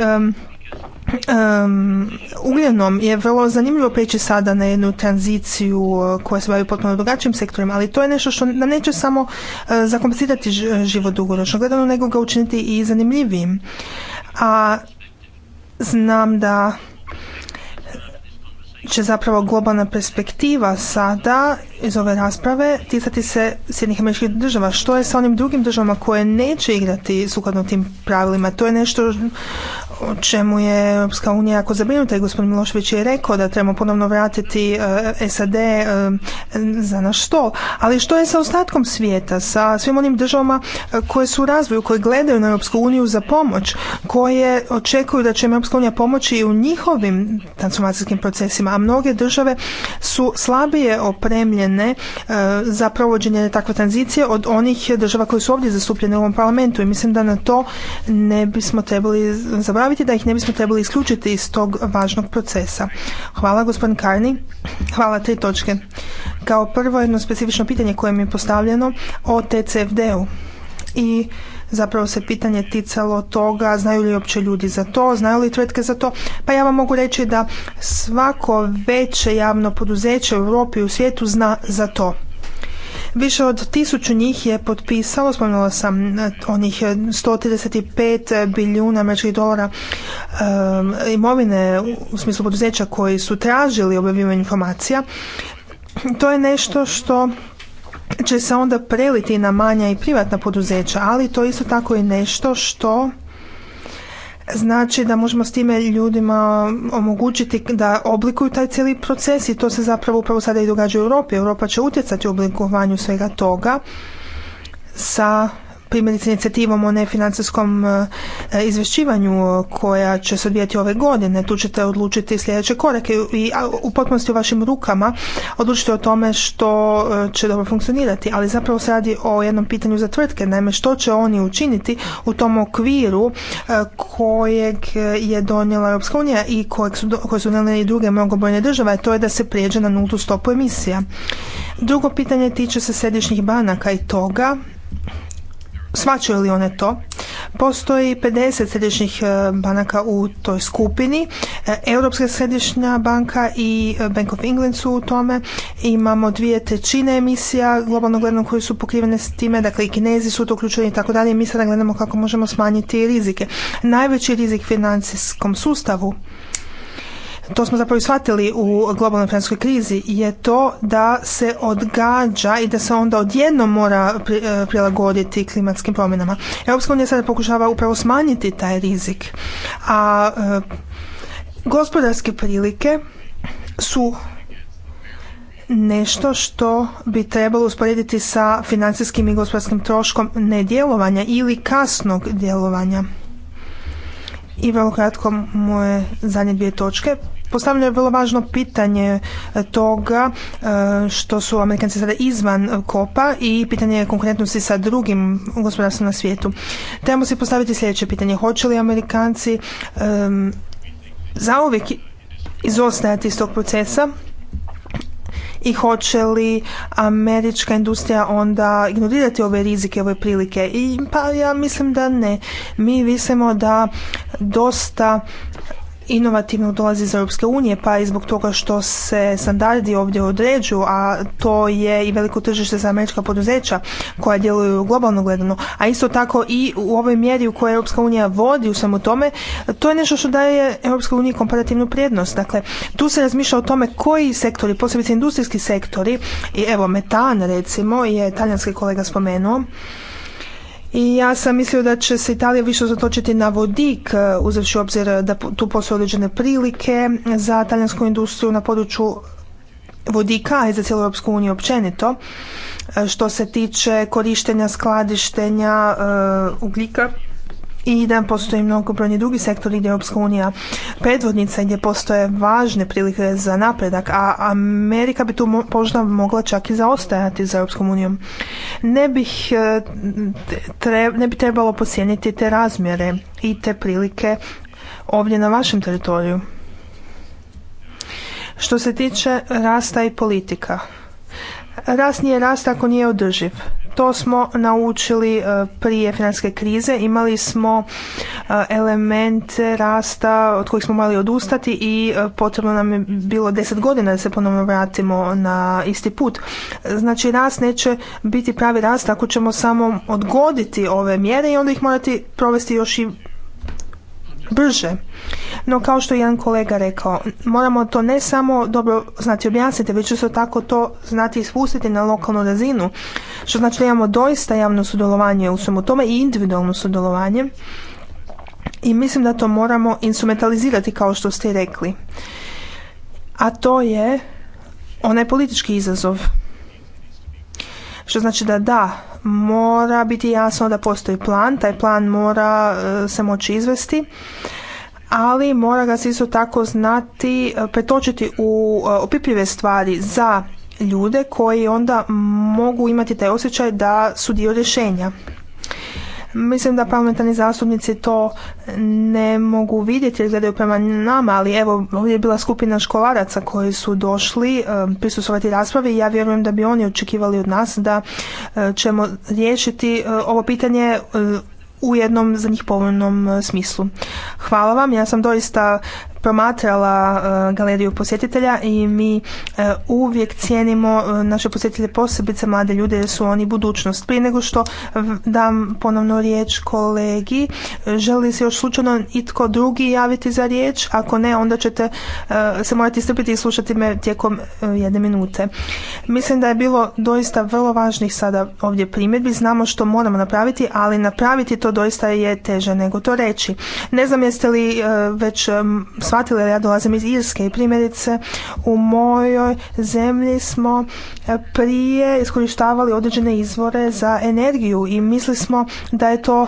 um, ugljenom je vrlo zanimljivo preći sada na jednu tranziciju e, koja se bavi potpuno drugačijim sektorima, ali to je nešto što nam neće samo uh, zakomplicirati život dugoročno gledano, nego ga učiniti i zanimljivijim. A znam da će zapravo globalna perspektiva sada iz ove rasprave ticati se Sjednih američkih država. Što je sa onim drugim državama koje neće igrati sukladno tim pravilima? To je nešto o čemu je Europska unija jako zabrinuta i gospodin Milošević je rekao da trebamo ponovno vratiti e, SAD e, za naš stol. Ali što je sa ostatkom svijeta, sa svim onim državama e, koje su u razvoju, koje gledaju na Europsku uniju za pomoć, koje očekuju da će Europska unija pomoći i u njihovim transformacijskim procesima, a mnoge države su slabije opremljene za provođenje takve tranzicije od onih država koje su ovdje zastupljene u ovom parlamentu i mislim da na to ne bismo trebali zabraviti napraviti da ih ne bismo trebali isključiti iz tog važnog procesa. Hvala gospodin Karni. Hvala tri točke. Kao prvo jedno specifično pitanje koje mi je postavljeno o TCFD-u i zapravo se pitanje ticalo toga znaju li uopće ljudi za to, znaju li tvrtke za to. Pa ja vam mogu reći da svako veće javno poduzeće u Europi i u svijetu zna za to. Više od tisuću njih je potpisalo, spomenula sam e, onih 135 e, e, bilijuna američkih dolara imovine u smislu poduzeća koji su tražili objavljivanje informacija. To je nešto što će se onda preliti na manja i privatna poduzeća, ali to isto tako i nešto što znači da možemo s time ljudima omogućiti da oblikuju taj cijeli proces i to se zapravo upravo sada i događa u Europi. Europa će utjecati u oblikovanju svega toga sa primjerice inicijativom o nefinancijskom e, e, izvješćivanju e, koja će se odvijati ove godine. Tu ćete odlučiti sljedeće korake i u potpunosti u vašim rukama odlučite o tome što će dobro funkcionirati, ali zapravo se radi o jednom pitanju za tvrtke, naime što će oni učiniti u tom okviru kojeg je donijela Europska unija i su, koje su donijele i druge mnogobrojne države, to je da se prijeđe na nultu stopu emisija. Drugo pitanje tiče se središnjih banaka i toga shvaćaju li one to? Postoji 50 središnjih e, banaka u toj skupini. E, Europska središnja banka i e, Bank of England su u tome. Imamo dvije trećine emisija globalno gledano koje su pokrivene s time, dakle i kinezi su to uključeni i tako dalje. Mi sada gledamo kako možemo smanjiti rizike. Najveći rizik financijskom sustavu to smo zapravo shvatili u globalnoj financijskoj krizi, je to da se odgađa i da se onda odjedno mora e, prilagoditi klimatskim promjenama. Europska unija sada pokušava upravo smanjiti taj rizik, a e, gospodarske prilike su nešto što bi trebalo usporediti sa financijskim i gospodarskim troškom nedjelovanja ili kasnog djelovanja. I vrlo kratko moje zadnje dvije točke postavljaju vrlo važno pitanje e, toga e, što su Amerikanci sada izvan e, kopa i pitanje konkurentnosti sa drugim gospodarstvom na svijetu. Trebamo se postaviti sljedeće pitanje. Hoće li Amerikanci um, zauvijek izostajati iz tog procesa i hoće li američka industrija onda ignorirati ove rizike, ove prilike? I pa ja mislim da ne. Mi mislimo da dosta inovativno dolazi iz Europske unije, pa i zbog toga što se standardi ovdje određuju, a to je i veliko tržište za američka poduzeća koja djeluju globalno gledano, a isto tako i u ovoj mjeri u kojoj Europska unija vodi u svemu tome, to je nešto što daje EU uniji komparativnu prijednost. Dakle, tu se razmišlja o tome koji sektori, posebice industrijski sektori, i evo metan recimo je talijanski kolega spomenuo, i ja sam mislio da će se Italija više zatočiti na vodik, e, uzevši u obzir da tu postoje određene prilike za talijansku industriju na području vodika i za cijelu Europsku uniju općenito, e, što se tiče korištenja, skladištenja e, ugljika i da postoji mnogo brojni drugi sektor, gdje je Europska unija predvodnica gdje postoje važne prilike za napredak, a Amerika bi tu možda mogla čak i zaostajati za Europskom unijom. Ne, bih, e, ne bi trebalo posjeniti te razmjere i te prilike ovdje na vašem teritoriju. Što se tiče rasta i politika, rast nije rast ako nije održiv. To smo naučili e, prije finanske krize. Imali smo e, elemente rasta od kojih smo mali odustati i e, potrebno nam je bilo deset godina da se ponovno vratimo na isti put. Znači rast neće biti pravi rast ako ćemo samo odgoditi ove mjere i onda ih morati provesti još i brže. No kao što je jedan kolega rekao, moramo to ne samo dobro znati objasniti, već isto tako to znati ispustiti na lokalnu razinu, što znači da imamo doista javno sudjelovanje u svemu tome i individualno sudjelovanje i mislim da to moramo instrumentalizirati kao što ste rekli. A to je onaj politički izazov što znači da da, mora biti jasno da postoji plan, taj plan mora e, se moći izvesti ali mora ga se isto tako znati e, pretočiti u e, opipljive stvari za ljude koji onda mogu imati taj osjećaj da su dio rješenja. Mislim da parlamentarni zastupnici to ne mogu vidjeti jer gledaju prema nama, ali evo ovdje je bila skupina školaraca koji su došli eh, prisustovati raspravi i ja vjerujem da bi oni očekivali od nas da eh, ćemo riješiti eh, ovo pitanje u jednom za njih povoljnom smislu. Hvala vam, ja sam doista promatrala e, galeriju posjetitelja i mi e, uvijek cijenimo e, naše posjetitelje posebice mlade ljude jer su oni budućnost. Prije nego što dam ponovno riječ kolegi, želi se još slučajno itko drugi javiti za riječ? Ako ne, onda ćete se morati strpiti i slušati me tijekom jedne minute. Mislim da je bilo doista vrlo važnih sada ovdje primjedbi. Znamo što moramo napraviti, ali napraviti to doista je teže nego to reći. Ne znam jeste li već s shvatila ja dolazim iz Irske i primjerice u mojoj zemlji smo e, prije iskorištavali određene izvore za energiju i mislili smo da je to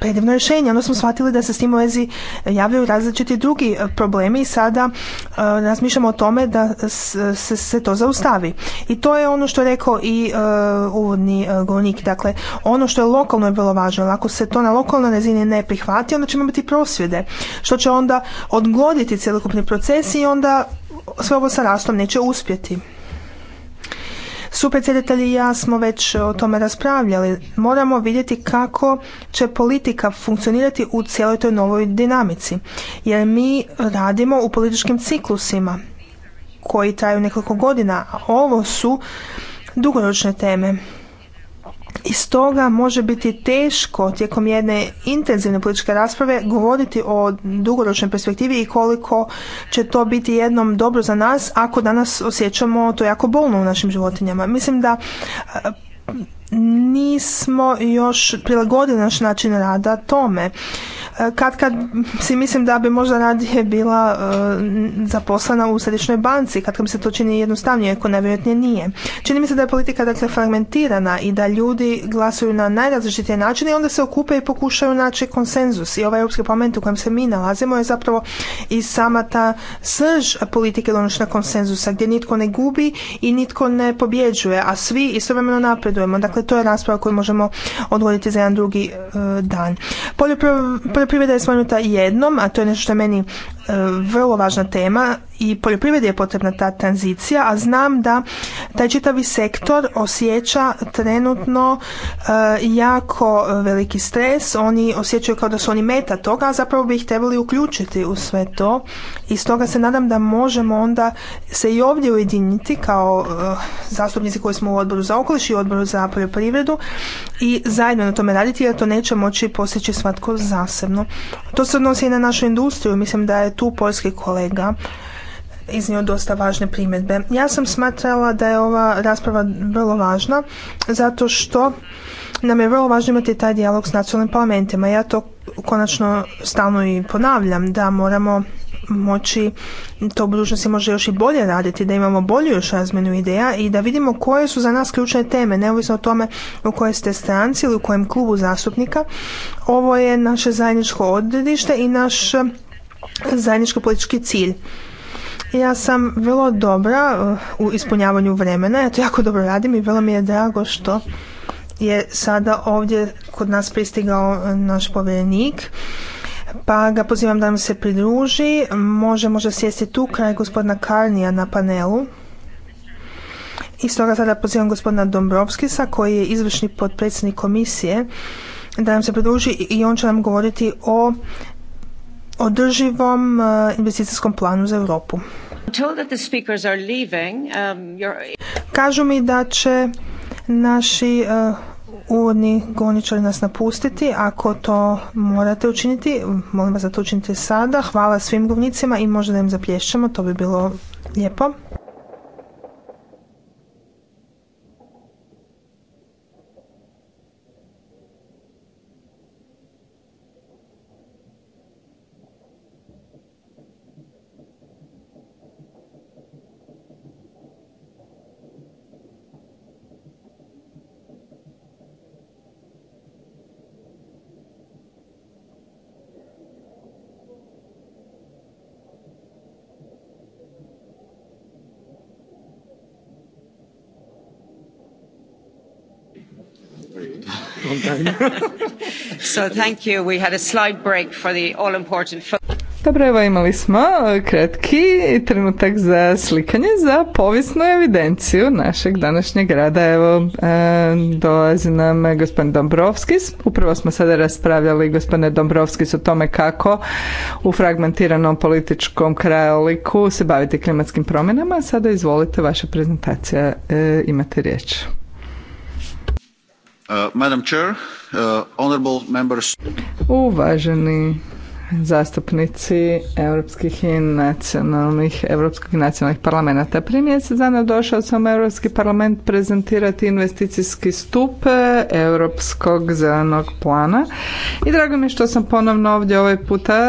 predivno rješenje. Onda smo shvatili da se s tim u vezi javljaju različiti drugi e, problemi i sada e, razmišljamo o tome da se, to zaustavi. I to je ono što je rekao i e, uvodni govornik. Dakle, ono što je lokalno je vrlo važno. Ako se to na lokalnoj razini ne prihvati, onda ćemo biti prosvjede. Što će onda odgoditi cjelokupni proces i onda sve ovo sa rastom neće uspjeti. Supredsjedatelji i ja smo već o tome raspravljali. Moramo vidjeti kako će politika funkcionirati u cijeloj toj novoj dinamici. Jer mi radimo u političkim ciklusima koji traju nekoliko godina. Ovo su dugoročne teme. I stoga može biti teško tijekom jedne intenzivne političke rasprave govoriti o dugoročnoj perspektivi i koliko će to biti jednom dobro za nas ako danas osjećamo to jako bolno u našim životinjama. Mislim da nismo još prilagodili naš način rada tome. E, kad kad si mislim da bi možda radije bila e, zaposlena u središnjoj banci, kad mi se to čini jednostavnije, ako najvjerojatnije nije. Čini mi se da je politika dakle fragmentirana i da ljudi glasuju na najrazličitije načine i onda se okupe i pokušaju naći konsenzus. I ovaj Europski parlament u kojem se mi nalazimo je zapravo i sama ta srž politike donošenja konsenzusa gdje nitko ne gubi i nitko ne pobjeđuje, a svi istovremeno napredujemo. Dakle, to je rasprava koju možemo odvoditi za jedan drugi e, dan. Poljoprivreda je spomenuta jednom, a to je nešto što je meni vrlo važna tema i poljoprivredi je potrebna ta tranzicija, a znam da taj čitavi sektor osjeća trenutno e, jako veliki stres, oni osjećaju kao da su oni meta toga, a zapravo bi ih trebali uključiti u sve to i stoga se nadam da možemo onda se i ovdje ujediniti kao e, zastupnici koji smo u odboru za okoliš i odboru za poljoprivredu i zajedno na tome raditi jer to neće moći postići svatko zasebno. To se odnosi i na našu industriju, mislim da je tu polski kolega iznio dosta važne primjedbe. Ja sam smatrala da je ova rasprava vrlo važna zato što nam je vrlo važno imati taj dijalog s nacionalnim parlamentima. Ja to konačno stalno i ponavljam da moramo moći to u budućnosti može još i bolje raditi, da imamo bolju još razmjenu ideja i da vidimo koje su za nas ključne teme, neovisno o tome u kojoj ste stranci ili u kojem klubu zastupnika. Ovo je naše zajedničko odredište i naš zajednički politički cilj. Ja sam vrlo dobra uh, u ispunjavanju vremena, ja to jako dobro radim i vrlo mi je drago što je sada ovdje kod nas pristigao uh, naš povjerenik pa ga pozivam da nam se pridruži. Može, može sjesti tu kraj gospodina Karnija na panelu. I stoga sada pozivam gospodina Dombrovskisa koji je izvršni potpredsjednik komisije da nam se pridruži i on će nam govoriti o održivom e, investicijskom planu za Europu. Um, Kažu mi da će naši e, uvodni goničari nas napustiti. Ako to morate učiniti, molim vas da to učinite sada. Hvala svim govnicima i možda da im zaplješćemo, to bi bilo lijepo. Dobro, evo imali smo e, kratki trenutak za slikanje za povijesnu evidenciju našeg današnjeg rada. Evo, e, dolazi nam gospodin Dombrovskis. Upravo smo sada raspravljali gospodine Dombrovskis o tome kako u fragmentiranom političkom krajoliku se baviti klimatskim promjenama. Sada izvolite, vaša prezentacija, e, imate riječ. Uh, Madam Chair, uh, Uvaženi zastupnici europskih i nacionalnih, europskih nacionalnih parlamenta. Prije mjesec dana došao sam u Europski parlament prezentirati investicijski stup uh, Europskog zelenog plana i drago mi je što sam ponovno ovdje ovaj puta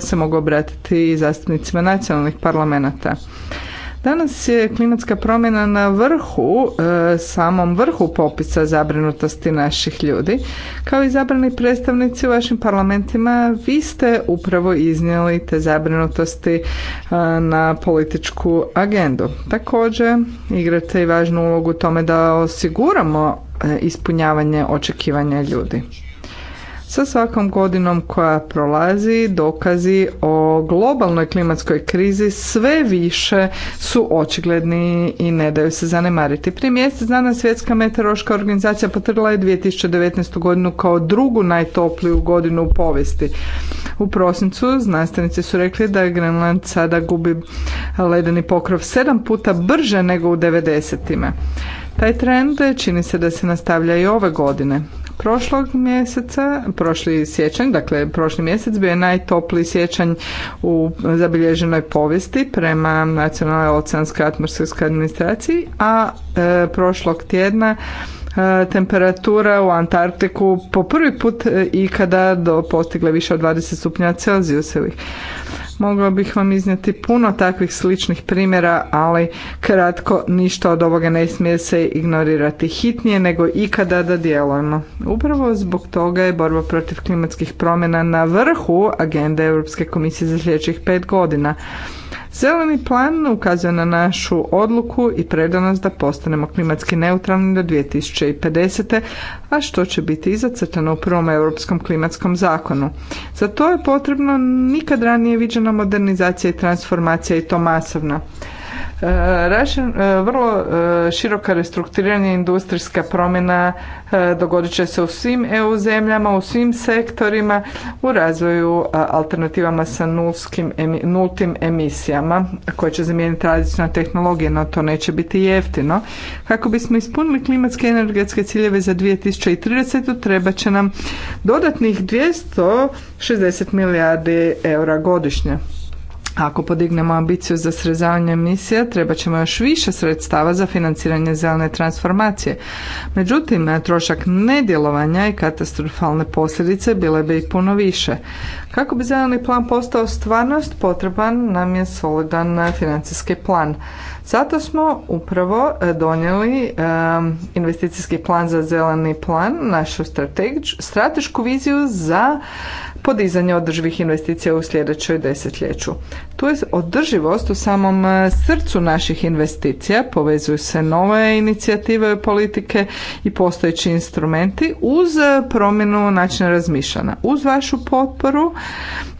se mogu obratiti i zastupnicima nacionalnih parlamenta. Danas je klimatska promjena na vrhu, e, samom vrhu popisa zabrinutosti naših ljudi. Kao i zabrani predstavnici u vašim parlamentima, vi ste upravo iznijeli te zabrinutosti e, na političku agendu. Također, igrate i važnu ulogu u tome da osiguramo e, ispunjavanje očekivanja ljudi. Sa svakom godinom koja prolazi, dokazi o globalnoj klimatskoj krizi sve više su očigledni i ne daju se zanemariti. Prije mjesec dana Svjetska meteorološka organizacija potvrdila je 2019. godinu kao drugu najtopliju godinu u povijesti. U prosincu znanstvenici su rekli da je Grenland sada gubi ledeni pokrov sedam puta brže nego u 90. Taj trend čini se da se nastavlja i ove godine. Prošlog mjeseca, prošli sjećanj, dakle prošli mjesec bio je najtopliji sjećanj u zabilježenoj povijesti prema Nacionalnoj oceanskoj atmosferskoj administraciji, a e, prošlog tjedna e, temperatura u Antarktiku po prvi put e, ikada do postigla više od 20 stupnja Celzijusevih. Mogao bih vam iznijeti puno takvih sličnih primjera, ali kratko ništa od ovoga ne smije se ignorirati hitnije nego ikada da djelujemo. Upravo zbog toga je borba protiv klimatskih promjena na vrhu agende Europske komisije za sljedećih pet godina. Zeleni plan ukazuje na našu odluku i predanost da postanemo klimatski neutralni do 2050. a što će biti izacrtano u prvom europskom klimatskom zakonu. Za to je potrebno nikad ranije viđena modernizacija i transformacija i to masovna. E, Rašen, e, vrlo e, široka restrukturiranje industrijska promjena dogodit će se u svim EU zemljama, u svim sektorima, u razvoju alternativama sa nultim emisijama koje će zamijeniti različna tehnologije, no to neće biti jeftino. Kako bismo ispunili klimatske i energetske ciljeve za 2030. treba će nam dodatnih 260 milijardi eura godišnje. Ako podignemo ambiciju za srezavanje emisija, treba ćemo još više sredstava za financiranje zelene transformacije. Međutim, trošak nedjelovanja i katastrofalne posljedice bile bi i puno više. Kako bi zeleni plan postao stvarnost, potreban nam je solidan financijski plan. Zato smo upravo e, donijeli investicijski plan za zeleni plan, našu stratešku viziju za podizanje održivih investicija u sljedećoj desetljeću. To je održivost u samom e, srcu naših investicija, povezuju se nove inicijative politike i postojeći instrumenti uz e, promjenu načina razmišljanja. Uz vašu potporu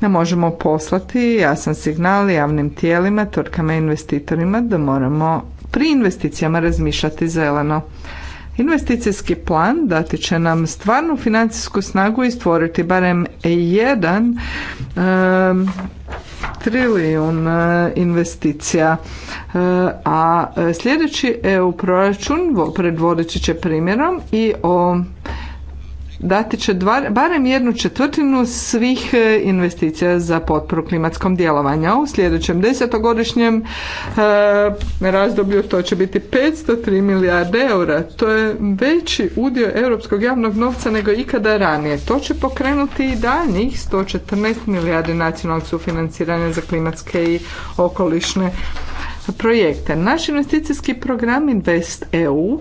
e, možemo poslati jasan signal javnim tijelima, tvrtkama i investitorima da moramo pri investicijama razmišljati zeleno. Investicijski plan dati će nam stvarnu financijsku snagu i stvoriti barem jedan trilijun e, investicija. E, a e, sljedeći EU proračun predvodit će primjerom i o dati će barem jednu četvrtinu svih e, investicija za potporu klimatskom djelovanju. U sljedećem desetogodišnjem e, razdoblju to će biti 503 milijarde eura. To je veći udio europskog javnog novca nego ikada ranije. To će pokrenuti i daljnjih 114 milijardi nacionalnog sufinanciranja za klimatske i okolišne projekte. Naš investicijski program Invest EU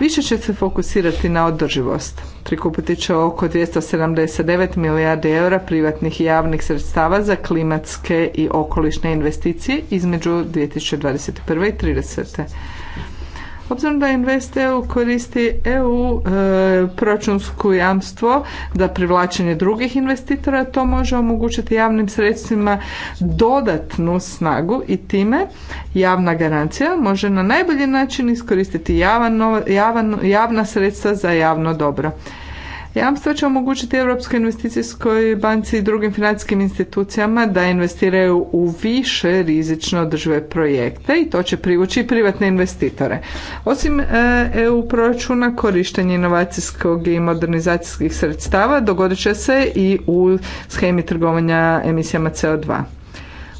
više će se fokusirati na održivost. Prikupiti će oko 279 milijardi eura privatnih i javnih sredstava za klimatske i okolišne investicije između 2021. i 2030. Obzirom da EU koristi EU e, proračunsko jamstvo da privlačenje drugih investitora, to može omogućiti javnim sredstvima dodatnu snagu i time javna garancija može na najbolji način iskoristiti javna sredstva za javno dobro. Jamstva će omogućiti Europskoj investicijskoj banci i drugim financijskim institucijama da investiraju u više rizično održive projekte i to će privući privatne investitore. Osim e, EU proračuna, korištenje inovacijskog i modernizacijskih sredstava dogodit će se i u schemi trgovanja emisijama CO2.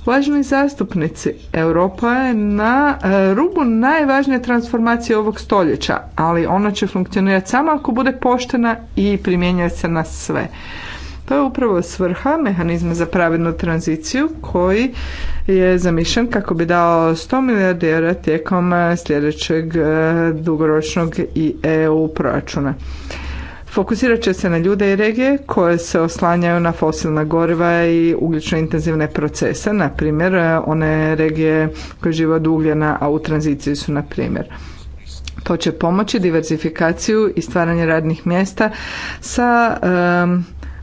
Uvaženi zastupnici, Europa je na e, rubu najvažnije transformacije ovog stoljeća, ali ona će funkcionirati samo ako bude poštena i primjenjuje se na sve. To je upravo svrha mehanizma za pravednu tranziciju koji je zamišljen kako bi dao 100 milijardi eura tijekom e, sljedećeg e, dugoročnog i EU proračuna. Fokusirat će se na ljude i regije koje se oslanjaju na fosilna goriva i ugljično intenzivne procese, na primjer e, one regije koje žive od ugljena, a u tranziciji su na primjer. To će pomoći diversifikaciju i stvaranje radnih mjesta sa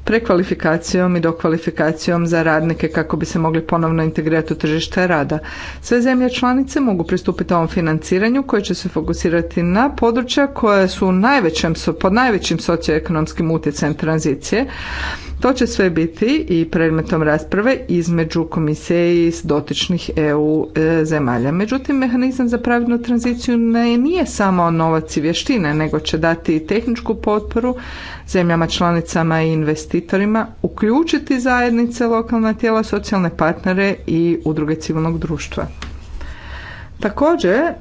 prekvalifikacijom i dokvalifikacijom za radnike kako bi se mogli ponovno integrirati u tržište rada. Sve zemlje članice mogu pristupiti ovom financiranju koje će se fokusirati na područja koja su najvećem, pod najvećim socioekonomskim utjecajem tranzicije, to će sve biti i predmetom rasprave između komisije i dotičnih EU e, zemalja. Međutim, mehanizam za pravilnu tranziciju ne, nije samo novac i vještine, nego će dati i tehničku potporu zemljama, članicama i investitorima, uključiti zajednice, lokalna tijela, socijalne partnere i udruge civilnog društva. Također, e,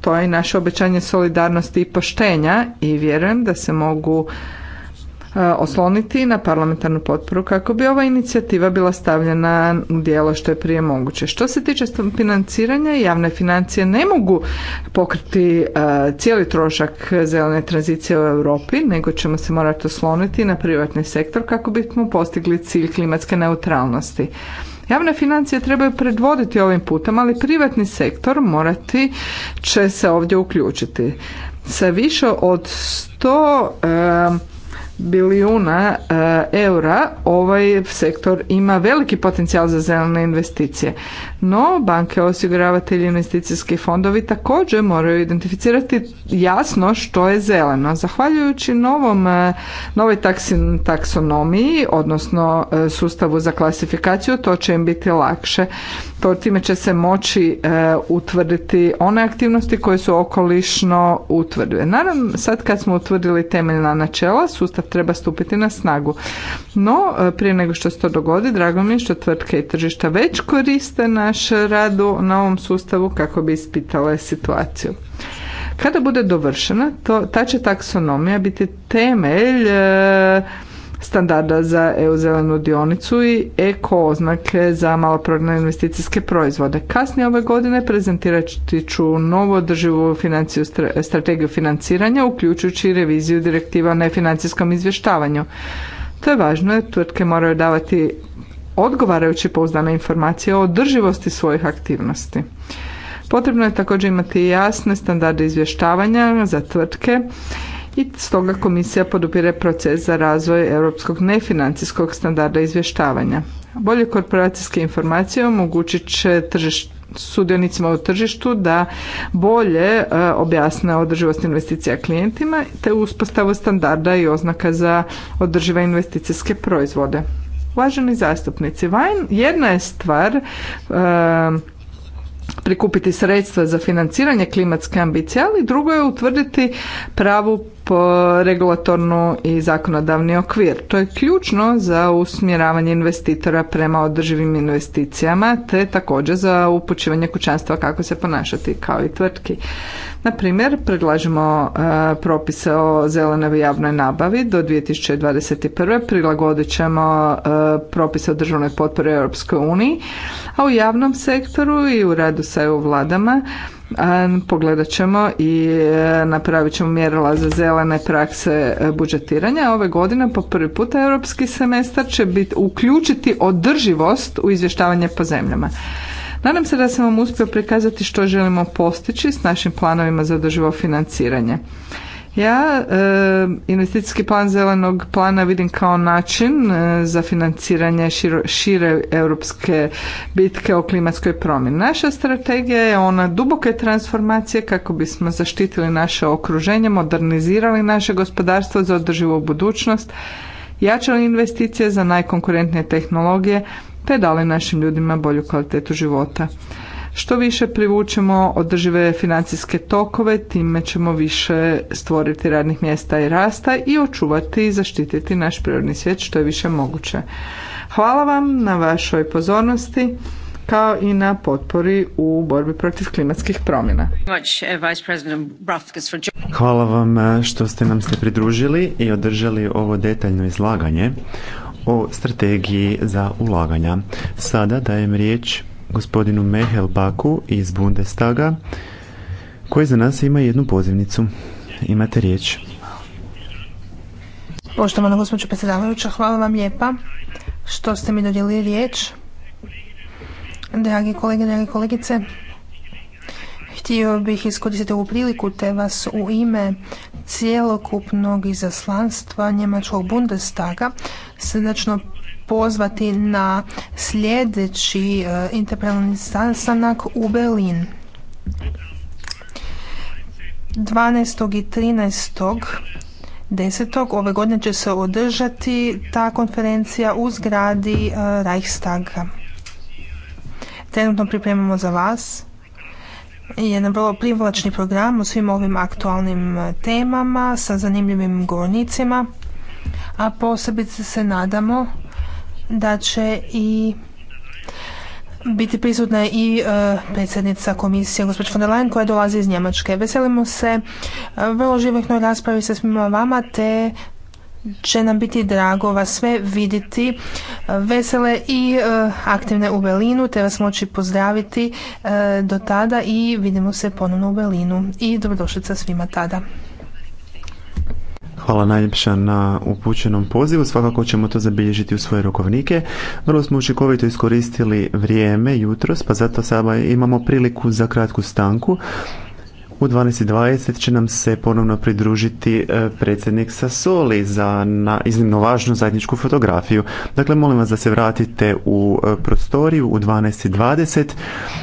to je naše obećanje solidarnosti i poštenja i vjerujem da se mogu E, osloniti na parlamentarnu potporu kako bi ova inicijativa bila stavljena u dijelo što je prije moguće. Što se tiče financiranja, javne financije ne mogu pokriti e, cijeli trošak zelene tranzicije u Europi, nego ćemo se morati osloniti na privatni sektor kako bismo postigli cilj klimatske neutralnosti. Javne financije trebaju predvoditi ovim putem, ali privatni sektor morati će se ovdje uključiti. Sa više od 100 bilijuna eh, eura ovaj sektor ima veliki potencijal za zelene investicije. No, banke, osiguravatelji investicijski fondovi također moraju identificirati jasno što je zeleno. Zahvaljujući novom, eh, novoj taksonomiji, odnosno eh, sustavu za klasifikaciju, to će im biti lakše to time će se moći e, utvrditi one aktivnosti koje su okolišno utvrdive. Naravno, sad kad smo utvrdili temeljna načela, sustav treba stupiti na snagu. No, e, prije nego što se to dogodi, drago mi je što tvrtke i tržišta već koriste naš rad na ovom sustavu kako bi ispitale situaciju. Kada bude dovršena, to, ta će taksonomija biti temelj e, standarda za EU zelenu dionicu i eko oznake za maloprodajne investicijske proizvode. Kasnije ove godine prezentirati ću novu održivu financiju, strategiju financiranja uključujući reviziju direktiva o nefinancijskom izvještavanju. To je važno jer tvrtke moraju davati odgovarajući pouzdane informacije o održivosti svojih aktivnosti. Potrebno je također imati jasne standarde izvještavanja za tvrtke i stoga komisija podupire proces za razvoj europskog nefinancijskog standarda izvještavanja. Bolje korporacijske informacije omogućit će sudionicima u tržištu da bolje e, objasne održivost investicija klijentima te uspostavu standarda i oznaka za održive investicijske proizvode. Uvaženi zastupnici, jedna je stvar e, prikupiti sredstva za financiranje klimatske ambicije, ali drugo je utvrditi pravu po regulatornu i zakonodavni okvir. To je ključno za usmjeravanje investitora prema održivim investicijama te također za upućivanje kućanstva kako se ponašati kao i tvrtki. Na primjer, predlažemo e, propise o zelenoj javnoj nabavi do 2021. prilagodit ćemo e, propise o državnoj potpori Europskoj uniji, a u javnom sektoru i u radu sa EU vladama pogledat ćemo i e, napravit ćemo mjerila za zelene prakse e, budžetiranja. Ove godine po prvi puta europski semestar će biti uključiti održivost u izvještavanje po zemljama. Nadam se da sam vam uspio prikazati što želimo postići s našim planovima za održivo financiranje. Ja e, investicijski plan zelenog plana vidim kao način e, za financiranje šire europske bitke o klimatskoj promjeni. Naša strategija je ona duboke transformacije kako bismo zaštitili naše okruženje, modernizirali naše gospodarstvo za održivu budućnost, jačali investicije za najkonkurentnije tehnologije te dali našim ljudima bolju kvalitetu života. Što više privučemo održive financijske tokove, time ćemo više stvoriti radnih mjesta i rasta i očuvati i zaštititi naš prirodni svijet što je više moguće. Hvala vam na vašoj pozornosti kao i na potpori u borbi protiv klimatskih promjena. Hvala vam eh, što ste nam se pridružili i održali ovo detaljno izlaganje o strategiji za ulaganja. Sada dajem riječ gospodinu Mehel Baku iz Bundestaga koji za nas ima jednu pozivnicu. Imate riječ. Poštovana gospođo predsjedavajuća, hvala vam lijepa što ste mi dodijelili riječ. Dragi kolege, dragi kolegice, Htio bih iskoristiti ovu priliku te vas u ime cijelokupnog izaslanstva Njemačkog Bundestaga srdačno pozvati na sljedeći e, interpelni sastanak u Berlin. 12. i 13. desetog ove godine će se održati ta konferencija u zgradi e, Reichstaga. Trenutno pripremamo za vas jedan vrlo privlačni program u svim ovim aktualnim e, temama sa zanimljivim govornicima, a posebice se nadamo da će i biti prisutna i e, predsjednica komisije gospođa von der Leyen koja dolazi iz Njemačke. Veselimo se e, vrlo živahnoj raspravi sa svima vama te će nam biti drago vas sve vidjeti e, vesele i e, aktivne u belinu te vas moći pozdraviti e, do tada i vidimo se ponovno u belinu i dobrodošlica svima tada. Hvala najljepša na upućenom pozivu, svakako ćemo to zabilježiti u svoje rokovnike Vrlo smo učinkovito iskoristili vrijeme jutros, pa zato sada imamo priliku za kratku stanku. U 12.20 će nam se ponovno pridružiti e, predsjednik Sasoli za na iznimno važnu zajedničku fotografiju. Dakle, molim vas da se vratite u e, prostoriju u 12.20,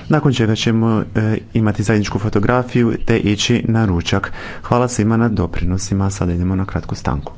nakon čega ćemo e, imati zajedničku fotografiju te ići na ručak. Hvala svima na doprinosima, sada idemo na kratku stanku.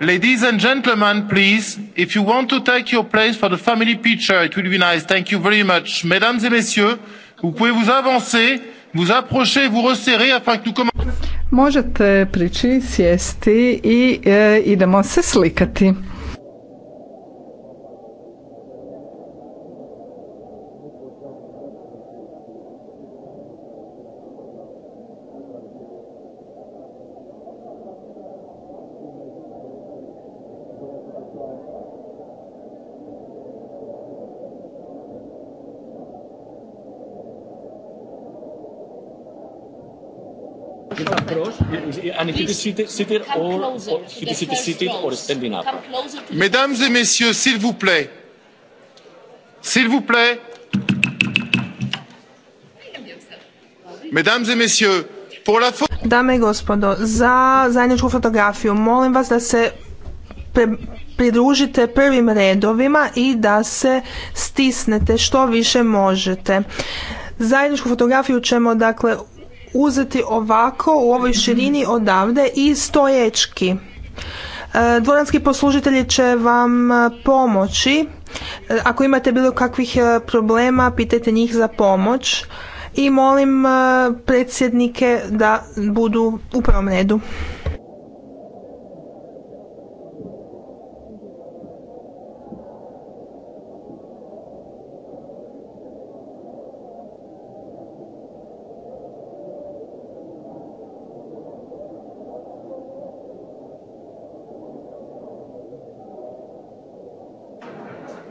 ladies and gentlemen please if you want to take your place for the family picture it would be nice thank you very much. mesdames et messieurs vous pouvez vous avancer vous approcher vous resserrer afin que nous commençons. možete prići sjesti i e, idemo se slikati. Mesdames et messieurs, s'il vous plaît. S'il vous plaît. Dame i gospodo, za zajedničku fotografiju molim vas da se pridružite prvim redovima i da se stisnete što više možete. Zajedničku fotografiju ćemo dakle uzeti ovako u ovoj širini odavde i stoječki. E, dvoranski poslužitelji će vam e, pomoći. E, ako imate bilo kakvih problema, pitajte njih za pomoć i molim predsjednike da budu u prvom redu.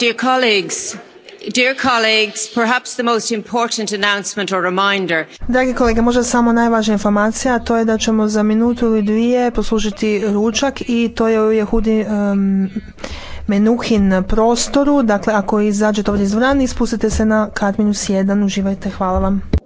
dear colleagues dear colleagues perhaps the most important announcement or reminder Dragi kolege, možda samo najvažnija informacija, a to je da ćemo za minutu ili dvije poslužiti ručak i to je u Jehudi Menuhin prostoru. Dakle, ako izađete ovdje iz dvorane, ispustite se na Kadminu 1, uživajte. Hvala vam.